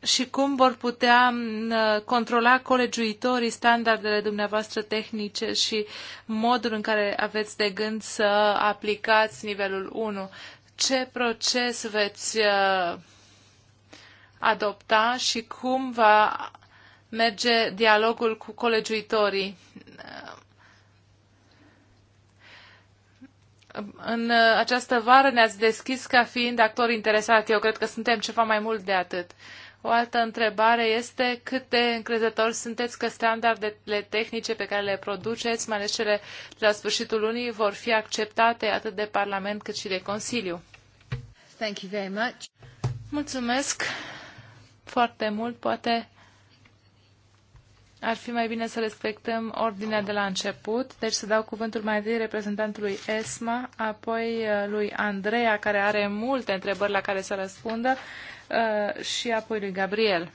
și cum vor putea controla colegiuitorii standardele dumneavoastră tehnice și modul în care aveți de gând să aplicați nivelul 1? Ce proces veți uh, adopta și cum va merge dialogul cu colegiuitorii? În uh, această vară ne-ați deschis ca fiind actori interesați. Eu cred că suntem ceva mai mult de atât. O altă întrebare este cât de încrezători sunteți că standardele tehnice pe care le produceți, mai ales cele de la sfârșitul lunii, vor fi acceptate atât de Parlament cât și de Consiliu. Thank you very much. Mulțumesc foarte mult. Poate ar fi mai bine să respectăm ordinea de la început, deci să dau cuvântul mai întâi reprezentantului ESMA, apoi uh, lui Andreea, care are multe întrebări la care să răspundă, uh, și apoi lui Gabriel.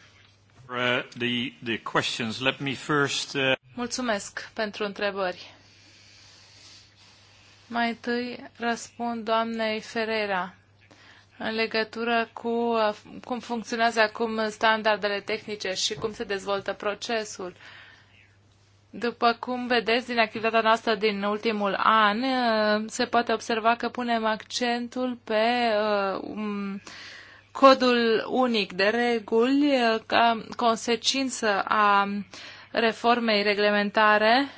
Uh, the, the questions. Let me first, uh... Mulțumesc pentru întrebări. Mai întâi răspund doamnei Ferreira în legătură cu uh, cum funcționează acum standardele tehnice și cum se dezvoltă procesul. După cum vedeți din activitatea noastră din ultimul an, uh, se poate observa că punem accentul pe uh, um, codul unic de reguli ca consecință a reformei reglementare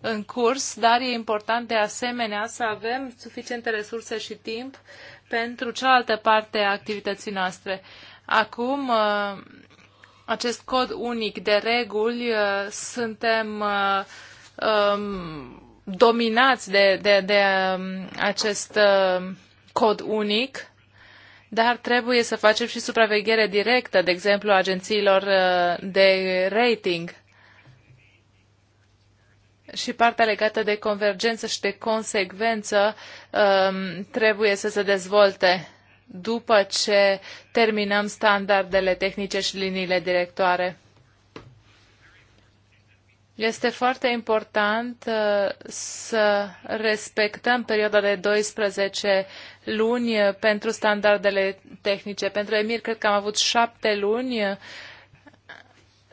în curs, dar e important de asemenea să avem suficiente resurse și timp pentru cealaltă parte a activității noastre. Acum, uh, acest cod unic de reguli, uh, suntem uh, um, dominați de, de, de um, acest cod unic, dar trebuie să facem și supraveghere directă, de exemplu, agențiilor de rating și partea legată de convergență și de consecvență um, trebuie să se dezvolte după ce terminăm standardele tehnice și liniile directoare. Este foarte important uh, să respectăm perioada de 12 luni pentru standardele tehnice. Pentru EMIR cred că am avut șapte luni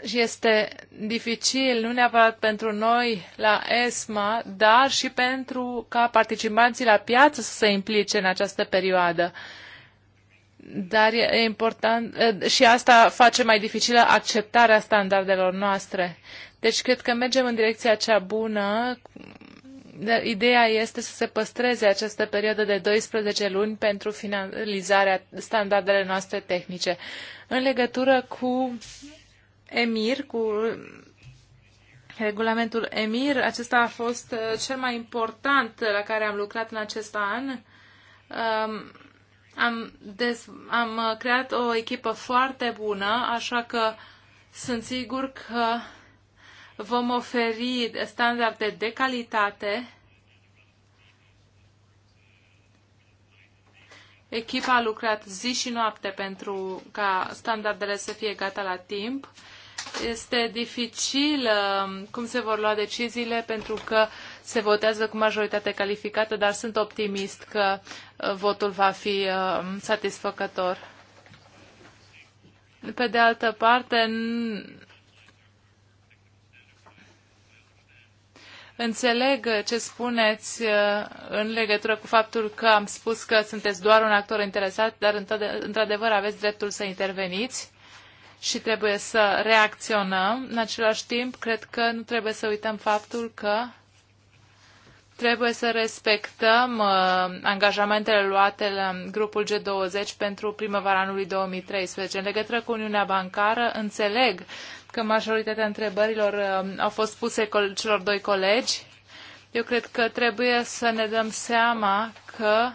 și este dificil, nu neapărat pentru noi la ESMA, dar și pentru ca participanții la piață să se implice în această perioadă. Dar e important și asta face mai dificilă acceptarea standardelor noastre. Deci cred că mergem în direcția cea bună. Ideea este să se păstreze această perioadă de 12 luni pentru finalizarea standardele noastre tehnice. În legătură cu EMIR, cu regulamentul EMIR. Acesta a fost uh, cel mai important la care am lucrat în acest an. Um, am, dez, am uh, creat o echipă foarte bună, așa că sunt sigur că vom oferi standarde de calitate. Echipa a lucrat zi și noapte pentru ca standardele să fie gata la timp este dificil um, cum se vor lua deciziile pentru că se votează cu majoritate calificată, dar sunt optimist că uh, votul va fi um, satisfăcător. Pe de altă parte, Înțeleg ce spuneți uh, în legătură cu faptul că am spus că sunteți doar un actor interesat, dar într-adevăr aveți dreptul să interveniți și trebuie să reacționăm. În același timp, cred că nu trebuie să uităm faptul că trebuie să respectăm uh, angajamentele luate la grupul G20 pentru primăvara anului 2013. În legătură cu Uniunea Bancară, înțeleg că majoritatea întrebărilor uh, au fost puse celor doi colegi. Eu cred că trebuie să ne dăm seama că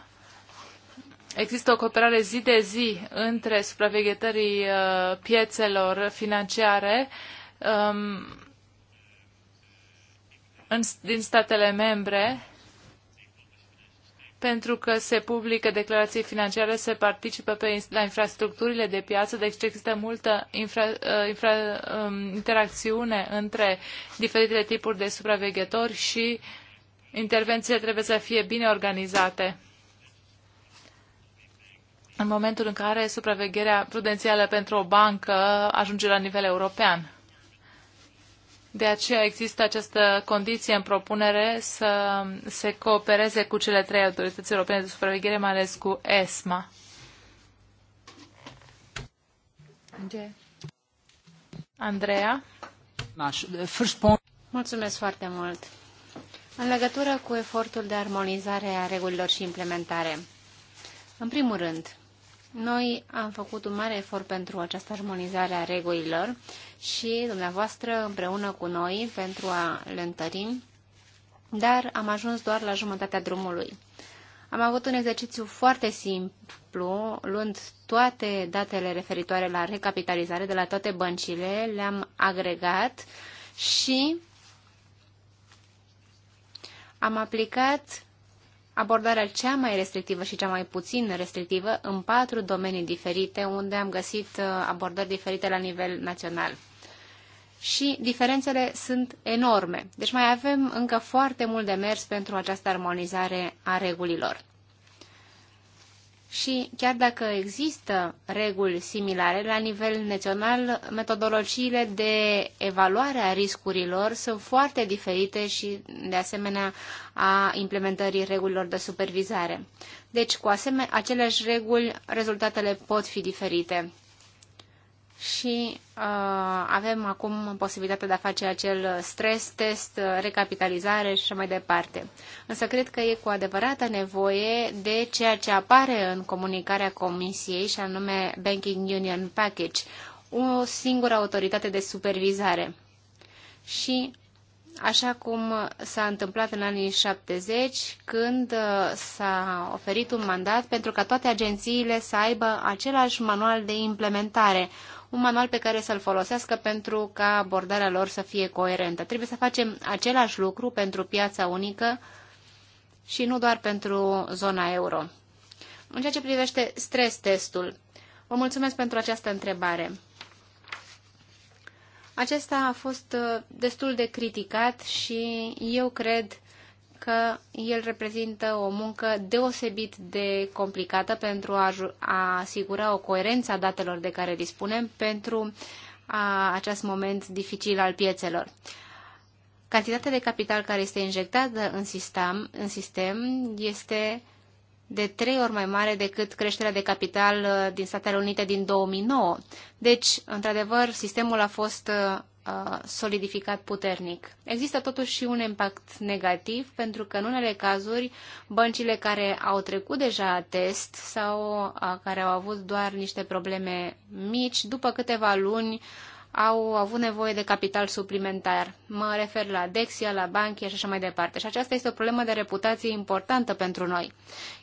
Există o cooperare zi de zi între supraveghetării uh, piețelor financiare um, în, din statele membre pentru că se publică declarații financiare, se participă pe, la infrastructurile de piață, deci există multă infra, uh, infra, um, interacțiune între diferitele tipuri de supraveghetori și intervențiile trebuie să fie bine organizate în momentul în care supravegherea prudențială pentru o bancă ajunge la nivel european. De aceea există această condiție în propunere să se coopereze cu cele trei autorități europene de supraveghere, mai ales cu ESMA. Andreea. Mulțumesc foarte mult. În legătură cu efortul de armonizare a regulilor și implementare, în primul rând, noi am făcut un mare efort pentru această armonizare a regulilor și dumneavoastră împreună cu noi pentru a le întări, dar am ajuns doar la jumătatea drumului. Am avut un exercițiu foarte simplu, luând toate datele referitoare la recapitalizare de la toate băncile, le-am agregat și am aplicat abordarea cea mai restrictivă și cea mai puțin restrictivă în patru domenii diferite, unde am găsit uh, abordări diferite la nivel național. Și diferențele sunt enorme. Deci mai avem încă foarte mult de mers pentru această armonizare a regulilor și chiar dacă există reguli similare la nivel național, metodologiile de evaluare a riscurilor sunt foarte diferite și, de asemenea, a implementării regulilor de supervizare. Deci, cu aceleași reguli, rezultatele pot fi diferite și uh, avem acum posibilitatea de a face acel stres test, recapitalizare și așa mai departe. Însă cred că e cu adevărată nevoie de ceea ce apare în comunicarea Comisiei și anume Banking Union Package, o singură autoritate de supervizare. Și așa cum s-a întâmplat în anii 70, când uh, s-a oferit un mandat pentru ca toate agențiile să aibă același manual de implementare, un manual pe care să-l folosească pentru ca abordarea lor să fie coerentă. Trebuie să facem același lucru pentru piața unică și nu doar pentru zona euro. În ceea ce privește stres testul, vă mulțumesc pentru această întrebare. Acesta a fost uh, destul de criticat și eu cred că el reprezintă o muncă deosebit de complicată pentru a, a asigura o coerență a datelor de care dispunem pentru a, acest moment dificil al piețelor. Cantitatea de capital care este injectată în sistem, în sistem este de trei ori mai mare decât creșterea de capital uh, din Statele Unite din 2009. Deci, într-adevăr, sistemul a fost uh, solidificat puternic. Există totuși și un impact negativ, pentru că în unele cazuri băncile care au trecut deja test sau care au avut doar niște probleme mici, după câteva luni au avut nevoie de capital suplimentar. Mă refer la Dexia, la Banchia și așa mai departe. Și aceasta este o problemă de reputație importantă pentru noi.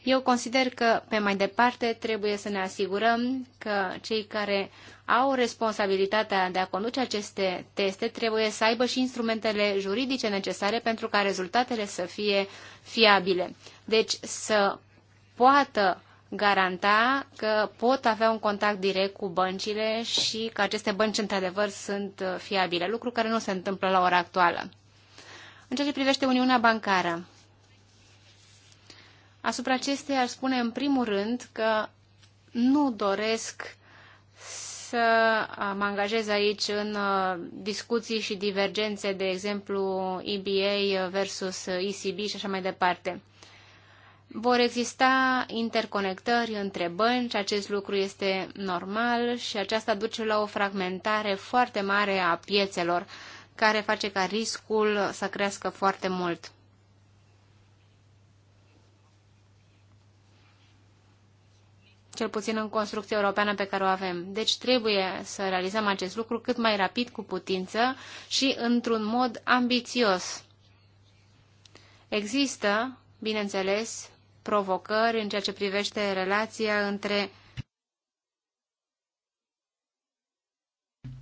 Eu consider că pe mai departe trebuie să ne asigurăm că cei care au responsabilitatea de a conduce aceste teste trebuie să aibă și instrumentele juridice necesare pentru ca rezultatele să fie fiabile. Deci să poată garanta că pot avea un contact direct cu băncile și că aceste bănci într-adevăr sunt uh, fiabile, lucru care nu se întâmplă la ora actuală. În ceea ce privește Uniunea Bancară, asupra acesteia ar spune în primul rând că nu doresc să mă angajez aici în uh, discuții și divergențe, de exemplu EBA versus uh, ECB și așa mai departe. Vor exista interconectări între bănci, acest lucru este normal și aceasta duce la o fragmentare foarte mare a piețelor, care face ca riscul să crească foarte mult. cel puțin în construcția europeană pe care o avem. Deci trebuie să realizăm acest lucru cât mai rapid cu putință și într-un mod ambițios. Există, bineînțeles, provocări în ceea ce privește relația între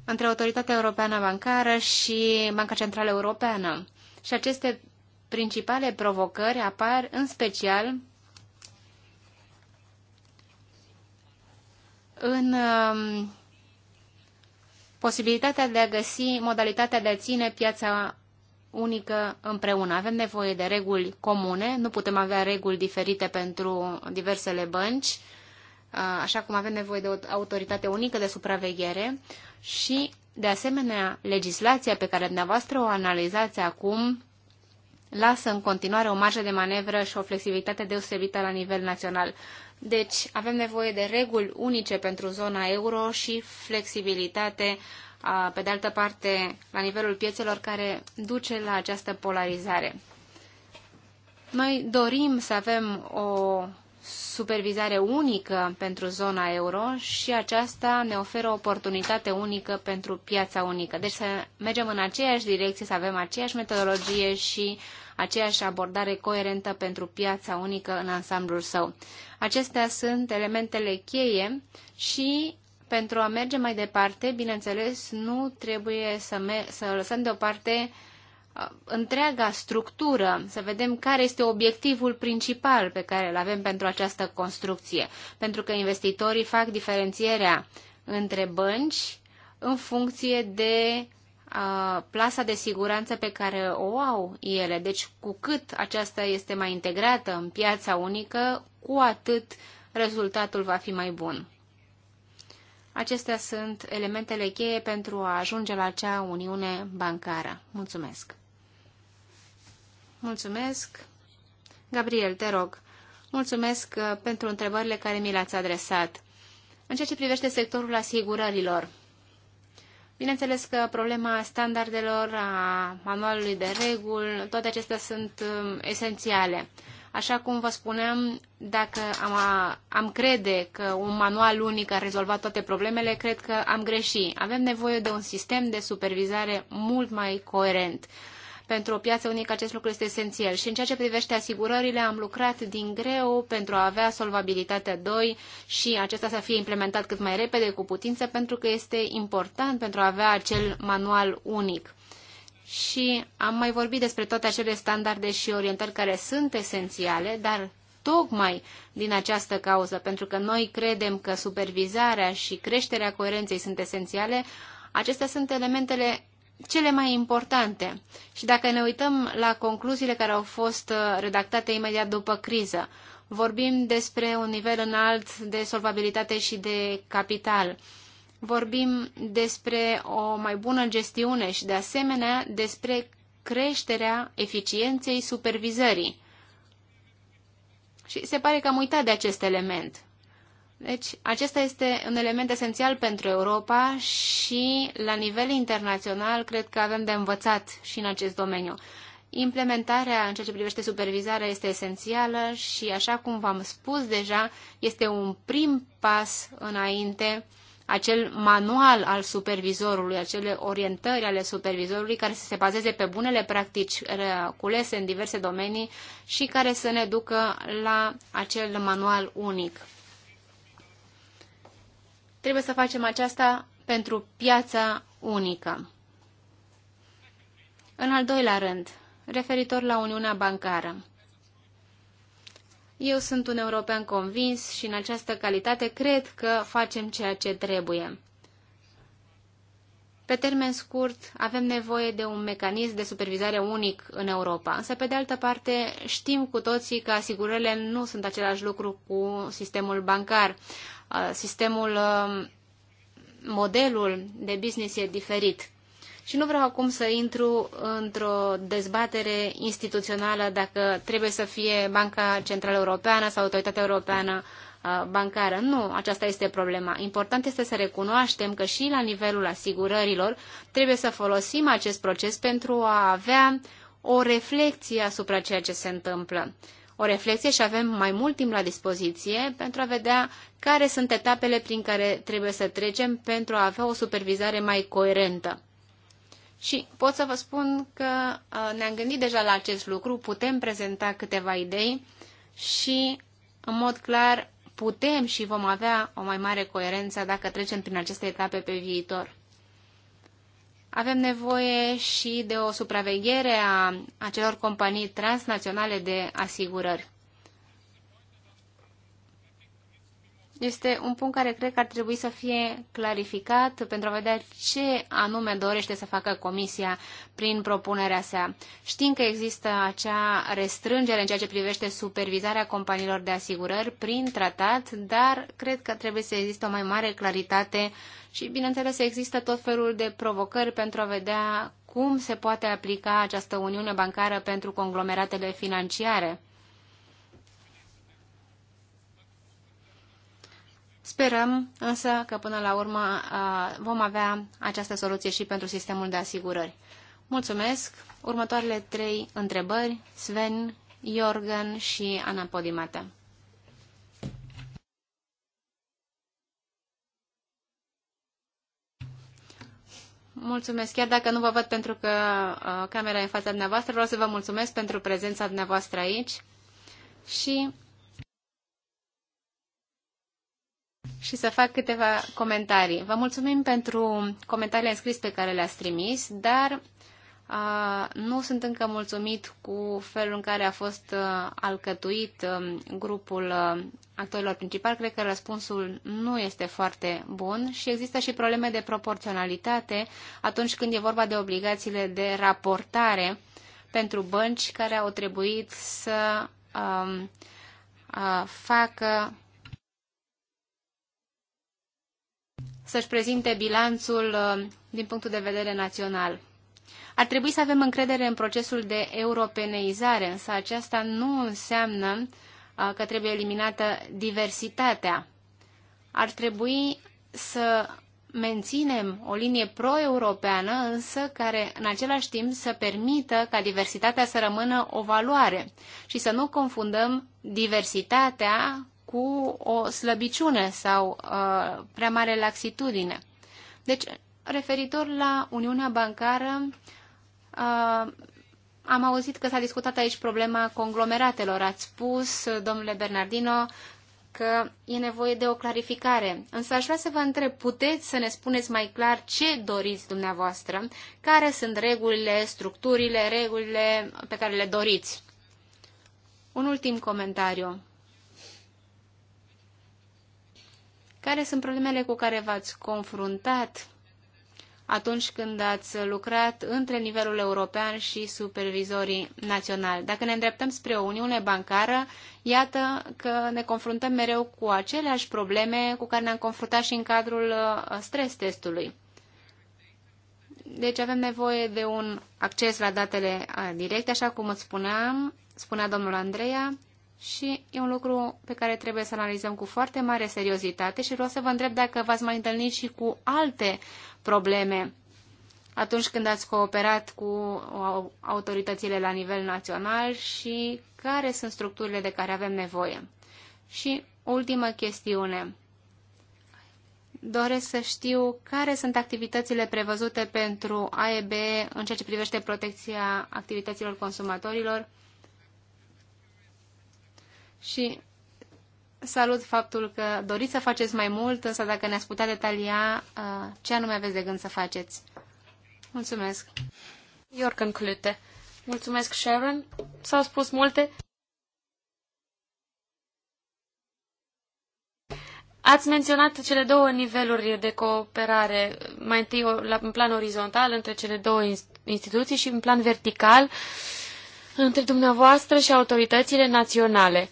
între Autoritatea Europeană Bancară și Banca Centrală Europeană. Și aceste principale provocări apar în special în um, posibilitatea de a găsi modalitatea de a ține piața unică împreună. Avem nevoie de reguli comune, nu putem avea reguli diferite pentru diversele bănci, uh, așa cum avem nevoie de o autoritate unică de supraveghere și, de asemenea, legislația pe care dumneavoastră o analizați acum lasă în continuare o marjă de manevră și o flexibilitate deosebită la nivel național. Deci avem nevoie de reguli unice pentru zona euro și flexibilitate pe de altă parte, la nivelul piețelor care duce la această polarizare. Noi dorim să avem o supervizare unică pentru zona euro și aceasta ne oferă o oportunitate unică pentru piața unică. Deci să mergem în aceeași direcție, să avem aceeași metodologie și aceeași abordare coerentă pentru piața unică în ansamblul său. Acestea sunt elementele cheie și pentru a merge mai departe, bineînțeles, nu trebuie să, me- să lăsăm deoparte uh, întreaga structură, să vedem care este obiectivul principal pe care îl avem pentru această construcție. Pentru că investitorii fac diferențierea între bănci în funcție de uh, plasa de siguranță pe care o au ele. Deci, cu cât aceasta este mai integrată în piața unică, cu atât rezultatul va fi mai bun. Acestea sunt elementele cheie pentru a ajunge la acea uniune bancară. Mulțumesc! Mulțumesc! Gabriel, te rog, mulțumesc uh, pentru întrebările care mi le-ați adresat. În ceea ce privește sectorul asigurărilor, Bineînțeles că problema standardelor, a manualului de reguli, toate acestea sunt um, esențiale. Așa cum vă spuneam, dacă am, a, am crede că un manual unic a rezolvat toate problemele, cred că am greșit. Avem nevoie de un sistem de supervizare mult mai coerent. Pentru o piață unică acest lucru este esențial. Și în ceea ce privește asigurările, am lucrat din greu pentru a avea solvabilitatea 2 și acesta să fie implementat cât mai repede cu putință, pentru că este important pentru a avea acel manual unic și am mai vorbit despre toate acele standarde și orientări care sunt esențiale, dar tocmai din această cauză, pentru că noi credem că supervizarea și creșterea coerenței sunt esențiale, acestea sunt elementele cele mai importante. Și dacă ne uităm la concluziile care au fost uh, redactate imediat după criză, vorbim despre un nivel înalt de solvabilitate și de capital vorbim despre o mai bună gestiune și, de asemenea, despre creșterea eficienței supervizării. Și se pare că am uitat de acest element. Deci, acesta este un element esențial pentru Europa și, la nivel internațional, cred că avem de învățat și în acest domeniu. Implementarea în ceea ce privește supervizarea este esențială și, așa cum v-am spus deja, este un prim pas înainte uh, acel manual al supervizorului, acele orientări ale supervizorului care să se bazeze pe bunele practici culese în diverse domenii și care să ne ducă la acel manual unic. Trebuie să facem aceasta pentru piața unică. În al doilea rând, referitor la Uniunea Bancară. Eu sunt un european convins și în această calitate cred că facem ceea ce trebuie. Pe termen scurt, avem nevoie de un mecanism de supervizare unic în Europa, însă, pe de altă parte, știm cu toții că asigurările nu sunt același lucru cu sistemul bancar. Uh, sistemul, uh, modelul de business e diferit. Și nu vreau acum să intru într-o dezbatere instituțională dacă trebuie să fie Banca Centrală Europeană sau Autoritatea Europeană uh, bancară. Nu, aceasta este problema. Important este să recunoaștem că și la nivelul asigurărilor trebuie să folosim acest proces pentru a avea o reflexie asupra ceea ce se întâmplă. O reflexie și avem mai mult timp la dispoziție pentru a vedea care sunt etapele prin care trebuie să trecem pentru a avea o supervizare mai coerentă. Și pot să vă spun că uh, ne-am gândit deja la acest lucru, putem prezenta câteva idei și, în mod clar, putem și vom avea o mai mare coerență dacă trecem prin aceste etape pe viitor. Avem nevoie și de o supraveghere a acelor companii transnaționale de asigurări. este un punct care cred că ar trebui să fie clarificat pentru a vedea ce anume dorește să facă Comisia prin propunerea sa. Știm că există acea restrângere în ceea ce privește supervizarea companiilor de asigurări prin tratat, dar cred că trebuie să existe o mai mare claritate și, bineînțeles, există tot felul de provocări pentru a vedea cum se poate aplica această uniune bancară pentru conglomeratele financiare. Sperăm însă că până la urmă vom avea această soluție și pentru sistemul de asigurări. Mulțumesc! Următoarele trei întrebări, Sven, Jorgen și Ana Podimata. Mulțumesc, chiar dacă nu vă văd pentru că uh, camera e în fața dumneavoastră, vreau să vă mulțumesc pentru prezența dumneavoastră aici și și să fac câteva comentarii. Vă mulțumim pentru comentariile înscris pe care le-ați trimis, dar uh, nu sunt încă mulțumit cu felul în care a fost uh, alcătuit uh, grupul uh, actorilor principali. Cred că răspunsul nu este foarte bun și există și probleme de proporționalitate atunci când e vorba de obligațiile de raportare pentru bănci care au trebuit să uh, facă să-și prezinte bilanțul uh, din punctul de vedere național. Ar trebui să avem încredere în procesul de europeneizare, însă aceasta nu înseamnă uh, că trebuie eliminată diversitatea. Ar trebui să menținem o linie pro-europeană, însă care în același timp să permită ca diversitatea să rămână o valoare și să nu confundăm diversitatea cu o slăbiciune sau uh, prea mare laxitudine. Deci, referitor la Uniunea Bancară, uh, am auzit că s-a discutat aici problema conglomeratelor. Ați spus, domnule Bernardino, că e nevoie de o clarificare. Însă aș vrea să vă întreb, puteți să ne spuneți mai clar ce doriți dumneavoastră? Care sunt regulile, structurile, regulile pe care le doriți? Un ultim comentariu. Care sunt problemele cu care v-ați confruntat atunci când ați lucrat între nivelul european și supervizorii naționali. Dacă ne îndreptăm spre o uniune bancară, iată că ne confruntăm mereu cu aceleași probleme cu care ne-am confruntat și în cadrul uh, stres testului. Deci avem nevoie de un acces la datele uh, directe, așa cum îți spuneam, spunea domnul Andreea, și e un lucru pe care trebuie să analizăm cu foarte mare seriozitate și vreau să vă întreb dacă v-ați mai întâlnit și cu alte probleme atunci când ați cooperat cu autoritățile la nivel național și care sunt structurile de care avem nevoie. Și ultima chestiune. Doresc să știu care sunt activitățile prevăzute pentru AEB în ceea ce privește protecția activităților consumatorilor și salut faptul că doriți să faceți mai mult, însă dacă ne-ați putea detalia uh, ce anume aveți de gând să faceți. Mulțumesc. Iorcan Clute. Mulțumesc, Sharon. S-au spus multe. Ați menționat cele două niveluri de cooperare, mai întâi la, în plan orizontal între cele două instituții și în plan vertical între dumneavoastră și autoritățile naționale.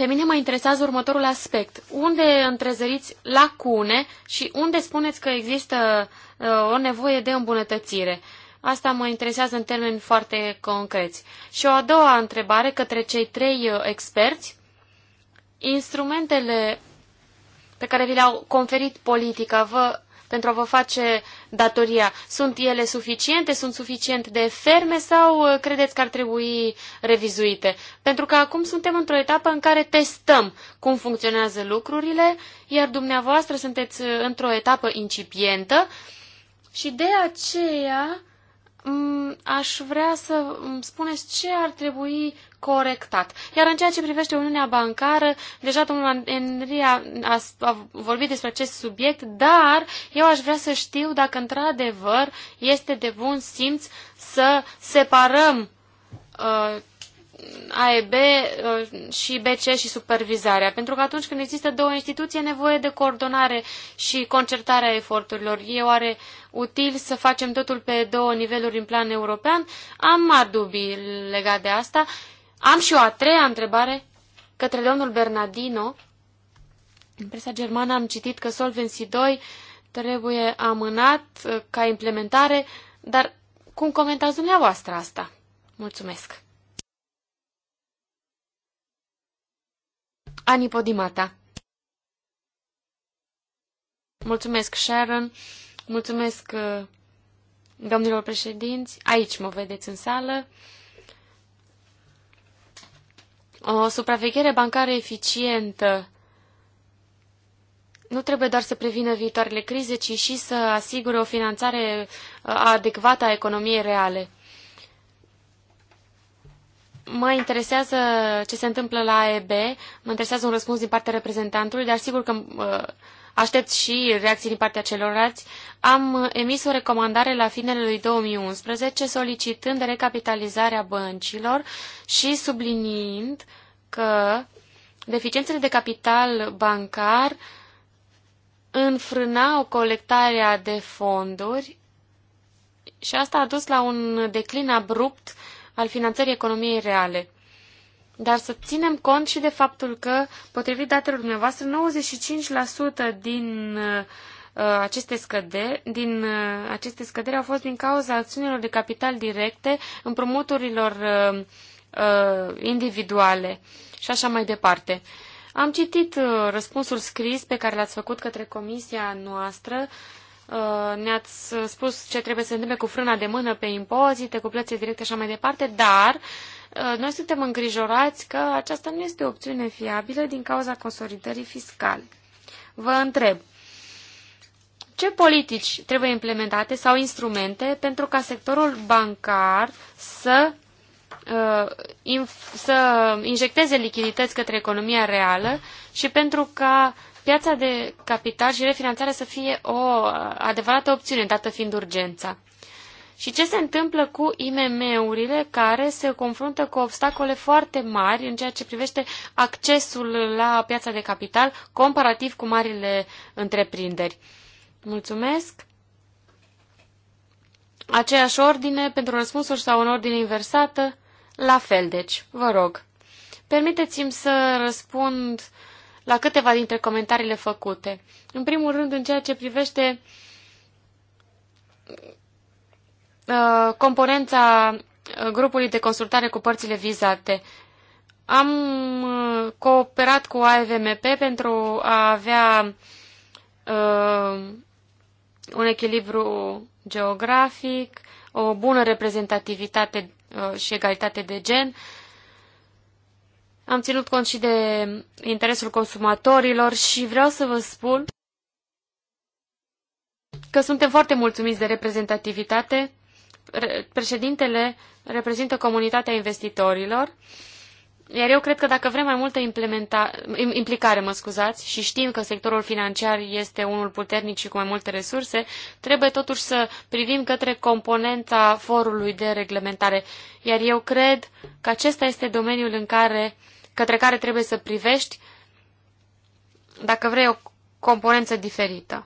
Pe mine mă interesează următorul aspect. Unde întrezăriți lacune și unde spuneți că există uh, o nevoie de îmbunătățire? Asta mă interesează în termeni foarte concreți. Și o a doua întrebare către cei trei uh, experți. Instrumentele pe care vi le-au conferit politica vă pentru a vă face datoria. Sunt ele suficiente, sunt suficient de ferme sau uh, credeți că ar trebui revizuite? Pentru că acum suntem într-o etapă în care testăm cum funcționează lucrurile, iar dumneavoastră sunteți uh, într-o etapă incipientă și de aceea aș vrea să îmi spuneți ce ar trebui corectat. Iar în ceea ce privește Uniunea Bancară, deja domnul Enria a, a vorbit despre acest subiect, dar eu aș vrea să știu dacă într-adevăr este de bun simț să separăm uh, AEB uh, și BC și supervizarea. Pentru că atunci când există două instituții e nevoie de coordonare și concertarea eforturilor. E oare util să facem totul pe două niveluri în plan european? Am mari dubii legat de asta am și o a treia întrebare către domnul Bernardino. În presa germană am citit că Solvency 2 trebuie amânat uh, ca implementare, dar cum comentați dumneavoastră asta? Mulțumesc! Anipodimata Mulțumesc, Sharon. Mulțumesc, uh, domnilor președinți. Aici mă vedeți în sală. O supraveghere bancară eficientă nu trebuie doar să prevină viitoarele crize, ci și să asigure o finanțare uh, adecvată a economiei reale. Mă interesează ce se întâmplă la AEB, mă interesează un răspuns din partea reprezentantului, dar sigur că uh, aștept și reacții din partea celorlalți, am emis o recomandare la finele lui 2011 solicitând recapitalizarea băncilor și subliniind că deficiențele de capital bancar înfrânau colectarea de fonduri și asta a dus la un declin abrupt al finanțării economiei reale. Dar să ținem cont și de faptul că, potrivit datelor dumneavoastră, 95% din uh, uh aceste scăderi, din uh, aceste scăderi au fost din cauza acțiunilor de capital directe, împrumuturilor uh, uh, individuale și așa mai departe. Am citit uh, răspunsul scris pe care l-ați făcut către comisia noastră. Uh, Ne-ați spus ce trebuie să se întâmple cu frâna de mână pe impozite, cu plățile directe și așa mai departe, dar uh, Uh, noi suntem îngrijorați că aceasta nu este o opțiune fiabilă din cauza consolidării fiscale. Vă întreb, ce politici trebuie implementate sau instrumente pentru ca sectorul bancar să, uh, să injecteze lichidități către economia reală și pentru ca piața de capital și refinanțarea să fie o uh, adevărată opțiune, dată fiind urgența? Și ce se întâmplă cu IMM-urile care se confruntă cu obstacole foarte mari în ceea ce privește accesul la piața de capital comparativ cu marile întreprinderi? Mulțumesc! Aceeași ordine pentru răspunsuri sau în ordine inversată? La fel, deci, vă rog. Permiteți-mi să răspund la câteva dintre comentariile făcute. În primul rând, în ceea ce privește Uh, componența uh, grupului de consultare cu părțile vizate. Am uh, cooperat cu AVMP pentru a avea uh, un echilibru geografic, o bună reprezentativitate și egalitate de gen. Am ținut cont și de interesul consumatorilor și vreau să vă spun că suntem foarte mulțumiți de reprezentativitate președintele reprezintă comunitatea investitorilor, iar eu cred că dacă vrem mai multă implicare mă scuzați, și știm că sectorul financiar este unul puternic și cu mai multe resurse, trebuie totuși să privim către componenta forului de reglementare. Iar eu cred că acesta este domeniul în care, către care trebuie să privești dacă vrei o componență diferită.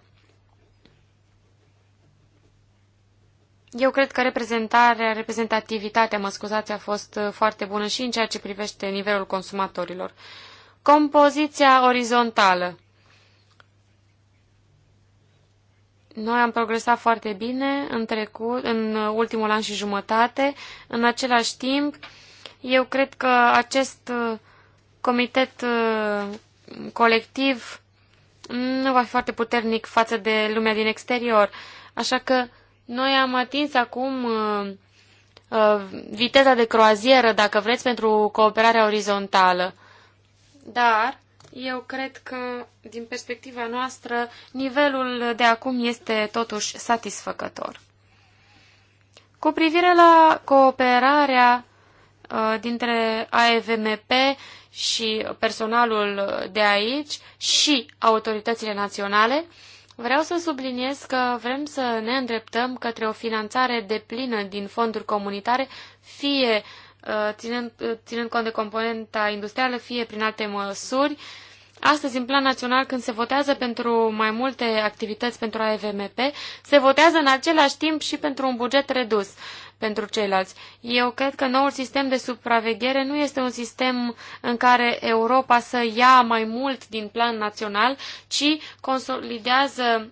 Eu cred că reprezentarea, reprezentativitatea, mă scuzați, a fost uh, foarte bună și în ceea ce privește nivelul consumatorilor. Compoziția orizontală. Noi am progresat foarte bine în, trecut, în uh, ultimul an și jumătate. În același timp, eu cred că acest uh, comitet colectiv nu va fi foarte puternic față de lumea din exterior. Așa că noi am atins acum uh, uh, viteza de croazieră, dacă vreți, pentru cooperarea orizontală. Dar eu cred că, din perspectiva noastră, nivelul de acum este totuși satisfăcător. Cu privire la cooperarea uh, dintre AEVMP și personalul de aici și autoritățile naționale, Vreau să subliniez că vrem să ne îndreptăm către o finanțare deplină din fonduri comunitare, fie uh, ținând, uh, ținând cont de componenta industrială, fie prin alte măsuri. Astăzi, în plan național, când se votează pentru mai multe activități pentru AVMP, se votează în același timp și pentru un buget redus pentru ceilalți. Eu cred că noul sistem de supraveghere nu este un sistem în care Europa să ia mai mult din plan național, ci consolidează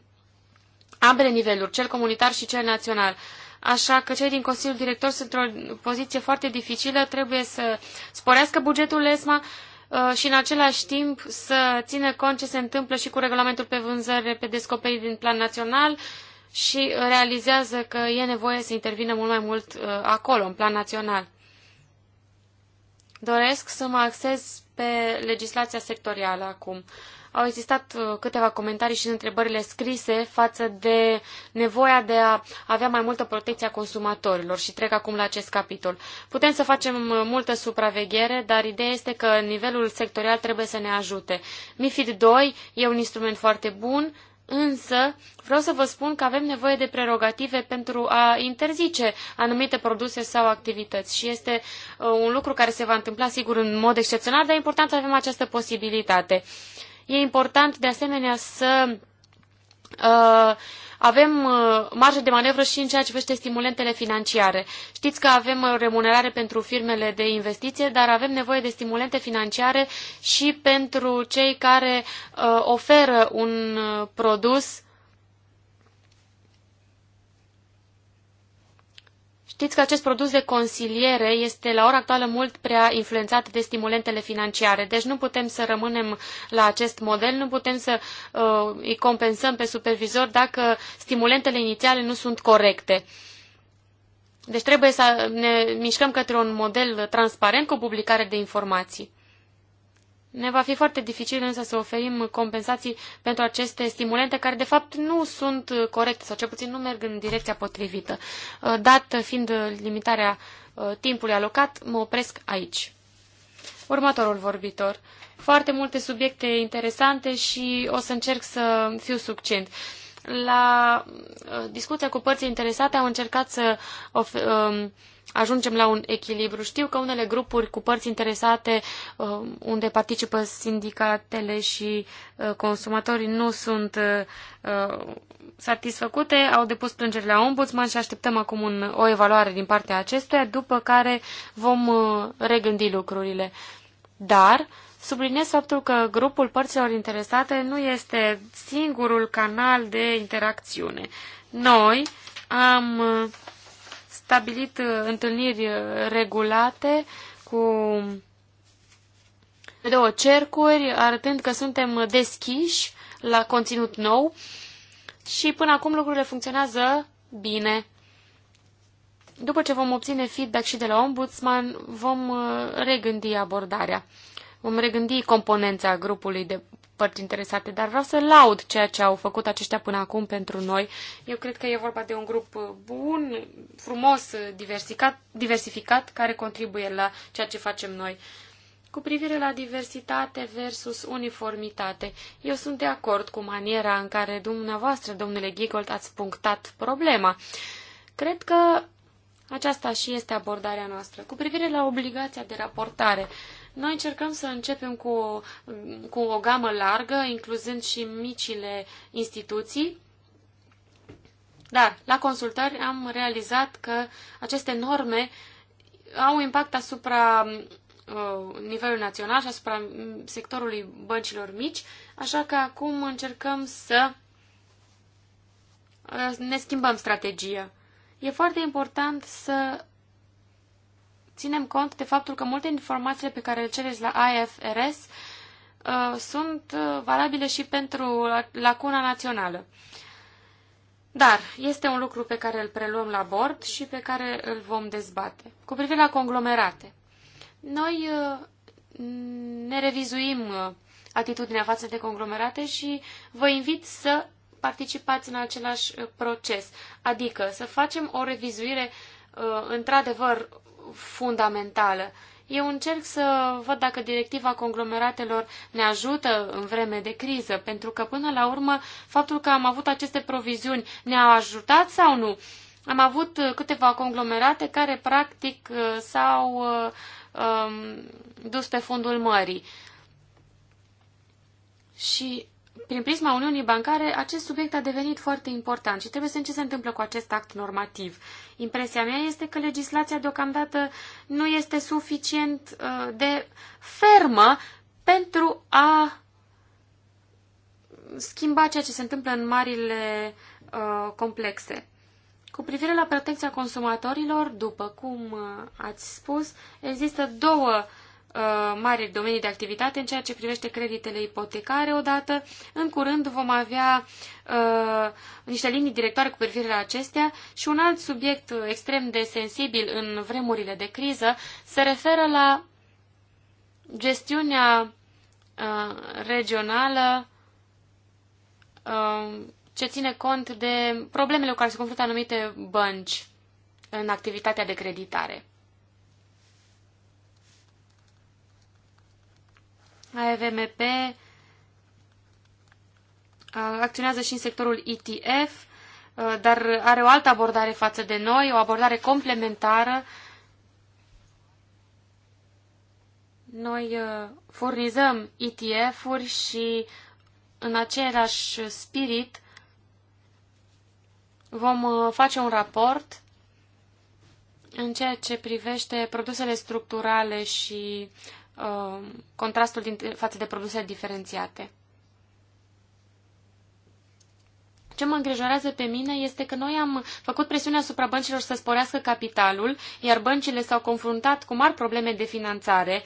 ambele niveluri, cel comunitar și cel național. Așa că cei din Consiliul Director sunt într-o poziție foarte dificilă, trebuie să sporească bugetul ESMA uh, și în același timp să țină cont ce se întâmplă și cu regulamentul pe vânzări pe descoperiri din plan național, și uh, realizează că e nevoie să intervină mult mai mult uh, acolo, în plan național. Doresc să mă axez pe legislația sectorială acum. Au existat uh, câteva comentarii și întrebările scrise față de nevoia de a avea mai multă protecție a consumatorilor și trec acum la acest capitol. Putem să facem multă supraveghere, dar ideea este că nivelul sectorial trebuie să ne ajute. MIFID 2 e un instrument foarte bun, însă vreau să vă spun că avem nevoie de prerogative pentru a interzice anumite produse sau activități și este uh, un lucru care se va întâmpla sigur în mod excepțional, dar e important să avem această posibilitate. E important de asemenea să uh, avem uh, marjă de manevră și în ceea ce vește stimulentele financiare. Știți că avem uh, remunerare pentru firmele de investiție, dar avem nevoie de stimulente financiare și pentru cei care uh, oferă un produs Știți că acest produs de consiliere este la ora actuală mult prea influențat de stimulentele financiare, deci nu putem să rămânem la acest model, nu putem să uh, îi compensăm pe supervizor dacă stimulentele inițiale nu sunt corecte. Deci trebuie să ne mișcăm către un model transparent cu publicare de informații. Ne va fi foarte dificil însă să oferim compensații pentru aceste stimulente care de fapt nu sunt corecte sau cel puțin nu merg în direcția potrivită. Uh, dat fiind limitarea uh, timpului alocat, mă opresc aici. Următorul vorbitor. Foarte multe subiecte interesante și o să încerc să fiu succint. La uh, discuția cu părții interesate am încercat să um, ajungem la un echilibru. Știu că unele grupuri cu părți interesate, uh, unde participă sindicatele și uh, consumatorii, nu sunt uh, satisfăcute, au depus plângeri la ombudsman și așteptăm acum un, o evaluare din partea acestuia, după care vom regândi lucrurile. Dar subliniez faptul că grupul părților interesate nu este singurul canal de interacțiune. Noi am stabilit uh, întâlniri uh, regulate cu două cercuri, arătând că suntem deschiși la conținut nou și până acum lucrurile funcționează bine. După ce vom obține feedback și de la ombudsman, vom uh, regândi abordarea. Vom regândi componența grupului de părți interesate, dar vreau să laud ceea ce au făcut aceștia până acum pentru noi. Eu cred că e vorba de un grup bun, frumos, diversificat, diversificat care contribuie la ceea ce facem noi. Cu privire la diversitate versus uniformitate, eu sunt de acord cu maniera în care dumneavoastră, domnule Gigold, ați punctat problema. Cred că aceasta și este abordarea noastră. Cu privire la obligația de raportare, uh, noi încercăm să începem cu o, cu o gamă largă, incluzând și micile instituții, dar la consultări am realizat că aceste norme au impact asupra uh, nivelul național și asupra sectorului băncilor mici, așa că acum încercăm să uh, ne schimbăm strategia. E foarte important să ținem cont de faptul că multe informațiile pe care le cereți la IFRS uh, sunt uh, valabile și pentru lacuna națională. Dar este un lucru pe care îl preluăm la bord și pe care îl vom dezbate. Cu privire la conglomerate, noi uh, ne revizuim atitudinea față de conglomerate și vă invit să participați în același proces. Adică să facem o revizuire într-adevăr fundamentală. Eu încerc să văd dacă directiva conglomeratelor ne ajută în vreme de criză, pentru că până la urmă faptul că am avut aceste proviziuni ne-a ajutat sau nu? Am avut câteva conglomerate care practic s-au um, dus pe fundul mării. Și prin prisma Uniunii Bancare, acest subiect a devenit foarte important și trebuie să ce se întâmplă cu acest act normativ. Impresia mea este că legislația deocamdată nu este suficient uh, de fermă pentru a schimba ceea ce se întâmplă în marile uh, complexe. Cu privire la protecția consumatorilor, după cum uh, ați spus, există două uh, Uh, mari domenii de activitate în ceea ce privește creditele ipotecare odată. În curând vom avea uh, niște linii directoare cu privire la acestea și un alt subiect extrem de sensibil în vremurile de criză se referă la gestiunea uh, regională uh, ce ține cont de problemele cu care se confruntă anumite bănci în activitatea de creditare. AVMP acționează și în sectorul ETF, dar are o altă abordare față de noi, o abordare complementară. Noi furnizăm ETF-uri și în același spirit vom face un raport în ceea ce privește produsele structurale și Um, contrastul din, față de produse diferențiate. Ce mă îngrijorează pe mine este că noi am făcut presiune asupra băncilor să sporească capitalul, iar băncile s-au confruntat cu mari probleme de finanțare,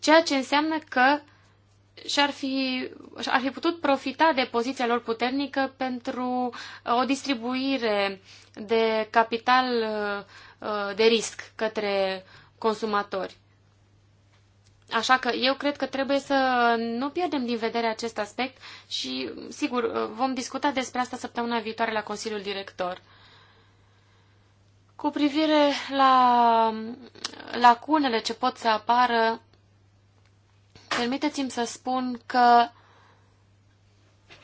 ceea ce înseamnă că și-ar fi, ar fi putut profita de poziția lor puternică pentru uh, o distribuire de capital uh, uh, de risc către consumatori. Așa că eu cred că trebuie să nu pierdem din vedere acest aspect și, sigur, vom discuta despre asta săptămâna viitoare la Consiliul Director. Cu privire la lacunele ce pot să apară, permiteți-mi să spun că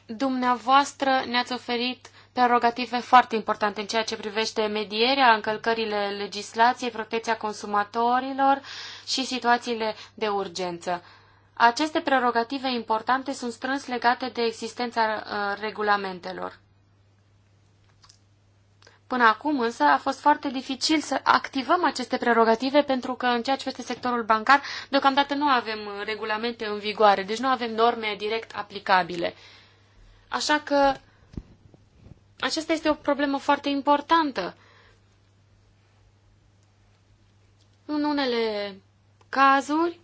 dumneavoastră ne-ați oferit prerogative foarte importante în ceea ce privește medierea, încălcările legislației, protecția consumatorilor și situațiile de urgență. Aceste prerogative importante sunt strâns legate de existența uh, regulamentelor. Până acum însă a fost foarte dificil să activăm aceste prerogative pentru că în ceea ce este sectorul bancar deocamdată nu avem uh, regulamente în vigoare, deci nu avem norme direct aplicabile. Așa că aceasta este o problemă foarte importantă. În unele cazuri,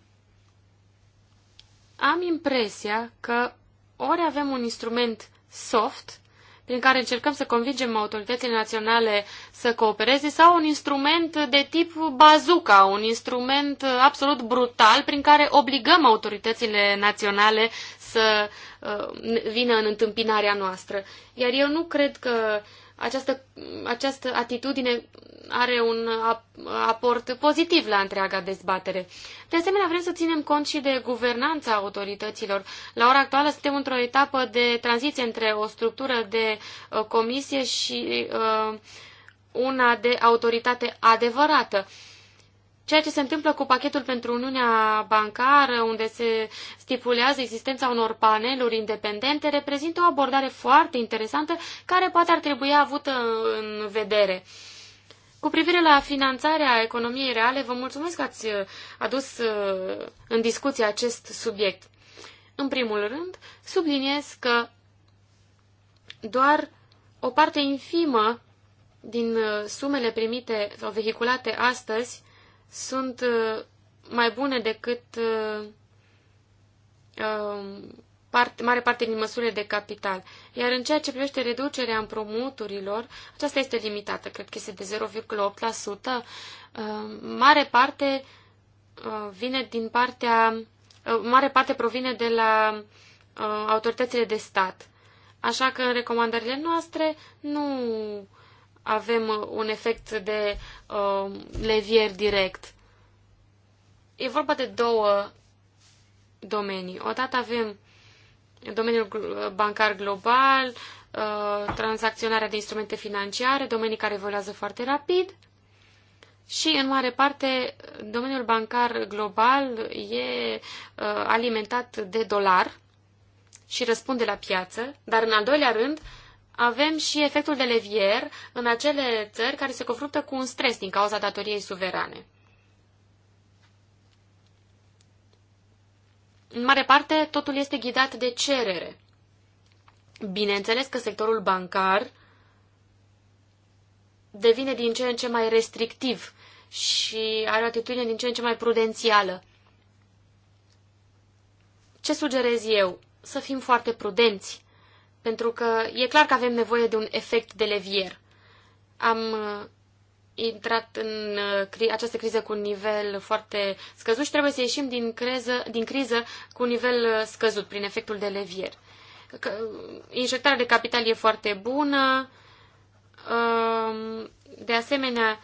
am impresia că ori avem un instrument soft, prin care încercăm să convingem autoritățile naționale să coopereze, sau un instrument de tip bazuca, un instrument absolut brutal, prin care obligăm autoritățile naționale să uh, vină în întâmpinarea noastră. Iar eu nu cred că această, această atitudine are un aport pozitiv la întreaga dezbatere. De asemenea, vrem să ținem cont și de guvernanța autorităților. La ora actuală suntem într-o etapă de tranziție între o structură de uh, comisie și uh, una de autoritate adevărată. Uh, ceea ce se întâmplă cu pachetul pentru Uniunea Bancară, unde se stipulează existența unor paneluri independente, reprezintă o abordare foarte interesantă care poate ar trebui avută în vedere. Cu privire la finanțarea economiei reale, vă mulțumesc că ați uh, adus uh, în discuție acest subiect. În primul rând, subliniez că doar o parte infimă din uh, sumele primite sau vehiculate astăzi sunt uh, mai bune decât uh, um, parte, mare parte din măsurile de capital. Iar în ceea ce privește reducerea împrumuturilor, aceasta este limitată, cred că este de 0,8%. Uh, mare parte vine din partea, mare parte provine de la autoritățile de stat. Așa că în recomandările noastre nu avem uh, un efect de uh, levier direct. E vorba de două domenii. Odată avem domeniul bancar global, uh, tranzacționarea de instrumente financiare, domenii care evoluează foarte rapid și, în mare parte, domeniul bancar global e uh, alimentat de dolar și răspunde la piață, dar, în al doilea rând, uh, avem și efectul de levier în acele țări care se confruntă cu un stres din cauza datoriei suverane. În mare parte, totul este ghidat de cerere. Bineînțeles că sectorul bancar devine din ce în ce mai restrictiv și are o atitudine din ce în ce mai prudențială. Ce sugerez eu? Să fim foarte prudenți pentru că e clar că avem nevoie de un efect de levier. Am uh, intrat în uh, această criză cu un nivel foarte scăzut și trebuie să ieșim din, creză, din criză cu un nivel uh, scăzut, prin efectul de levier. Injectarea de capital e foarte bună, um, de asemenea,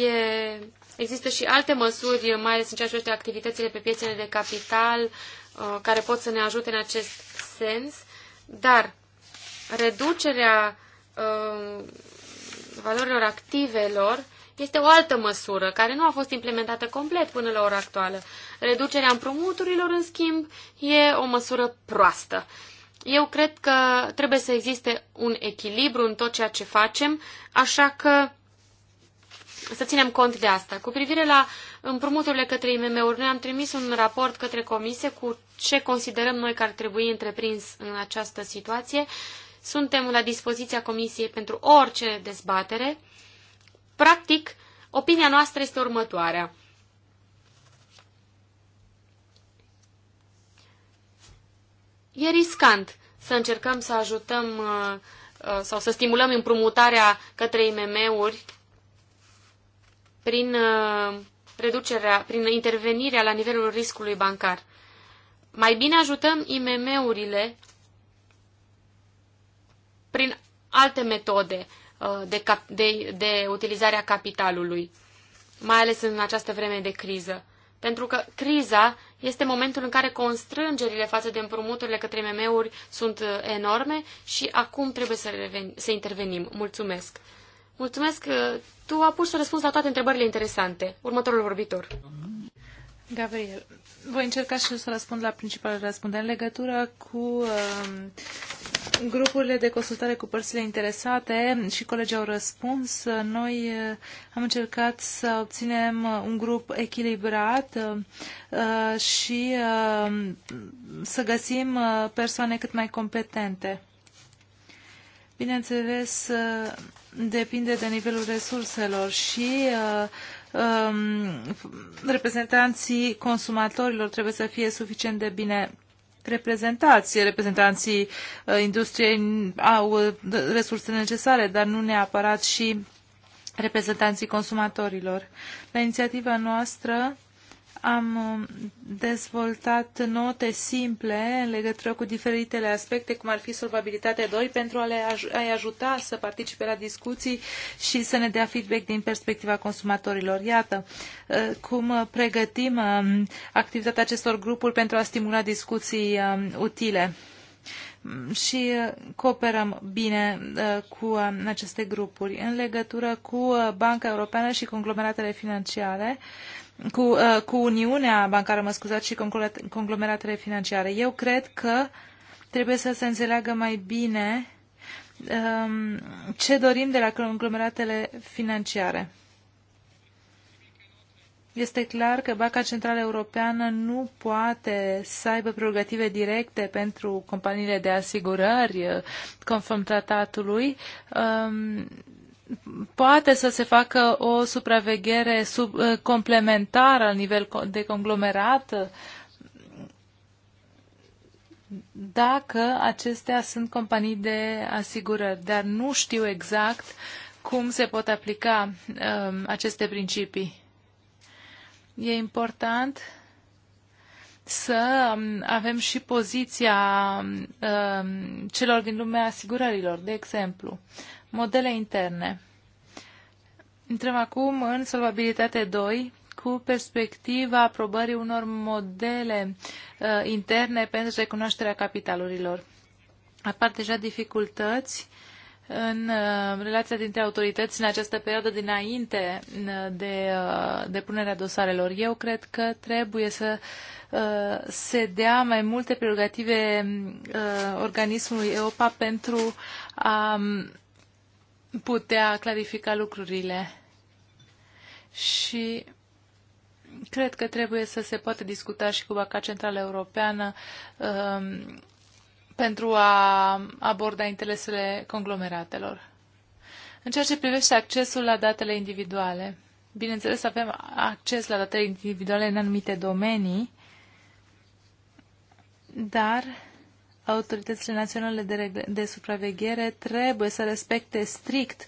e, există și alte măsuri, mai ales în ceea ce privește activitățile pe piețele de capital, care pot să ne ajute în acest sens, dar reducerea um, valorilor activelor este o altă măsură care nu a fost implementată complet până la ora actuală. Reducerea împrumuturilor, în schimb, e o măsură proastă. Eu cred că trebuie să existe un echilibru în tot ceea ce facem, așa că să ținem cont de asta. Cu privire la împrumuturile către IMM-uri, noi am trimis un raport către comisie cu ce considerăm noi că ar trebui întreprins în această situație suntem la dispoziția Comisiei pentru orice dezbatere. Practic, opinia noastră este următoarea. E riscant să încercăm să ajutăm uh, uh, sau să stimulăm împrumutarea către IMM-uri prin uh, reducerea, prin intervenirea la nivelul riscului bancar. Mai bine ajutăm IMM-urile prin alte metode uh, de, de, de utilizarea capitalului, mai ales în această vreme de criză. Pentru că criza este momentul în care constrângerile față de împrumuturile către MM-uri sunt uh, enorme și acum trebuie să, reveni, să intervenim. Mulțumesc! Mulțumesc! Uh, tu apuci pus să răspunzi la toate întrebările interesante. Următorul vorbitor. Mm-hmm. Gabriel, voi încerca și să răspund la principalele răspundere în legătură cu um, grupurile de consultare cu părțile interesate și colegii au răspuns. Noi uh, am încercat să obținem uh, un grup echilibrat uh, și să găsim persoane cât mai competente bineînțeles, uh, depinde de nivelul resurselor și uh, um, reprezentanții consumatorilor trebuie să fie suficient de bine reprezentați. reprezentanții uh, industriei au resurse necesare, dar nu neapărat și reprezentanții consumatorilor. La inițiativa noastră am um, dezvoltat note simple în legătură cu diferitele aspecte, cum ar fi solvabilitatea 2, pentru a le aj a ajuta să participe la discuții și să ne dea feedback din perspectiva consumatorilor. Iată uh, cum pregătim um, activitatea acestor grupuri pentru a stimula discuții um, utile și uh, cooperăm bine uh, cu aceste grupuri. În legătură cu Banca Europeană și conglomeratele financiare, cu, uh, cu Uniunea Bancară, mă scuzați, și conglomeratele financiare. Eu cred că trebuie să se înțeleagă mai bine um, ce dorim de la conglomeratele financiare. Este clar că Banca Centrală Europeană nu poate să aibă prerogative directe pentru companiile de asigurări conform tratatului. Um, poate să se facă o supraveghere sub, eh, complementară la nivel de conglomerat dacă acestea sunt companii de asigurări, dar nu știu exact cum se pot aplica um, aceste principii. E important să mm, avem și poziția um, celor din lumea asigurărilor, de exemplu. Modele interne. Intrăm acum în solvabilitate 2 cu perspectiva aprobării unor modele uh, interne pentru recunoașterea capitalurilor. Apar deja dificultăți în uh, relația dintre autorități în această perioadă dinainte uh, de uh, depunerea dosarelor. Eu cred că trebuie să uh, se dea mai multe prerogative uh, organismului EOPA pentru a um, putea clarifica lucrurile. Și cred că trebuie să se poată discuta și cu Banca Centrală Europeană um, pentru a aborda interesele conglomeratelor. În ceea ce privește accesul la datele individuale, bineînțeles avem acces la datele individuale în anumite domenii, dar autoritățile naționale de, de supraveghere trebuie să respecte strict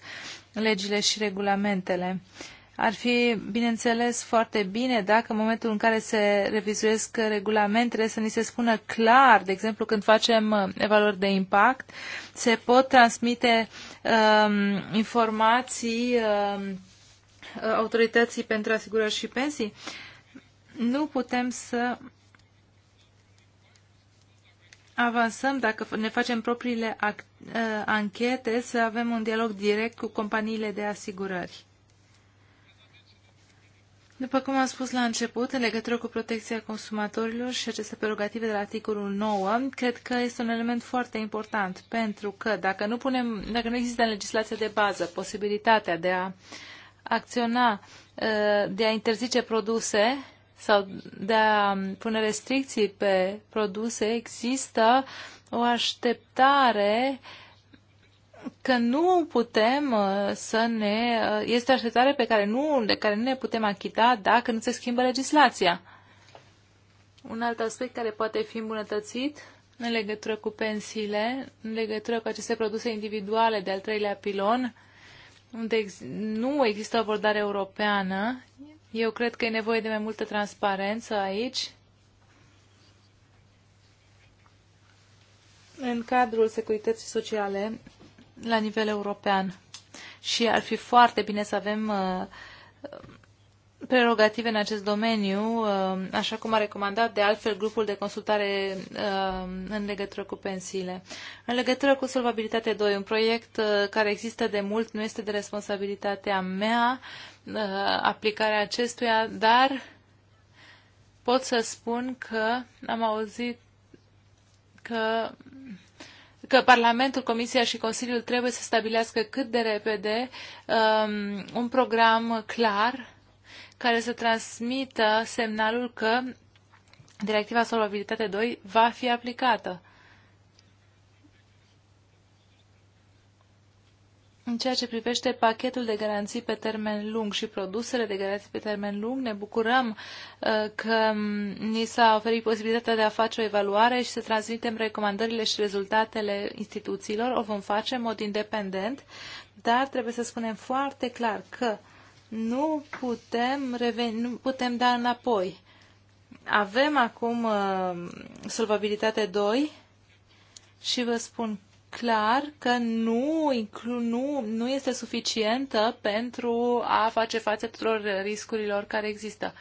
legile și regulamentele. Ar fi, bineînțeles, foarte bine dacă în momentul în care se revizuiesc regulamentele să ni se spună clar, de exemplu când facem uh, evaluări de impact, se pot transmite um, informații um, autorității pentru asigurări și pensii. Nu putem să avansăm, dacă ne facem propriile uh, anchete, să avem un dialog direct cu companiile de asigurări. După cum am spus la început, în legătură cu protecția consumatorilor și aceste prerogative de la articolul 9, cred că este un element foarte important, pentru că dacă nu, punem, dacă nu există în legislația de bază posibilitatea de a acționa, uh, de a interzice produse sau de a pune restricții pe produse, există o așteptare că nu putem uh, să ne... Uh, este o așteptare pe care nu, de care nu ne putem achita dacă nu se schimbă legislația. Un alt aspect care poate fi îmbunătățit în legătură cu pensiile, în legătură cu aceste produse individuale de al treilea pilon, unde ex- nu există o abordare europeană, eu cred că e nevoie de mai multă transparență aici. În cadrul securității sociale la nivel european. Și ar fi foarte bine să avem uh, prerogative în acest domeniu, uh, așa cum a recomandat de altfel grupul de consultare uh, în legătură cu pensiile. În legătură cu Solvabilitate 2, un proiect care există de mult, nu este de responsabilitatea mea, Uh, aplicarea acestuia, dar pot să spun că am auzit că că Parlamentul, Comisia și Consiliul trebuie să stabilească cât de repede um, un program clar care să transmită semnalul că Directiva Solvabilitate 2 va fi aplicată. În ceea ce privește pachetul de garanții pe termen lung și produsele de garanții pe termen lung, ne bucurăm uh, că mm, ni s-a oferit posibilitatea de a face o evaluare și să transmitem recomandările și rezultatele instituțiilor. O vom face în mod independent, dar trebuie să spunem foarte clar că nu putem, reveni, nu putem da înapoi. Avem acum uh, solvabilitate 2 și vă spun clar că nu, nu, nu este suficientă pentru a face față tuturor riscurilor care există.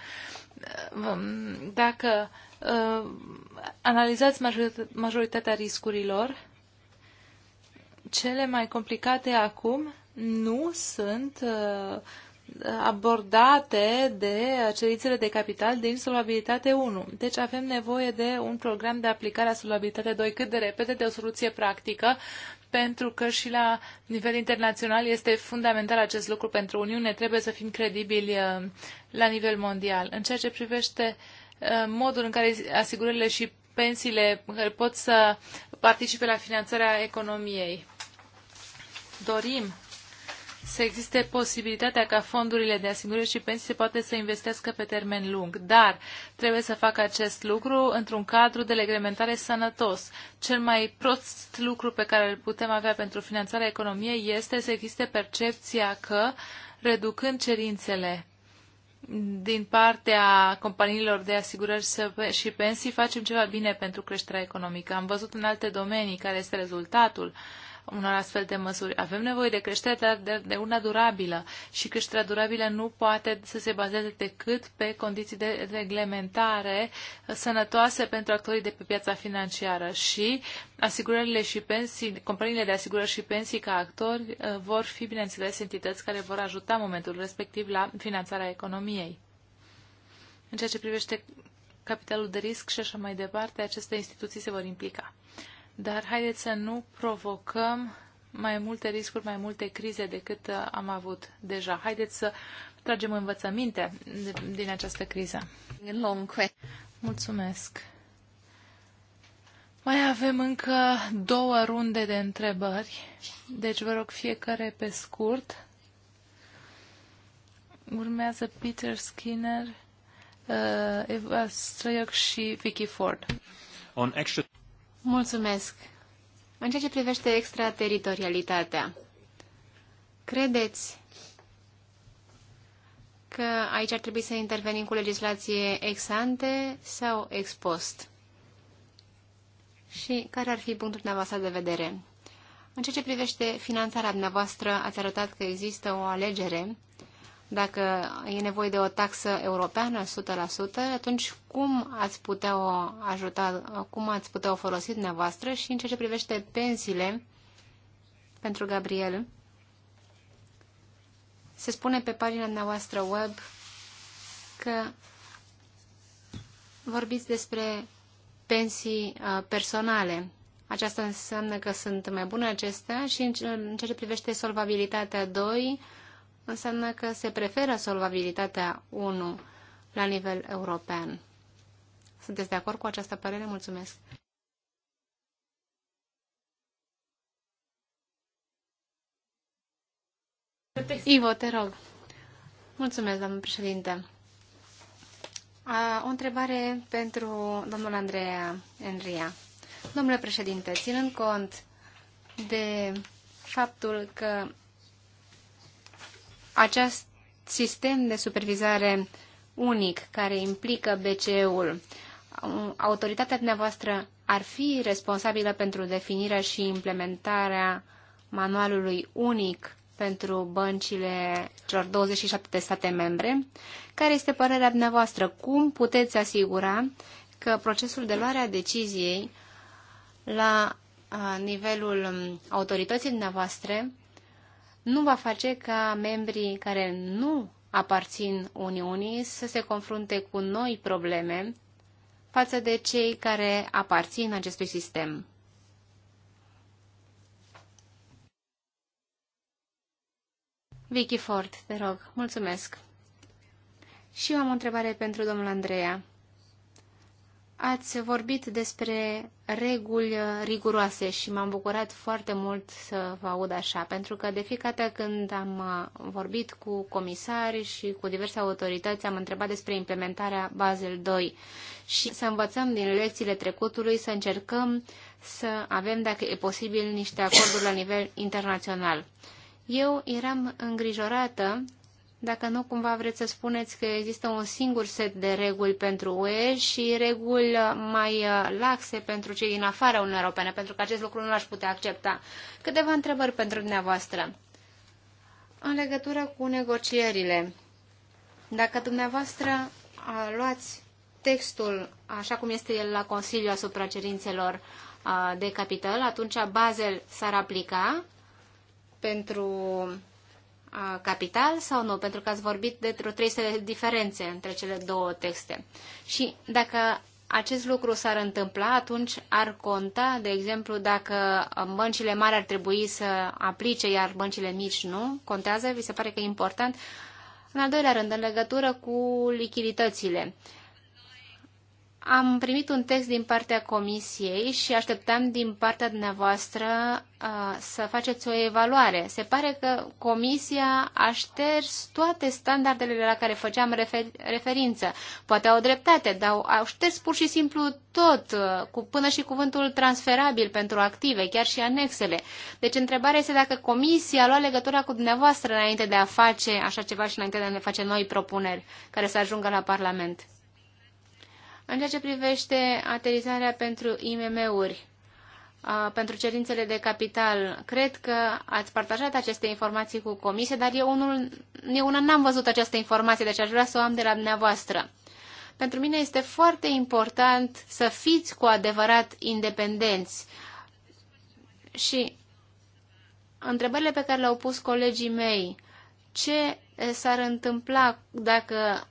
Dacă uh, analizați majoritatea riscurilor, cele mai complicate acum nu sunt uh, abordate de cerințele de capital din solvabilitate 1. Deci avem nevoie de un program de aplicare a solvabilitate 2 cât de repede, de o soluție practică, pentru că și la nivel internațional este fundamental acest lucru pentru Uniune. Trebuie să fim credibili uh, la nivel mondial. În ceea ce privește uh, modul în care asigurările și pensiile pot să participe la finanțarea economiei. Dorim să existe posibilitatea ca fondurile de asigurări și pensii se poate să investească pe termen lung, dar trebuie să facă acest lucru într-un cadru de reglementare sănătos. Cel mai prost lucru pe care îl putem avea pentru finanțarea economiei este să existe percepția că, reducând cerințele din partea companiilor de asigurări și pensii, facem ceva bine pentru creșterea economică. Am văzut în alte domenii care este rezultatul. Uh, unor astfel de măsuri. Avem nevoie de creștere, dar de, de una durabilă. Și creșterea durabilă nu poate să se bazeze decât pe condiții de reglementare sănătoase pentru actorii de pe piața financiară. Și asigurările și pensii, companiile de asigurări și pensii ca actori uh, vor fi, bineînțeles, entități care vor ajuta în momentul respectiv la finanțarea economiei. În ceea ce privește capitalul de risc și așa mai departe, aceste instituții se vor implica dar haideți să nu provocăm mai multe riscuri, mai multe crize decât uh, am avut deja. Haideți să tragem învățăminte din această criză. Mulțumesc! Mai avem încă două runde de întrebări, deci vă rog fiecare pe scurt. Urmează Peter Skinner, uh, Eva Strayok și Vicky Ford. On extra... Mulțumesc. În ceea ce privește extrateritorialitatea, credeți că aici ar trebui să intervenim cu legislație ex ante sau ex post? Și care ar fi punctul dumneavoastră de vedere? În ceea ce privește finanțarea dumneavoastră, ați arătat că există o alegere dacă e nevoie de o taxă europeană 100%, atunci cum ați putea o ajuta, cum ați putea o folosi dumneavoastră și în ceea ce privește pensiile pentru Gabriel? Se spune pe pagina dumneavoastră web că vorbiți despre pensii uh, personale. Aceasta înseamnă că sunt mai bune acestea și în ceea ce privește solvabilitatea 2, înseamnă că se preferă solvabilitatea 1 la nivel european. Sunteți de acord cu această părere? Mulțumesc! Ivo, te rog. Mulțumesc, doamnă președinte. A, o întrebare pentru domnul Andreea Enria. Domnule președinte, ținând cont de faptul că acest sistem de supervizare unic care implică BCE-ul, um, autoritatea dumneavoastră ar fi responsabilă pentru definirea și implementarea manualului unic pentru băncile celor 27 de state membre. Care este părerea dumneavoastră? Cum puteți asigura că procesul de luare a deciziei la nivelul um, autorității dumneavoastră nu va face ca membrii care nu aparțin Uniunii să se confrunte cu noi probleme față de cei care aparțin acestui sistem. Vicky Ford, te rog, mulțumesc. Și eu am o întrebare pentru domnul Andreea. Ați vorbit despre reguli riguroase și m-am bucurat foarte mult să vă aud așa, pentru că de fiecare dată când am vorbit cu comisari și cu diverse autorități, am întrebat despre implementarea Basel 2 și să învățăm din lecțiile trecutului, să încercăm să avem, dacă e posibil, niște acorduri la nivel internațional. Eu eram îngrijorată dacă nu, cumva vreți să spuneți că există un singur set de reguli pentru UE și reguli mai uh, laxe pentru cei din afara Uniunii Europene, pentru că acest lucru nu l-aș putea accepta. Câteva întrebări pentru dumneavoastră. În legătură cu negocierile, dacă dumneavoastră uh, luați textul așa cum este el la Consiliu asupra cerințelor uh, de capital, atunci Basel s-ar aplica pentru capital sau nu? Pentru că ați vorbit de vreo 300 de diferențe între cele două texte. Și dacă acest lucru s-ar întâmpla, atunci ar conta, de exemplu, dacă băncile mari ar trebui să aplice, iar băncile mici nu? Contează? Vi se pare că e important? În al doilea rând, în legătură cu lichiditățile. Uh, am primit un text din partea comisiei și așteptam din partea dumneavoastră uh, să faceți o evaluare. Se pare că comisia a șters toate standardele la care făceam refer referință. Poate au dreptate, dar au șters pur și simplu tot, uh, cu până și cuvântul transferabil pentru active, chiar și anexele. Deci întrebarea este dacă comisia a luat legătura cu dumneavoastră înainte de a face așa ceva și înainte de a ne face noi propuneri care să ajungă la Parlament. În ceea ce privește aterizarea pentru IMM-uri, pentru cerințele de capital. Cred că ați partajat aceste informații cu comisie, dar eu, unul, eu una n-am văzut această informație, deci aș vrea să o am de la dumneavoastră. Pentru mine este foarte important să fiți cu adevărat independenți. Și întrebările pe care le-au pus colegii mei, ce s-ar întâmpla dacă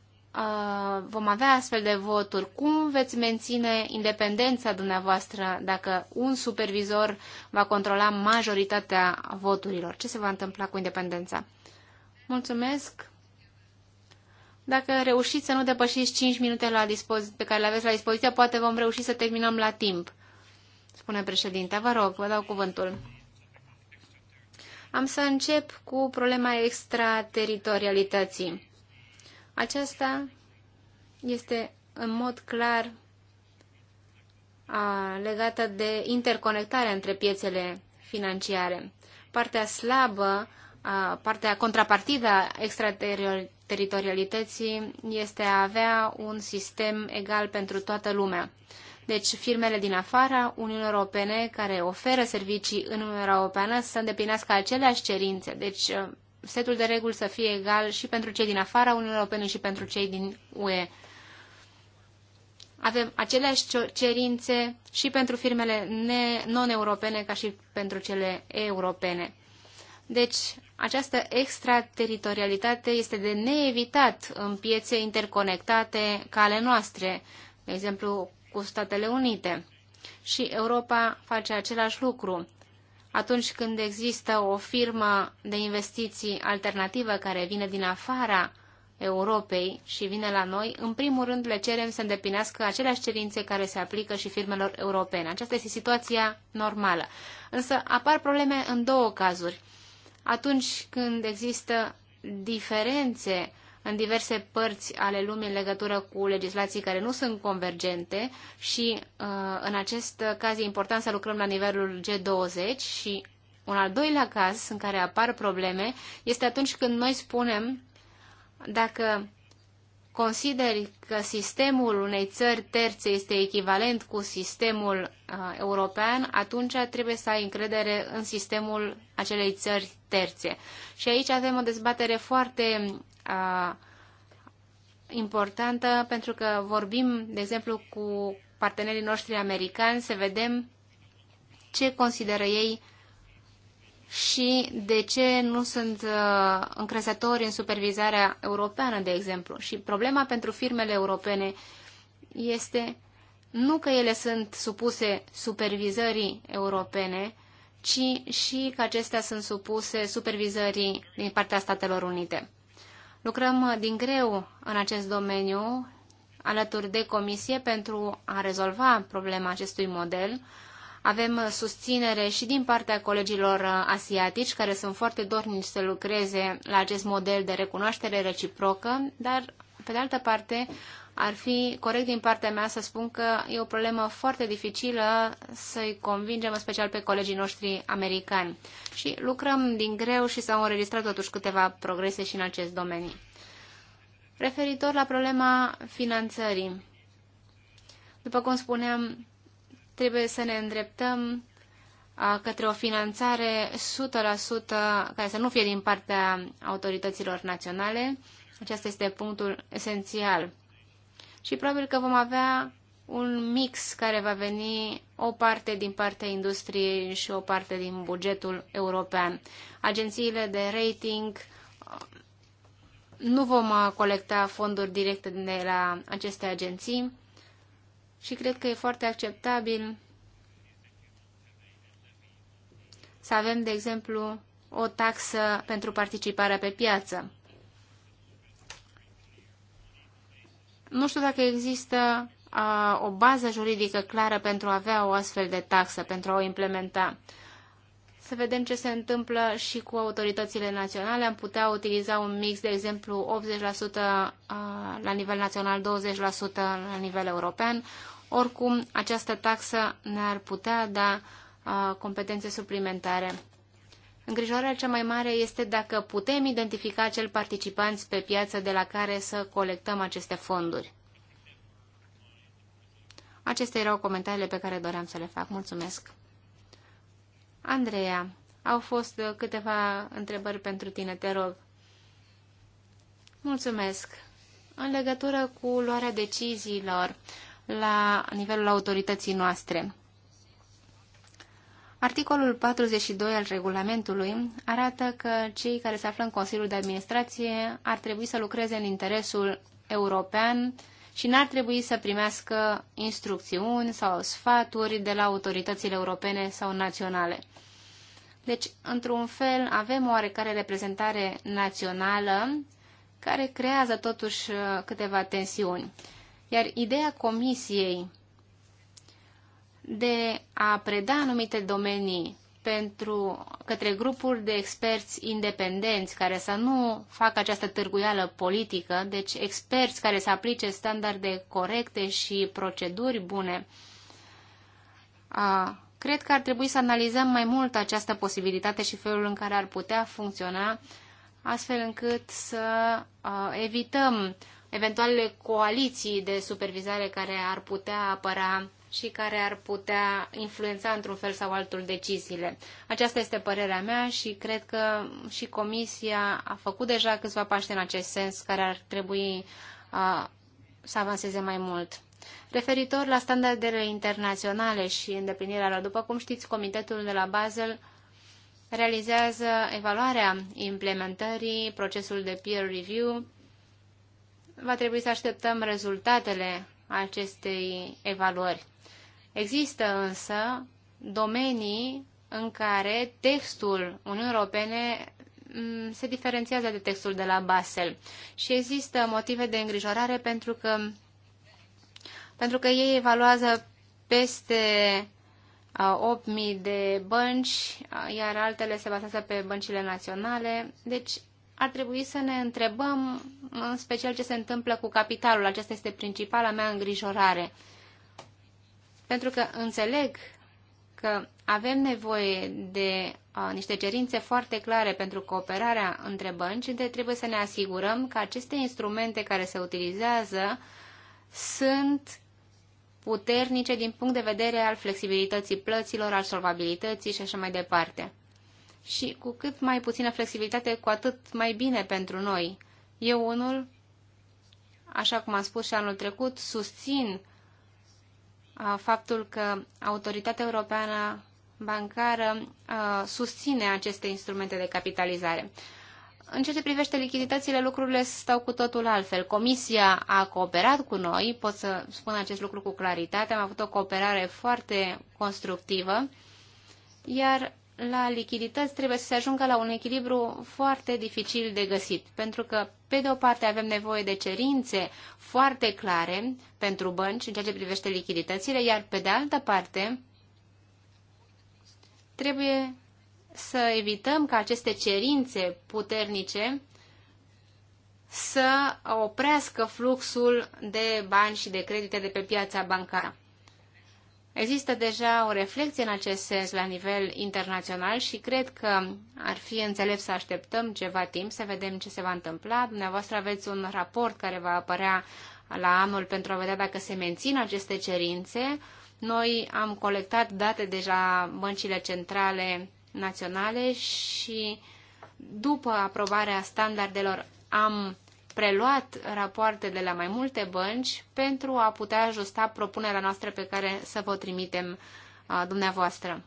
vom avea astfel de voturi. Cum veți menține independența dumneavoastră dacă un supervizor va controla majoritatea voturilor? Ce se va întâmpla cu independența? Mulțumesc! Dacă reușiți să nu depășiți 5 minute la dispozi- pe care le aveți la dispoziție, poate vom reuși să terminăm la timp, spune președinte. Vă rog, vă dau cuvântul. Am să încep cu problema extrateritorialității. Aceasta este în mod clar legată de interconectarea între piețele financiare. Partea slabă, partea contrapartidă a extrateritorialității este a avea un sistem egal pentru toată lumea. Deci firmele din afara Uniunii Europene care oferă servicii în Uniunea Europeană să îndeplinească aceleași cerințe. Deci setul de reguli să fie egal și pentru cei din afara Uniunii Europene și pentru cei din UE. Avem aceleași cerințe și pentru firmele non-europene ca și pentru cele europene. Deci, această extrateritorialitate este de neevitat în piețe interconectate ca ale noastre, de exemplu cu Statele Unite. Și Europa face același lucru atunci când există o firmă de investiții alternativă care vine din afara Europei și vine la noi, în primul rând le cerem să îndeplinească aceleași cerințe care se aplică și firmelor europene. Aceasta este situația normală. Însă apar probleme în două cazuri. Atunci când există diferențe în diverse părți ale lumii în legătură cu legislații care nu sunt convergente și uh, în acest caz e important să lucrăm la nivelul G20 și un al doilea caz în care apar probleme este atunci când noi spunem dacă consideri că sistemul unei țări terțe este echivalent cu sistemul uh, european, atunci trebuie să ai încredere în sistemul acelei țări terțe. Și aici avem o dezbatere foarte uh, importantă pentru că vorbim, de exemplu, cu partenerii noștri americani să vedem ce consideră ei și de ce nu sunt uh, încrezători în supervizarea europeană, de exemplu. Și problema pentru firmele europene este nu că ele sunt supuse supervizării europene, ci și că acestea sunt supuse supervizării din partea Statelor Unite. Lucrăm uh, din greu în acest domeniu, alături de Comisie, pentru a rezolva problema acestui model, avem uh, susținere și din partea colegilor uh, asiatici, care sunt foarte dornici să lucreze la acest model de recunoaștere reciprocă, dar, pe de altă parte, ar fi corect din partea mea să spun că e o problemă foarte dificilă să-i convingem, în special pe colegii noștri americani. Și lucrăm din greu și s-au înregistrat totuși câteva progrese și în acest domeniu. Referitor la problema finanțării. După cum spuneam, trebuie să ne îndreptăm către o finanțare 100% care să nu fie din partea autorităților naționale. Acesta este punctul esențial. Și probabil că vom avea un mix care va veni o parte din partea industriei și o parte din bugetul european. Agențiile de rating nu vom colecta fonduri directe de la aceste agenții, și cred că e foarte acceptabil să avem, de exemplu, o taxă pentru participarea pe piață. Nu știu dacă există a, o bază juridică clară pentru a avea o astfel de taxă, pentru a o implementa să vedem ce se întâmplă și cu autoritățile naționale. Am putea utiliza un mix, de exemplu, 80% la nivel național, 20% la nivel european. Oricum, această taxă ne-ar putea da competențe suplimentare. Îngrijorarea cea mai mare este dacă putem identifica acel participanți pe piață de la care să colectăm aceste fonduri. Acestea erau comentariile pe care doream să le fac. Mulțumesc! Andreea, au fost uh, câteva întrebări pentru tine, te rog. Mulțumesc. În legătură cu luarea deciziilor la nivelul autorității noastre, Articolul 42 al regulamentului arată că cei care se află în Consiliul de Administrație ar trebui să lucreze în interesul european și n-ar trebui să primească instrucțiuni sau sfaturi de la autoritățile europene sau naționale. Deci, într-un fel, avem o oarecare reprezentare națională care creează totuși uh, câteva tensiuni. Iar ideea Comisiei de a preda anumite domenii pentru, către grupuri de experți independenți care să nu facă această târguială politică, deci experți care să aplice standarde corecte și proceduri bune. A, cred că ar trebui să analizăm mai mult această posibilitate și felul în care ar putea funcționa, astfel încât să a, evităm eventualele coaliții de supervizare care ar putea apăra și care ar putea influența într-un fel sau altul deciziile. Aceasta este părerea mea și cred că și Comisia a făcut deja câțiva pași în acest sens care ar trebui uh, să avanseze mai mult. Referitor la standardele internaționale și îndeplinirea lor, după cum știți, Comitetul de la Basel realizează evaluarea implementării, procesul de peer review. Va trebui să așteptăm rezultatele acestei evaluări. Există însă domenii în care textul Uniunii Europene mm, se diferențiază de textul de la Basel și există motive de îngrijorare pentru că, pentru că ei evaluează peste 8.000 de bănci, iar altele se bazează pe băncile naționale. Deci ar trebui să ne întrebăm în special ce se întâmplă cu capitalul. Aceasta este principala mea îngrijorare pentru că înțeleg că avem nevoie de a, niște cerințe foarte clare pentru cooperarea între bănci, de trebuie să ne asigurăm că aceste instrumente care se utilizează sunt puternice din punct de vedere al flexibilității plăților, al solvabilității și așa mai departe. Și cu cât mai puțină flexibilitate, cu atât mai bine pentru noi. Eu unul, așa cum am spus și anul trecut, susțin faptul că Autoritatea Europeană Bancară susține aceste instrumente de capitalizare. În ceea ce privește lichiditățile, lucrurile stau cu totul altfel. Comisia a cooperat cu noi, pot să spun acest lucru cu claritate, am avut o cooperare foarte constructivă, iar la lichidități trebuie să se ajungă la un echilibru foarte dificil de găsit, pentru că, pe de o parte, avem nevoie de cerințe foarte clare pentru bănci în ceea ce privește lichiditățile, iar, pe de altă parte, trebuie să evităm ca aceste cerințe puternice să oprească fluxul de bani și de credite de pe piața bancară. Există deja o reflexie în acest sens la nivel internațional și cred că ar fi înțelept să așteptăm ceva timp, să vedem ce se va întâmpla. Dumneavoastră aveți un raport care va apărea la anul pentru a vedea dacă se mențin aceste cerințe. Noi am colectat date deja băncile centrale naționale și după aprobarea standardelor am preluat rapoarte de la mai multe bănci pentru a putea ajusta propunerea noastră pe care să vă trimitem a, dumneavoastră.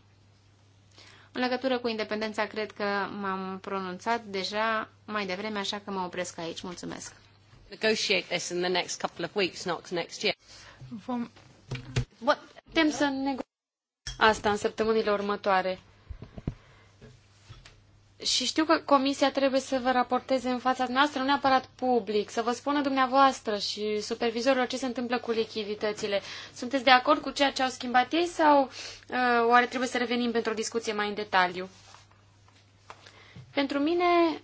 În legătură cu independența, cred că m-am pronunțat deja mai devreme, așa că mă opresc aici. Mulțumesc. Vom... Putem să negociem asta în săptămânile următoare. Și știu că comisia trebuie să vă raporteze în fața noastră, nu neapărat public, să vă spună dumneavoastră și supervizorilor ce se întâmplă cu lichiditățile. Sunteți de acord cu ceea ce au schimbat ei sau uh, oare trebuie să revenim pentru o discuție mai în detaliu? Pentru mine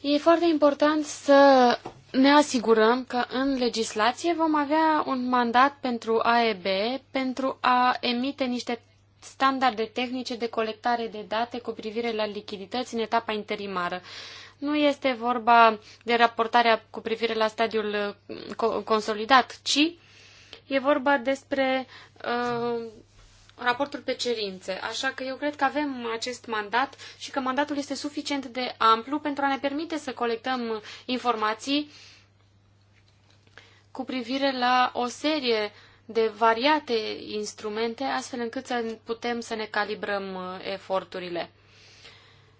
e foarte important să ne asigurăm că în legislație vom avea un mandat pentru AEB pentru a emite niște standarde tehnice de colectare de date cu privire la lichidități în etapa interimară. Nu este vorba de raportarea cu privire la stadiul uh, consolidat, ci e vorba despre uh, raportul pe cerințe. Așa că eu cred că avem acest mandat și că mandatul este suficient de amplu pentru a ne permite să colectăm informații cu privire la o serie de variate instrumente, astfel încât să putem să ne calibrăm uh, eforturile.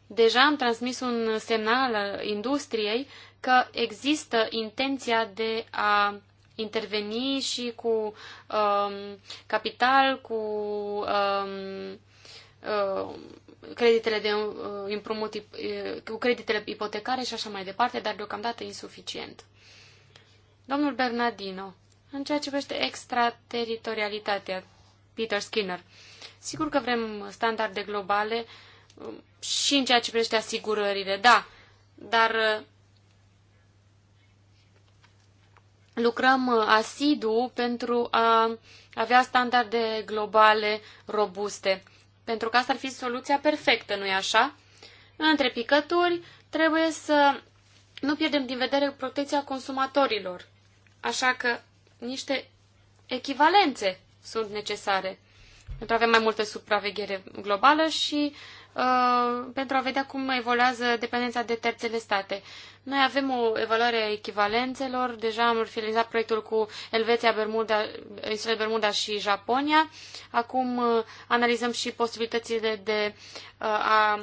Deja am transmis un semnal industriei că există intenția de a interveni și cu um, capital, cu um, uh, creditele de uh, împrumut, cu creditele ipotecare și așa mai departe, dar deocamdată insuficient. Domnul Bernardino, în ceea ce privește extrateritorialitatea, Peter Skinner, sigur că vrem standarde globale um, și în ceea ce privește asigurările, da, dar uh, lucrăm uh, asidu pentru a avea standarde globale robuste. Pentru că asta ar fi soluția perfectă, nu-i așa? Între picături trebuie să nu pierdem din vedere protecția consumatorilor. Așa că niște echivalențe sunt necesare pentru a avea mai multă supraveghere globală și uh, pentru a vedea cum evoluează dependența de terțele state. Noi avem o evaluare a echivalențelor, deja am finalizat proiectul cu Elveția, Bermuda, insulele Bermuda și Japonia. Acum uh, analizăm și posibilitățile de uh, a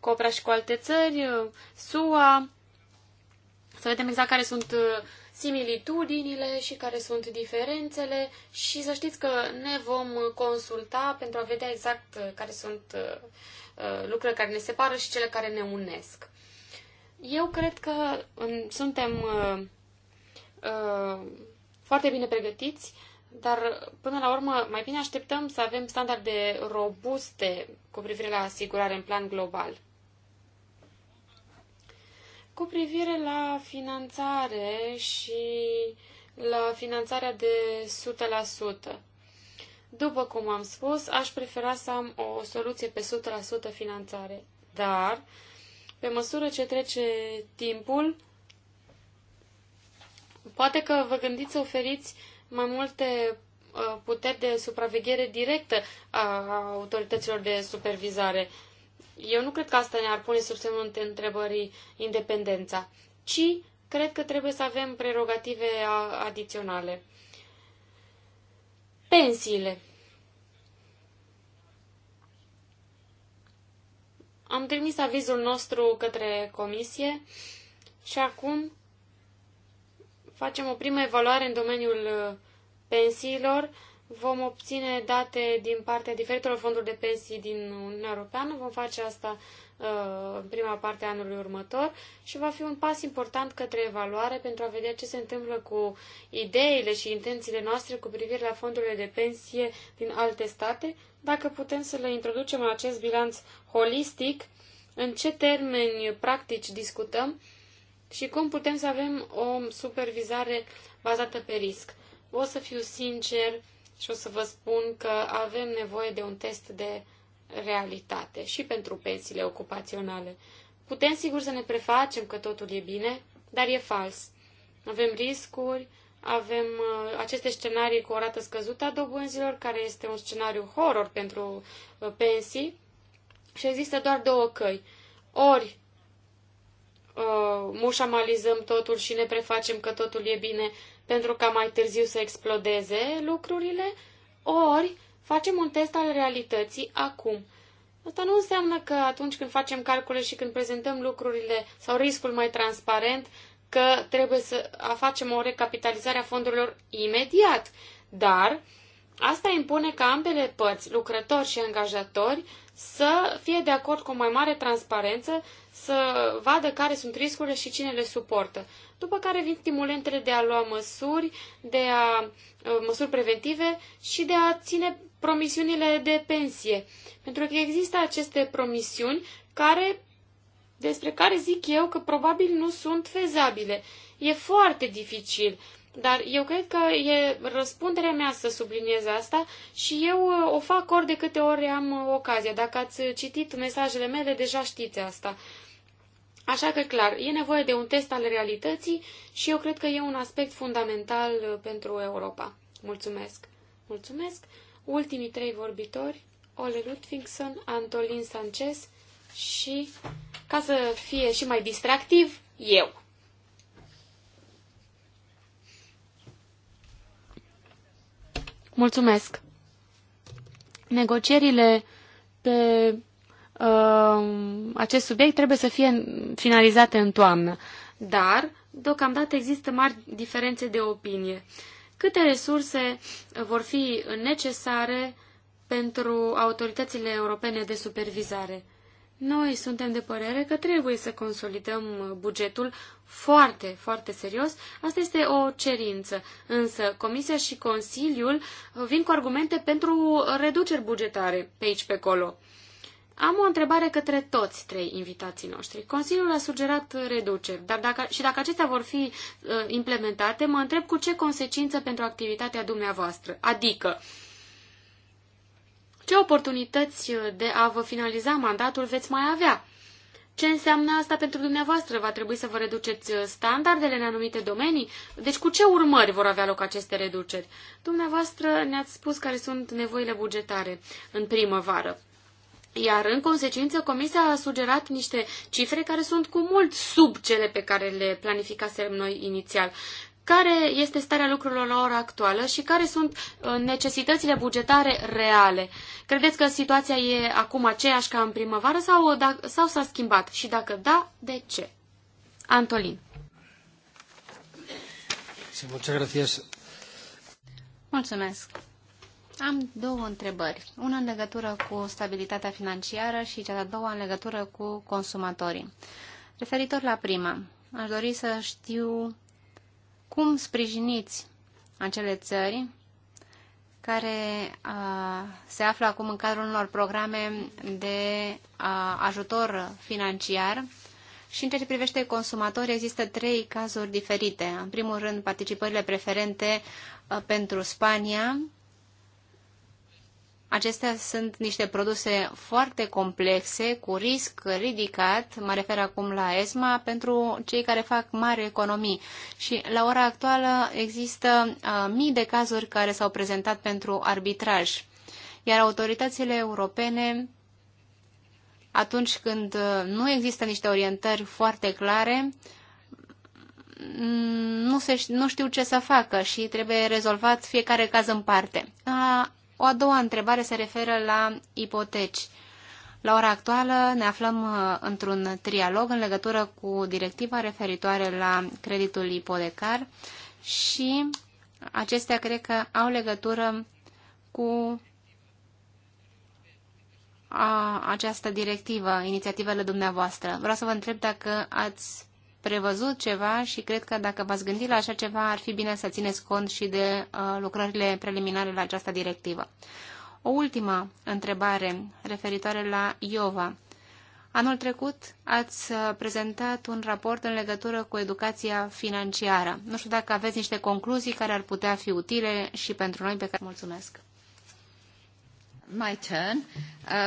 coopera și cu alte țări, uh, SUA, să vedem exact care sunt uh, similitudinile și care sunt diferențele și să știți că ne vom consulta pentru a vedea exact care sunt uh, lucrurile care ne separă și cele care ne unesc. Eu cred că suntem uh, uh, foarte bine pregătiți, dar până la urmă mai bine așteptăm să avem standarde robuste cu privire la asigurare în plan global. Cu privire la finanțare și la finanțarea de 100%. După cum am spus, aș prefera să am o soluție pe 100% finanțare. Dar, pe măsură ce trece timpul, poate că vă gândiți să oferiți mai multe uh, puteri de supraveghere directă a autorităților de supervizare eu nu cred că asta ne-ar pune sub semnul întrebării independența, ci cred că trebuie să avem prerogative adiționale. Pensiile. Am trimis avizul nostru către comisie și acum facem o primă evaluare în domeniul uh, pensiilor vom obține date din partea diferitelor fonduri de pensii din Uniunea Europeană. Vom face asta uh, în prima parte a anului următor și va fi un pas important către evaluare pentru a vedea ce se întâmplă cu ideile și intențiile noastre cu privire la fondurile de pensie din alte state, dacă putem să le introducem în acest bilanț holistic, în ce termeni practici discutăm și cum putem să avem o supervizare bazată pe risc. O să fiu sincer, și o să vă spun că avem nevoie de un test de realitate și pentru pensiile ocupaționale. Putem sigur să ne prefacem că totul e bine, dar e fals. Avem riscuri, avem uh, aceste scenarii cu o rată scăzută a dobânzilor, care este un scenariu horror pentru uh, pensii și există doar două căi. Ori uh, mușamalizăm totul și ne prefacem că totul e bine, pentru ca mai târziu să explodeze lucrurile, ori facem un test al realității acum. Asta nu înseamnă că atunci când facem calcule și când prezentăm lucrurile sau riscul mai transparent, că trebuie să facem o recapitalizare a fondurilor imediat. Dar Asta impune ca ambele părți, lucrători și angajatori, să fie de acord cu o mai mare transparență, să vadă care sunt riscurile și cine le suportă. După care vin stimulentele de a lua măsuri, de a, uh, măsuri preventive și de a ține promisiunile de pensie. Pentru că există aceste promisiuni care, despre care zic eu că probabil nu sunt fezabile. E foarte dificil dar eu cred că e răspunderea mea să subliniez asta și eu uh, o fac ori de câte ori am uh, ocazia. Dacă ați uh, citit mesajele mele, deja știți asta. Așa că, clar, e nevoie de un test al realității și eu cred că e un aspect fundamental pentru Europa. Mulțumesc! Mulțumesc! Ultimii trei vorbitori, Ole Ludvigson, Antolin Sanchez și, ca să fie și mai distractiv, eu. Mulțumesc! Negocierile pe uh, acest subiect trebuie să fie finalizate în toamnă, dar deocamdată există mari diferențe de opinie. Câte resurse vor fi necesare pentru autoritățile europene de supervizare? Noi suntem de părere că trebuie să consolidăm bugetul foarte, foarte serios. Asta este o cerință. Însă Comisia și Consiliul vin cu argumente pentru reduceri bugetare pe aici, pe acolo. Am o întrebare către toți trei invitații noștri. Consiliul a sugerat reduceri, dar dacă, și dacă acestea vor fi uh, implementate, mă întreb cu ce consecință pentru activitatea dumneavoastră. Adică, uh, ce oportunități de a vă finaliza mandatul veți mai avea. Ce înseamnă asta pentru dumneavoastră? Va trebui să vă reduceți standardele în anumite domenii? Deci cu ce urmări vor avea loc aceste reduceri? Dumneavoastră ne-ați spus care sunt nevoile bugetare în primăvară. Iar, în consecință, Comisia a sugerat niște cifre care sunt cu mult sub cele pe care le planificasem noi inițial care este starea lucrurilor la ora actuală și care sunt uh, necesitățile bugetare reale. Credeți că situația e acum aceeași ca în primăvară sau, uh, da, sau s-a schimbat? Și dacă da, de ce? Antolin. Mulțumesc. Mulțumesc. Am două întrebări. Una în legătură cu stabilitatea financiară și cea de-a doua în legătură cu consumatorii. Referitor la prima, aș dori să știu cum sprijiniți acele țări care uh, se află acum în cadrul unor programe de uh, ajutor financiar și în ceea ce privește consumatorii există trei cazuri diferite. În primul rând, participările preferente uh, pentru Spania, Acestea sunt niște produse foarte complexe, cu risc ridicat, mă refer acum la ESMA, pentru cei care fac mari economii. Și la ora actuală există uh, mii de cazuri care s-au prezentat pentru arbitraj. Iar autoritățile europene, atunci când nu există niște orientări foarte clare, nu, se, nu știu ce să facă și trebuie rezolvat fiecare caz în parte. A, o a doua întrebare se referă la ipoteci. La ora actuală ne aflăm uh, într-un trialog în legătură cu directiva referitoare la creditul ipotecar și acestea cred că au legătură cu a, uh, această directivă, inițiativele dumneavoastră. Vreau să vă întreb dacă ați prevăzut ceva și cred că dacă v-ați gândit la așa ceva, ar fi bine să țineți cont și de uh, lucrările preliminare la această directivă. O ultimă întrebare referitoare la IOVA. Anul trecut ați uh, prezentat un raport în legătură cu educația financiară. Nu știu dacă aveți niște concluzii care ar putea fi utile și pentru noi pe care mulțumesc. My turn.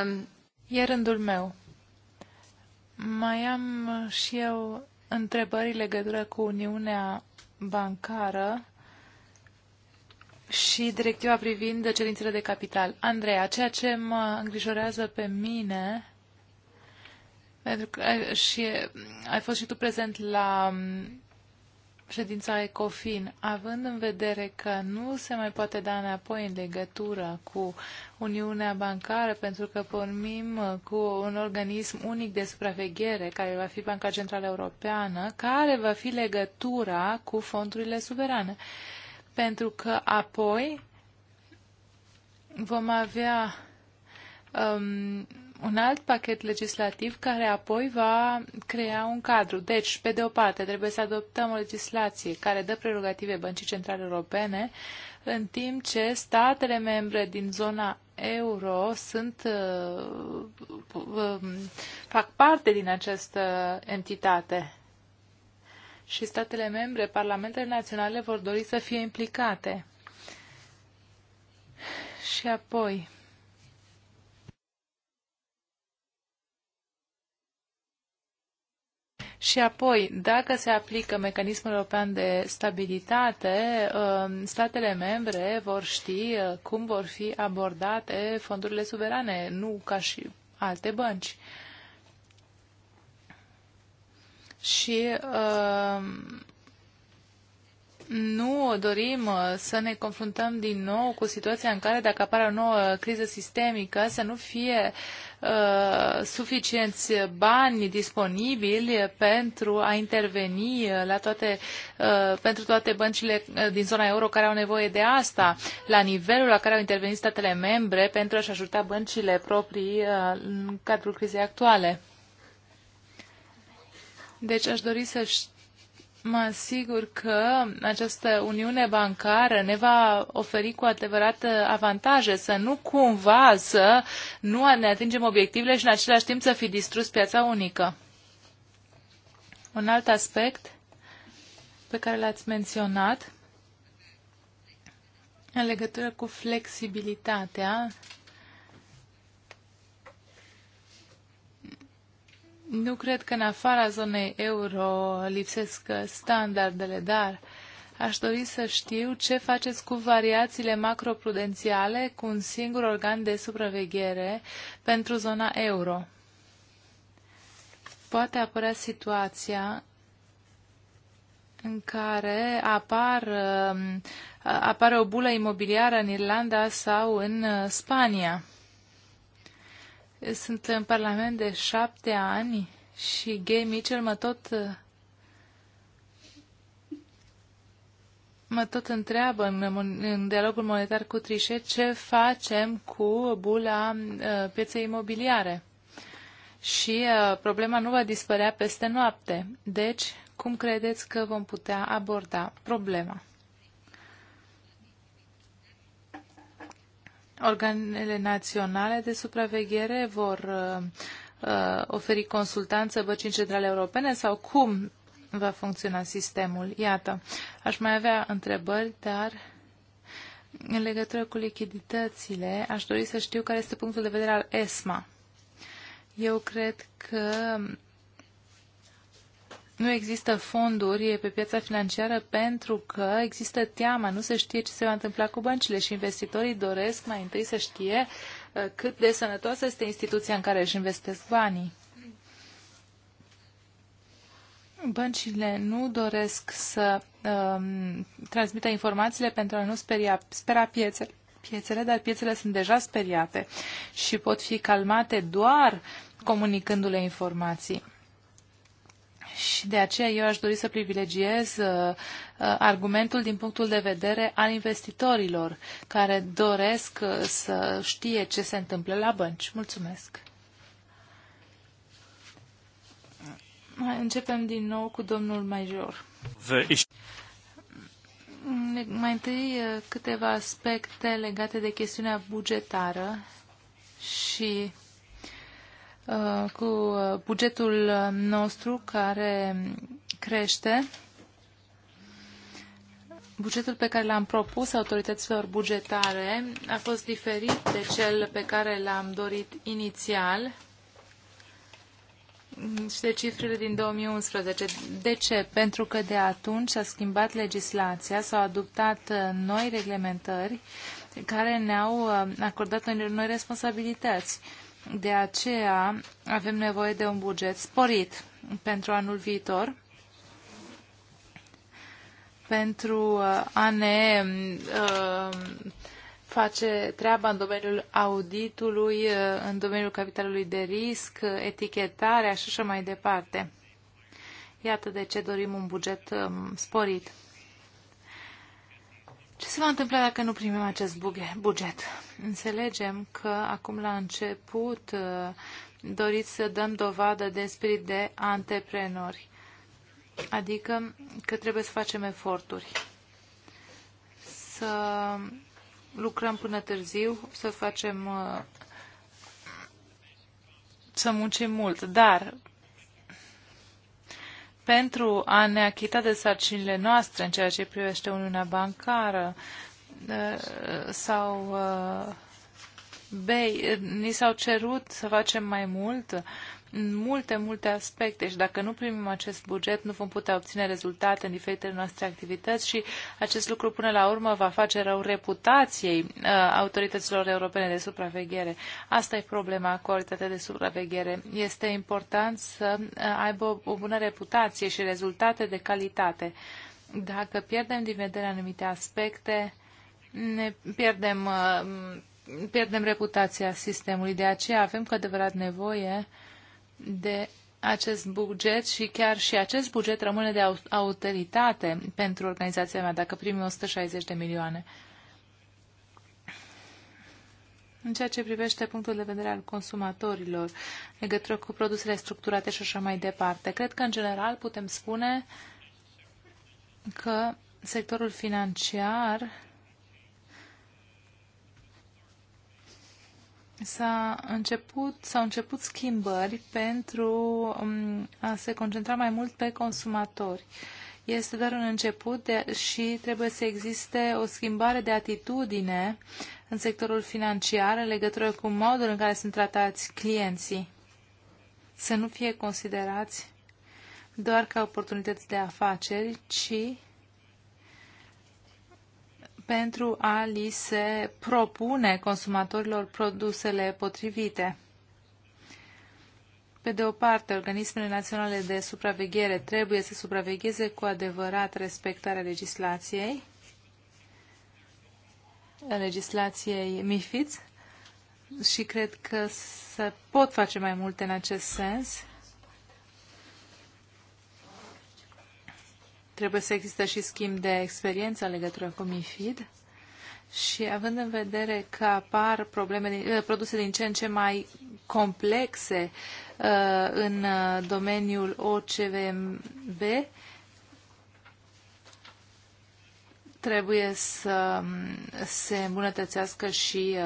Um... E rândul meu. Mai am și eu întrebări legătură cu Uniunea Bancară și directiva privind cerințele de capital. Andreea, ceea ce mă îngrijorează pe mine pentru că și ai fost și tu prezent la ședința ECOFIN, având în vedere că nu se mai poate da înapoi în legătură cu Uniunea Bancară, pentru că pornim uh, cu un organism unic de supraveghere, care va fi Banca Centrală Europeană, care va fi legătura cu fondurile suverane. Pentru că apoi vom avea um, un alt pachet legislativ care apoi va crea un cadru. Deci, pe de o parte, trebuie să adoptăm o legislație care dă prerogative băncii centrale europene, în timp ce statele membre din zona euro sunt, uh, um, fac parte din această entitate. Și statele membre, parlamentele naționale vor dori să fie implicate. Și apoi, Și apoi, dacă se aplică mecanismul european de stabilitate, um, statele membre vor ști uh, cum vor fi abordate fondurile suverane, nu ca și alte bănci. Și uh, nu dorim uh, să ne confruntăm din nou cu situația în care, dacă apare o nouă criză sistemică, să nu fie uh, suficienți bani disponibili pentru a interveni uh, la toate, uh, pentru toate băncile uh, din zona euro care au nevoie de asta, la nivelul la care au intervenit statele membre pentru a-și ajuta băncile proprii uh, în cadrul crizei actuale. Deci aș dori să știu mă asigur că această uniune bancară ne va oferi cu adevărat uh, avantaje, să nu cumva să nu ne atingem obiectivele și în același timp să fi distrus piața unică. Un alt aspect pe care l-ați menționat în legătură cu flexibilitatea Nu cred că în afara zonei euro lipsesc standardele, dar aș dori să știu ce faceți cu variațiile macroprudențiale cu un singur organ de supraveghere pentru zona euro. Poate apărea situația în care apar, um, apare o bulă imobiliară în Irlanda sau în uh, Spania. Sunt în Parlament de șapte ani și Gay Mitchell mă tot mă tot întreabă în, în dialogul monetar cu Trișe ce facem cu bula uh, pieței imobiliare. Și uh, problema nu va dispărea peste noapte. Deci, cum credeți că vom putea aborda problema? Organele naționale de supraveghere vor uh, uh oferi consultanță băcii centrale europene sau cum va funcționa sistemul? Iată, aș mai avea întrebări, dar în legătură cu lichiditățile, aș dori să știu care este punctul de vedere al ESMA. Eu cred că nu există fonduri pe piața financiară pentru că există teama, nu se știe ce se va întâmpla cu băncile și investitorii doresc mai întâi să știe uh, cât de sănătoasă este instituția în care își investesc banii. Băncile nu doresc să um, transmită informațiile pentru a nu speria, spera piețele, piețele, dar piețele sunt deja speriate și pot fi calmate doar comunicându-le informații. Și de aceea eu aș dori să privilegiez uh, uh, argumentul din punctul de vedere al investitorilor care doresc uh, să știe ce se întâmplă la bănci. Mulțumesc! Mai începem din nou cu domnul Major. Mai întâi câteva aspecte legate de chestiunea bugetară și Uh, cu uh, bugetul uh, nostru care crește. Bugetul pe care l-am propus autorităților bugetare a fost diferit de cel pe care l-am dorit inițial și de cifrele din 2011. De ce? Pentru că de atunci s-a schimbat legislația, s-au adoptat noi reglementări care ne-au acordat noi responsabilități. De aceea avem nevoie de un buget sporit pentru anul viitor, pentru uh, a ne uh, face treaba în domeniul auditului, uh, în domeniul capitalului de risc, uh, etichetarea și așa mai departe. Iată de ce dorim un buget sporit. Ce se va întâmpla dacă nu primim acest buget? Înțelegem că acum la început uh, doriți să dăm dovadă de spirit de antreprenori, adică că trebuie să facem eforturi, să lucrăm până târziu, să facem uh, să muncim mult, dar pentru a ne achita de sarcinile noastre în ceea ce privește Uniunea Bancară eh, sau eh, Bei, ni s-au cerut să facem mai mult în multe, multe aspecte și dacă nu primim acest buget, nu vom putea obține rezultate în diferitele noastre activități și acest lucru până la urmă va face rău reputației uh, autorităților europene de supraveghere. Asta e problema cu autoritatea de supraveghere. Este important să uh, aibă o, o bună reputație și rezultate de calitate. Dacă pierdem din vedere anumite aspecte, ne pierdem, uh, pierdem reputația sistemului. De aceea avem cu adevărat nevoie de acest buget și chiar și acest buget rămâne de autoritate pentru organizația mea, dacă primim 160 de milioane. În ceea ce privește punctul de vedere al consumatorilor, legătură cu produsele structurate și așa mai departe, cred că, în general, putem spune că sectorul financiar s-a început, s-au început schimbări pentru um, a se concentra mai mult pe consumatori. Este doar un început de, și trebuie să existe o schimbare de atitudine în sectorul financiar în legătură cu modul în care sunt tratați clienții. Să nu fie considerați doar ca oportunități de afaceri, ci pentru a li se propune consumatorilor produsele potrivite. Pe de o parte, organismele naționale de supraveghere trebuie să supravegheze cu adevărat respectarea legislației, legislației MIFID, și cred că se pot face mai multe în acest sens. Trebuie să existe și schimb de experiență în legătură cu MIFID și având în vedere că apar probleme, eh, produse din ce în ce mai complexe eh, în eh, domeniul OCVMB, trebuie să mm, se îmbunătățească și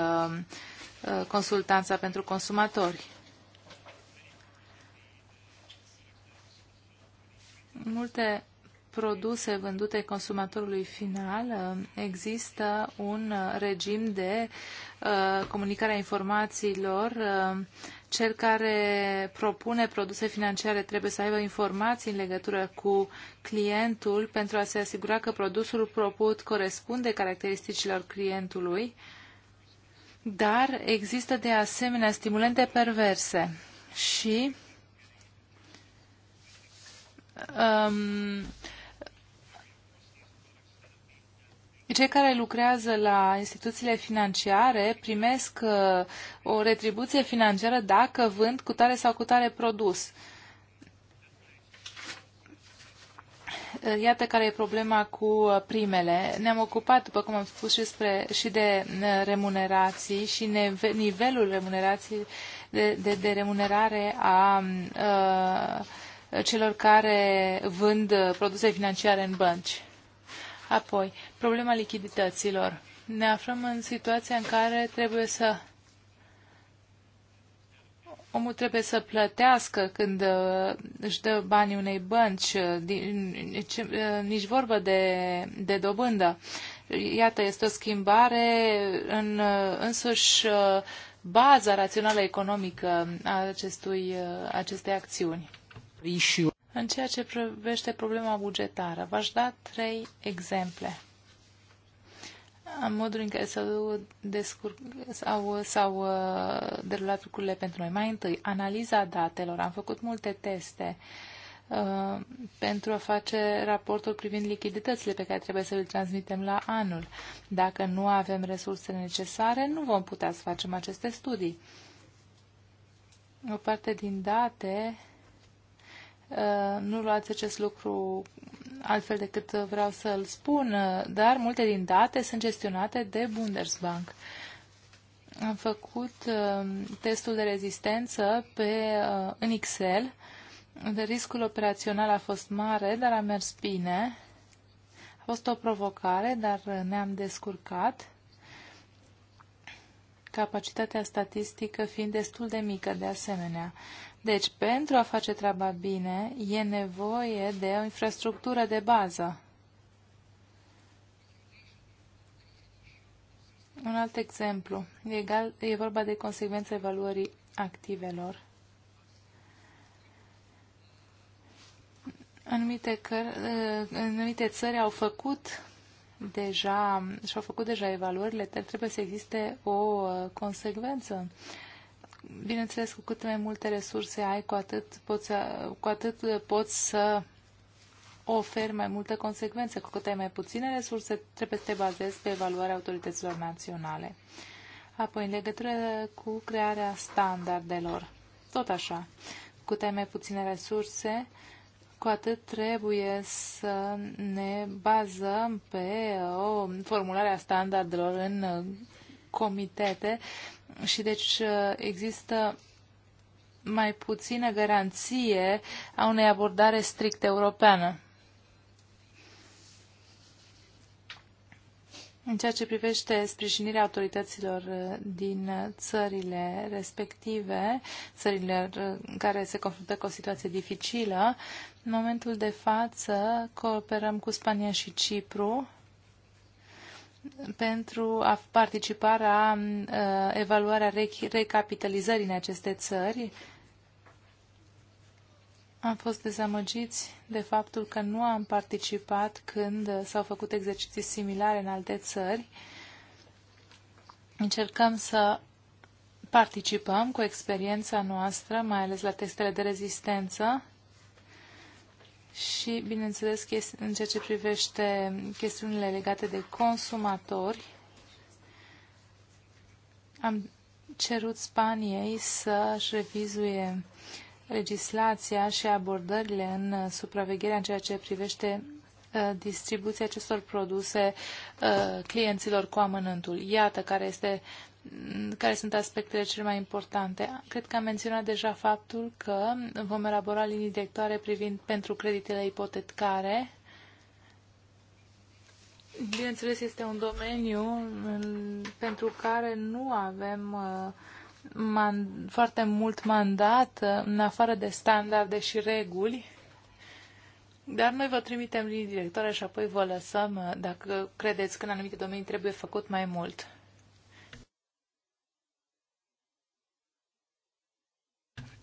consultanța pentru consumatori. Multe produse vândute consumatorului final, uh, există un uh, regim de uh, comunicare a informațiilor. Cel care propune produse financiare trebuie să aibă informații în legătură cu clientul pentru a se asigura că produsul propus corespunde caracteristicilor clientului, dar există de asemenea stimulente perverse și um, cei care lucrează la instituțiile financiare primesc uh, o retribuție financiară dacă vând cu tare sau cu tare produs. Iată care e problema cu uh, primele. Ne-am ocupat, după cum am spus, și, spre, și de uh, remunerații și nivelul remunerații de, de, de remunerare a, a celor care vând produse financiare în bănci. Apoi, problema lichidităților. Ne aflăm în situația în care trebuie să omul trebuie să plătească când uh, își dă banii unei bănci, uh, uh, nici vorbă de, de dobândă. Iată, este o schimbare în însuși baza rațională economică a acestui, acestei acțiuni. În ceea ce privește problema bugetară, v-aș da trei exemple. În modul în care s-au, descurc, s-au, s-au uh, derulat lucrurile pentru noi. Mai întâi, analiza datelor. Am făcut multe teste uh, pentru a face raportul privind lichiditățile pe care trebuie să le transmitem la anul. Dacă nu avem resursele necesare, nu vom putea să facem aceste studii. O parte din date Uh, nu luați acest lucru altfel decât vreau să-l spun, uh, dar multe din date sunt gestionate de Bundesbank. Am făcut uh, testul de rezistență pe, în Excel. Riscul operațional a fost mare, dar a mers bine. A fost o provocare, dar ne-am descurcat capacitatea statistică fiind destul de mică de asemenea. Deci, pentru a face treaba bine, e nevoie de o infrastructură de bază. Un alt exemplu. E, egal, e vorba de consecvența evaluării activelor. Anumite, căr, ă, anumite țări au făcut deja și-au făcut deja evaluările, dar trebuie să existe o ă, consecvență bineînțeles, cu cât mai multe resurse ai, cu atât poți, cu atât poți să oferi mai multe consecvențe. Cu cât ai mai puține resurse, trebuie să te bazezi pe evaluarea autorităților naționale. Apoi, în legătură cu crearea standardelor, tot așa, cu cât ai mai puține resurse, cu atât trebuie să ne bazăm pe uh, o formulare a standardelor în uh, comitete și deci uh, există mai puțină garanție a unei abordare strict europeană. În ceea ce privește sprijinirea autorităților uh, din uh, țările respective, țările care se confruntă cu o situație dificilă, în momentul de față cooperăm cu Spania și Cipru pentru a participa la uh, evaluarea recapitalizării în aceste țări. Am fost dezamăgiți de faptul că nu am participat când s-au făcut exerciții similare în alte țări. Încercăm să participăm cu experiența noastră, mai ales la testele de rezistență, și, bineînțeles, în ceea ce privește chestiunile legate de consumatori, am cerut Spaniei să-și revizuie legislația și abordările în supravegherea în ceea ce privește ă, distribuția acestor produse ă, clienților cu amănântul. Iată care este care sunt aspectele cele mai importante. Cred că am menționat deja faptul că vom elabora linii directoare privind pentru creditele ipotecare. Bineînțeles, este un domeniu pentru care nu avem uh, man, foarte mult mandat, uh, în afară de standarde și reguli. Dar noi vă trimitem linii directoare și apoi vă lăsăm uh, dacă credeți că în anumite domenii trebuie făcut mai mult.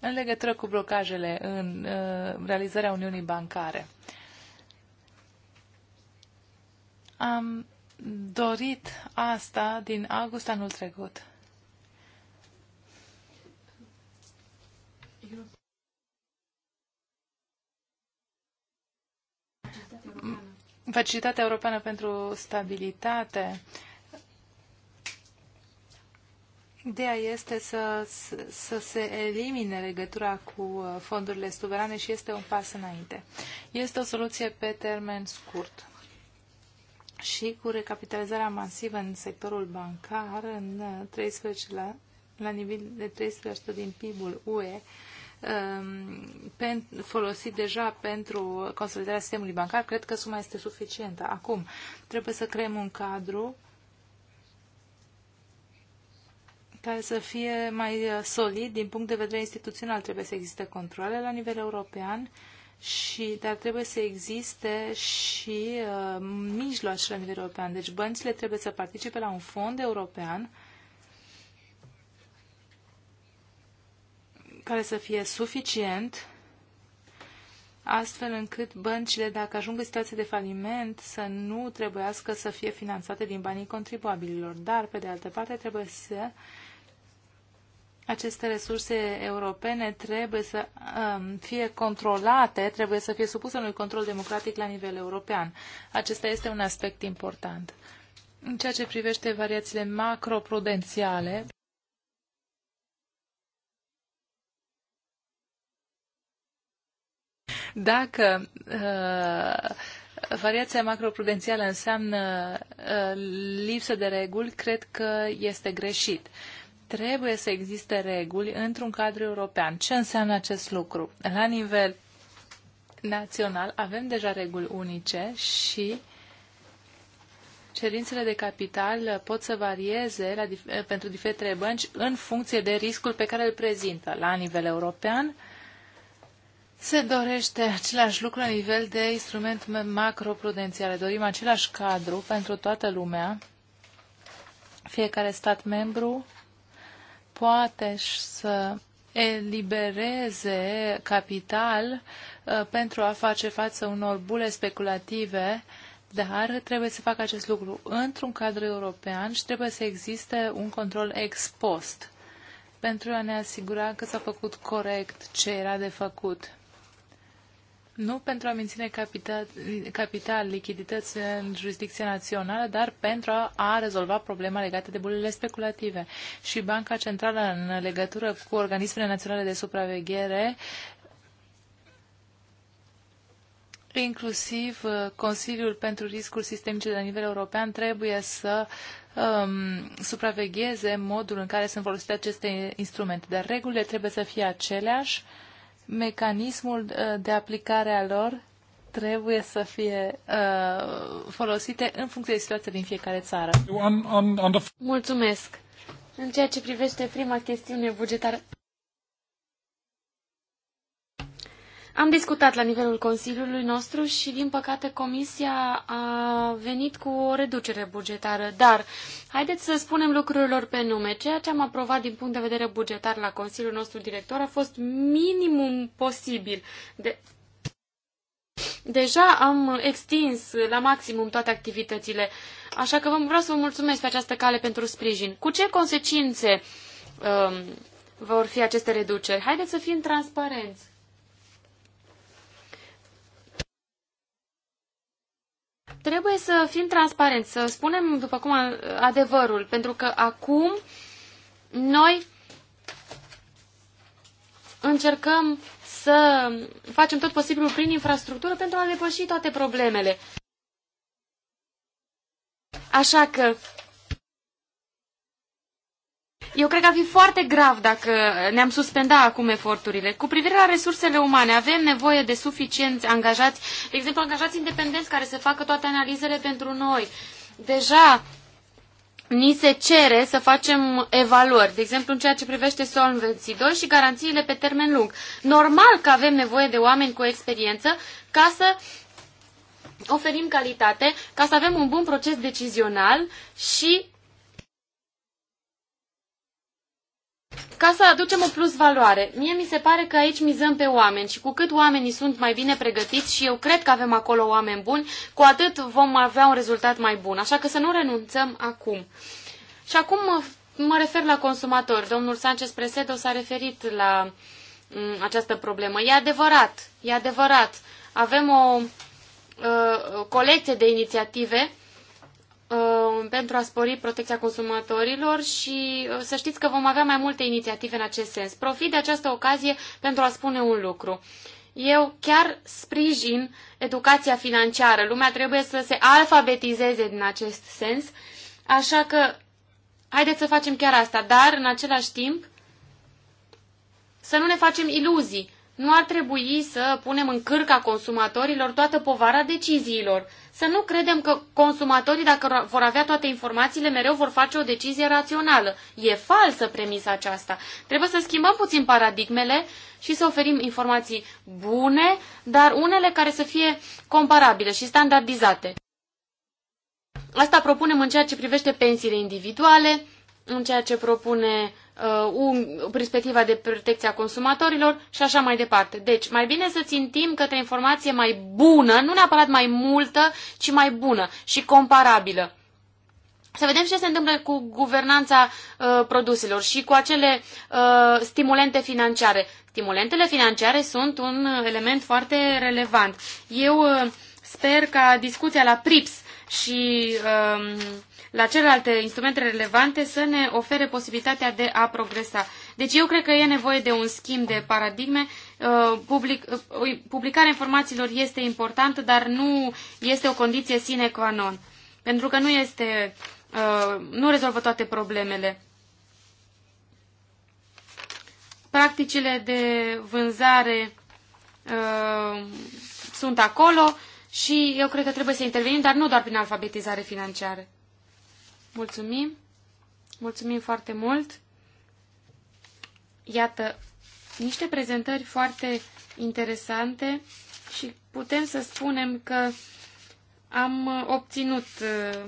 în legătură cu blocajele în uh, realizarea Uniunii Bancare. Am dorit asta din august anul trecut. Facilitatea Europeană pentru Stabilitate Ideea este să, să, se elimine legătura cu uh, fondurile suverane și este un pas înainte. Este o soluție pe termen scurt. Și cu recapitalizarea masivă în sectorul bancar, în 13 uh, la, la nivel de 13% din PIB-ul UE, um, folosit deja pentru consolidarea sistemului bancar, cred că suma este suficientă. Acum, trebuie să creăm un cadru care să fie mai uh, solid din punct de vedere instituțional. Trebuie să existe controle la nivel european, și, dar trebuie să existe și uh, mijloace la nivel european. Deci băncile trebuie să participe la un fond european care să fie suficient astfel încât băncile, dacă ajung în situație de faliment, să nu trebuiască să fie finanțate din banii contribuabililor. Dar, pe de altă parte, trebuie să uh, aceste resurse europene trebuie să um, fie controlate, trebuie să fie supuse unui control democratic la nivel european. Acesta este un aspect important. În ceea ce privește variațiile macroprudențiale, dacă uh, variația macroprudențială înseamnă uh, lipsă de reguli, cred că este greșit. Uh, trebuie să existe reguli într-un cadru european. Ce înseamnă acest lucru? La nivel național avem deja reguli unice și cerințele de capital pot să varieze la, pentru diferite bănci în funcție de riscul pe care îl prezintă. La nivel european se dorește același lucru la nivel de instrument macroprudențial. Dorim același cadru pentru toată lumea, fiecare stat membru poate să elibereze capital uh, pentru a face față unor bule speculative, dar trebuie să facă acest lucru într-un cadru european și trebuie să existe un control ex post pentru a ne asigura că s-a făcut corect ce era de făcut. Nu pentru a menține capital, capital lichidități în jurisdicția națională, dar pentru a, a rezolva problema legată de bulele speculative. Și Banca Centrală, în legătură cu organismele naționale de supraveghere, inclusiv uh, Consiliul pentru Riscuri Sistemice de la nivel european, trebuie să um, supravegheze modul în care sunt folosite aceste instrumente. Dar regulile trebuie să fie aceleași mecanismul uh, de aplicare a lor trebuie să fie uh, folosite în funcție de situația din fiecare țară. Mulțumesc! În ceea ce privește prima chestiune bugetară, Am discutat la nivelul Consiliului nostru și, din păcate, Comisia a venit cu o reducere bugetară. Dar, haideți să spunem lucrurilor pe nume. Ceea ce am aprobat din punct de vedere bugetar la Consiliul nostru director a fost minimum posibil. De... Deja am extins la maximum toate activitățile, așa că vreau să vă mulțumesc pe această cale pentru sprijin. Cu ce consecințe um, vor fi aceste reduceri? Haideți să fim transparenți Trebuie să fim transparenți, să spunem, după cum, adevărul, pentru că acum noi încercăm să facem tot posibilul prin infrastructură pentru a depăși toate problemele. Așa că eu cred că ar fi foarte grav dacă ne-am suspenda acum eforturile. Cu privire la resursele umane, avem nevoie de suficienți angajați, de exemplu, angajați independenți care să facă toate analizele pentru noi. Deja ni se cere să facem evaluări, de exemplu în ceea ce privește solvenții 2 și garanțiile pe termen lung. Normal că avem nevoie de oameni cu experiență ca să oferim calitate, ca să avem un bun proces decizional și ca să aducem o plus valoare. Mie mi se pare că aici mizăm pe oameni și cu cât oamenii sunt mai bine pregătiți și eu cred că avem acolo oameni buni, cu atât vom avea un rezultat mai bun. Așa că să nu renunțăm acum. Și acum mă, uh, mă refer la consumatori. Domnul Sanchez Presedo s-a referit la m, mm, această problemă. E adevărat, e adevărat. Avem o uh, o colecție de inițiative Uh, pentru a spori protecția consumatorilor și uh, să știți că vom avea mai multe inițiative în acest sens. Profit de această ocazie pentru a spune un lucru. Eu chiar sprijin educația financiară. Lumea trebuie să se alfabetizeze din acest sens, așa că haideți să facem chiar asta, dar în același timp să nu ne facem iluzii. Nu ar trebui să punem în cârca consumatorilor toată povara deciziilor să nu credem că consumatorii, dacă vor avea toate informațiile, mereu vor face o decizie rațională. E falsă premisa aceasta. Trebuie să schimbăm puțin paradigmele și să oferim informații bune, dar unele care să fie comparabile și standardizate. Asta propunem în ceea ce privește pensiile individuale, în ceea ce propune Uh, um, perspectiva de protecție a consumatorilor și așa mai departe. Deci, mai bine să țintim către informație mai bună, nu neapărat mai multă, ci mai bună și comparabilă. Să vedem ce se întâmplă cu guvernanța uh, produselor și cu acele uh, stimulente financiare. Stimulentele financiare sunt un element foarte relevant. Eu uh, sper ca discuția la PRIPS și uh, la celelalte instrumente relevante să ne ofere posibilitatea de a progresa. Deci eu cred că e nevoie de un schimb de paradigme. Uh, public, uh, publicarea informațiilor este importantă, dar nu este o condiție sine qua non, pentru că nu, este, uh, nu rezolvă toate problemele. Practicile de vânzare uh, sunt acolo și eu cred că trebuie să intervenim, dar nu doar prin alfabetizare financiară. Mulțumim! Mulțumim foarte mult! Iată, niște prezentări foarte interesante și putem să spunem că am obținut uh,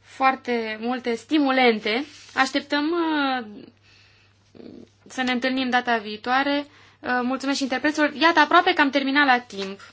foarte multe stimulente. Așteptăm uh, să ne întâlnim data viitoare. Uh, mulțumesc și interpreților. Iată, aproape că am terminat la timp.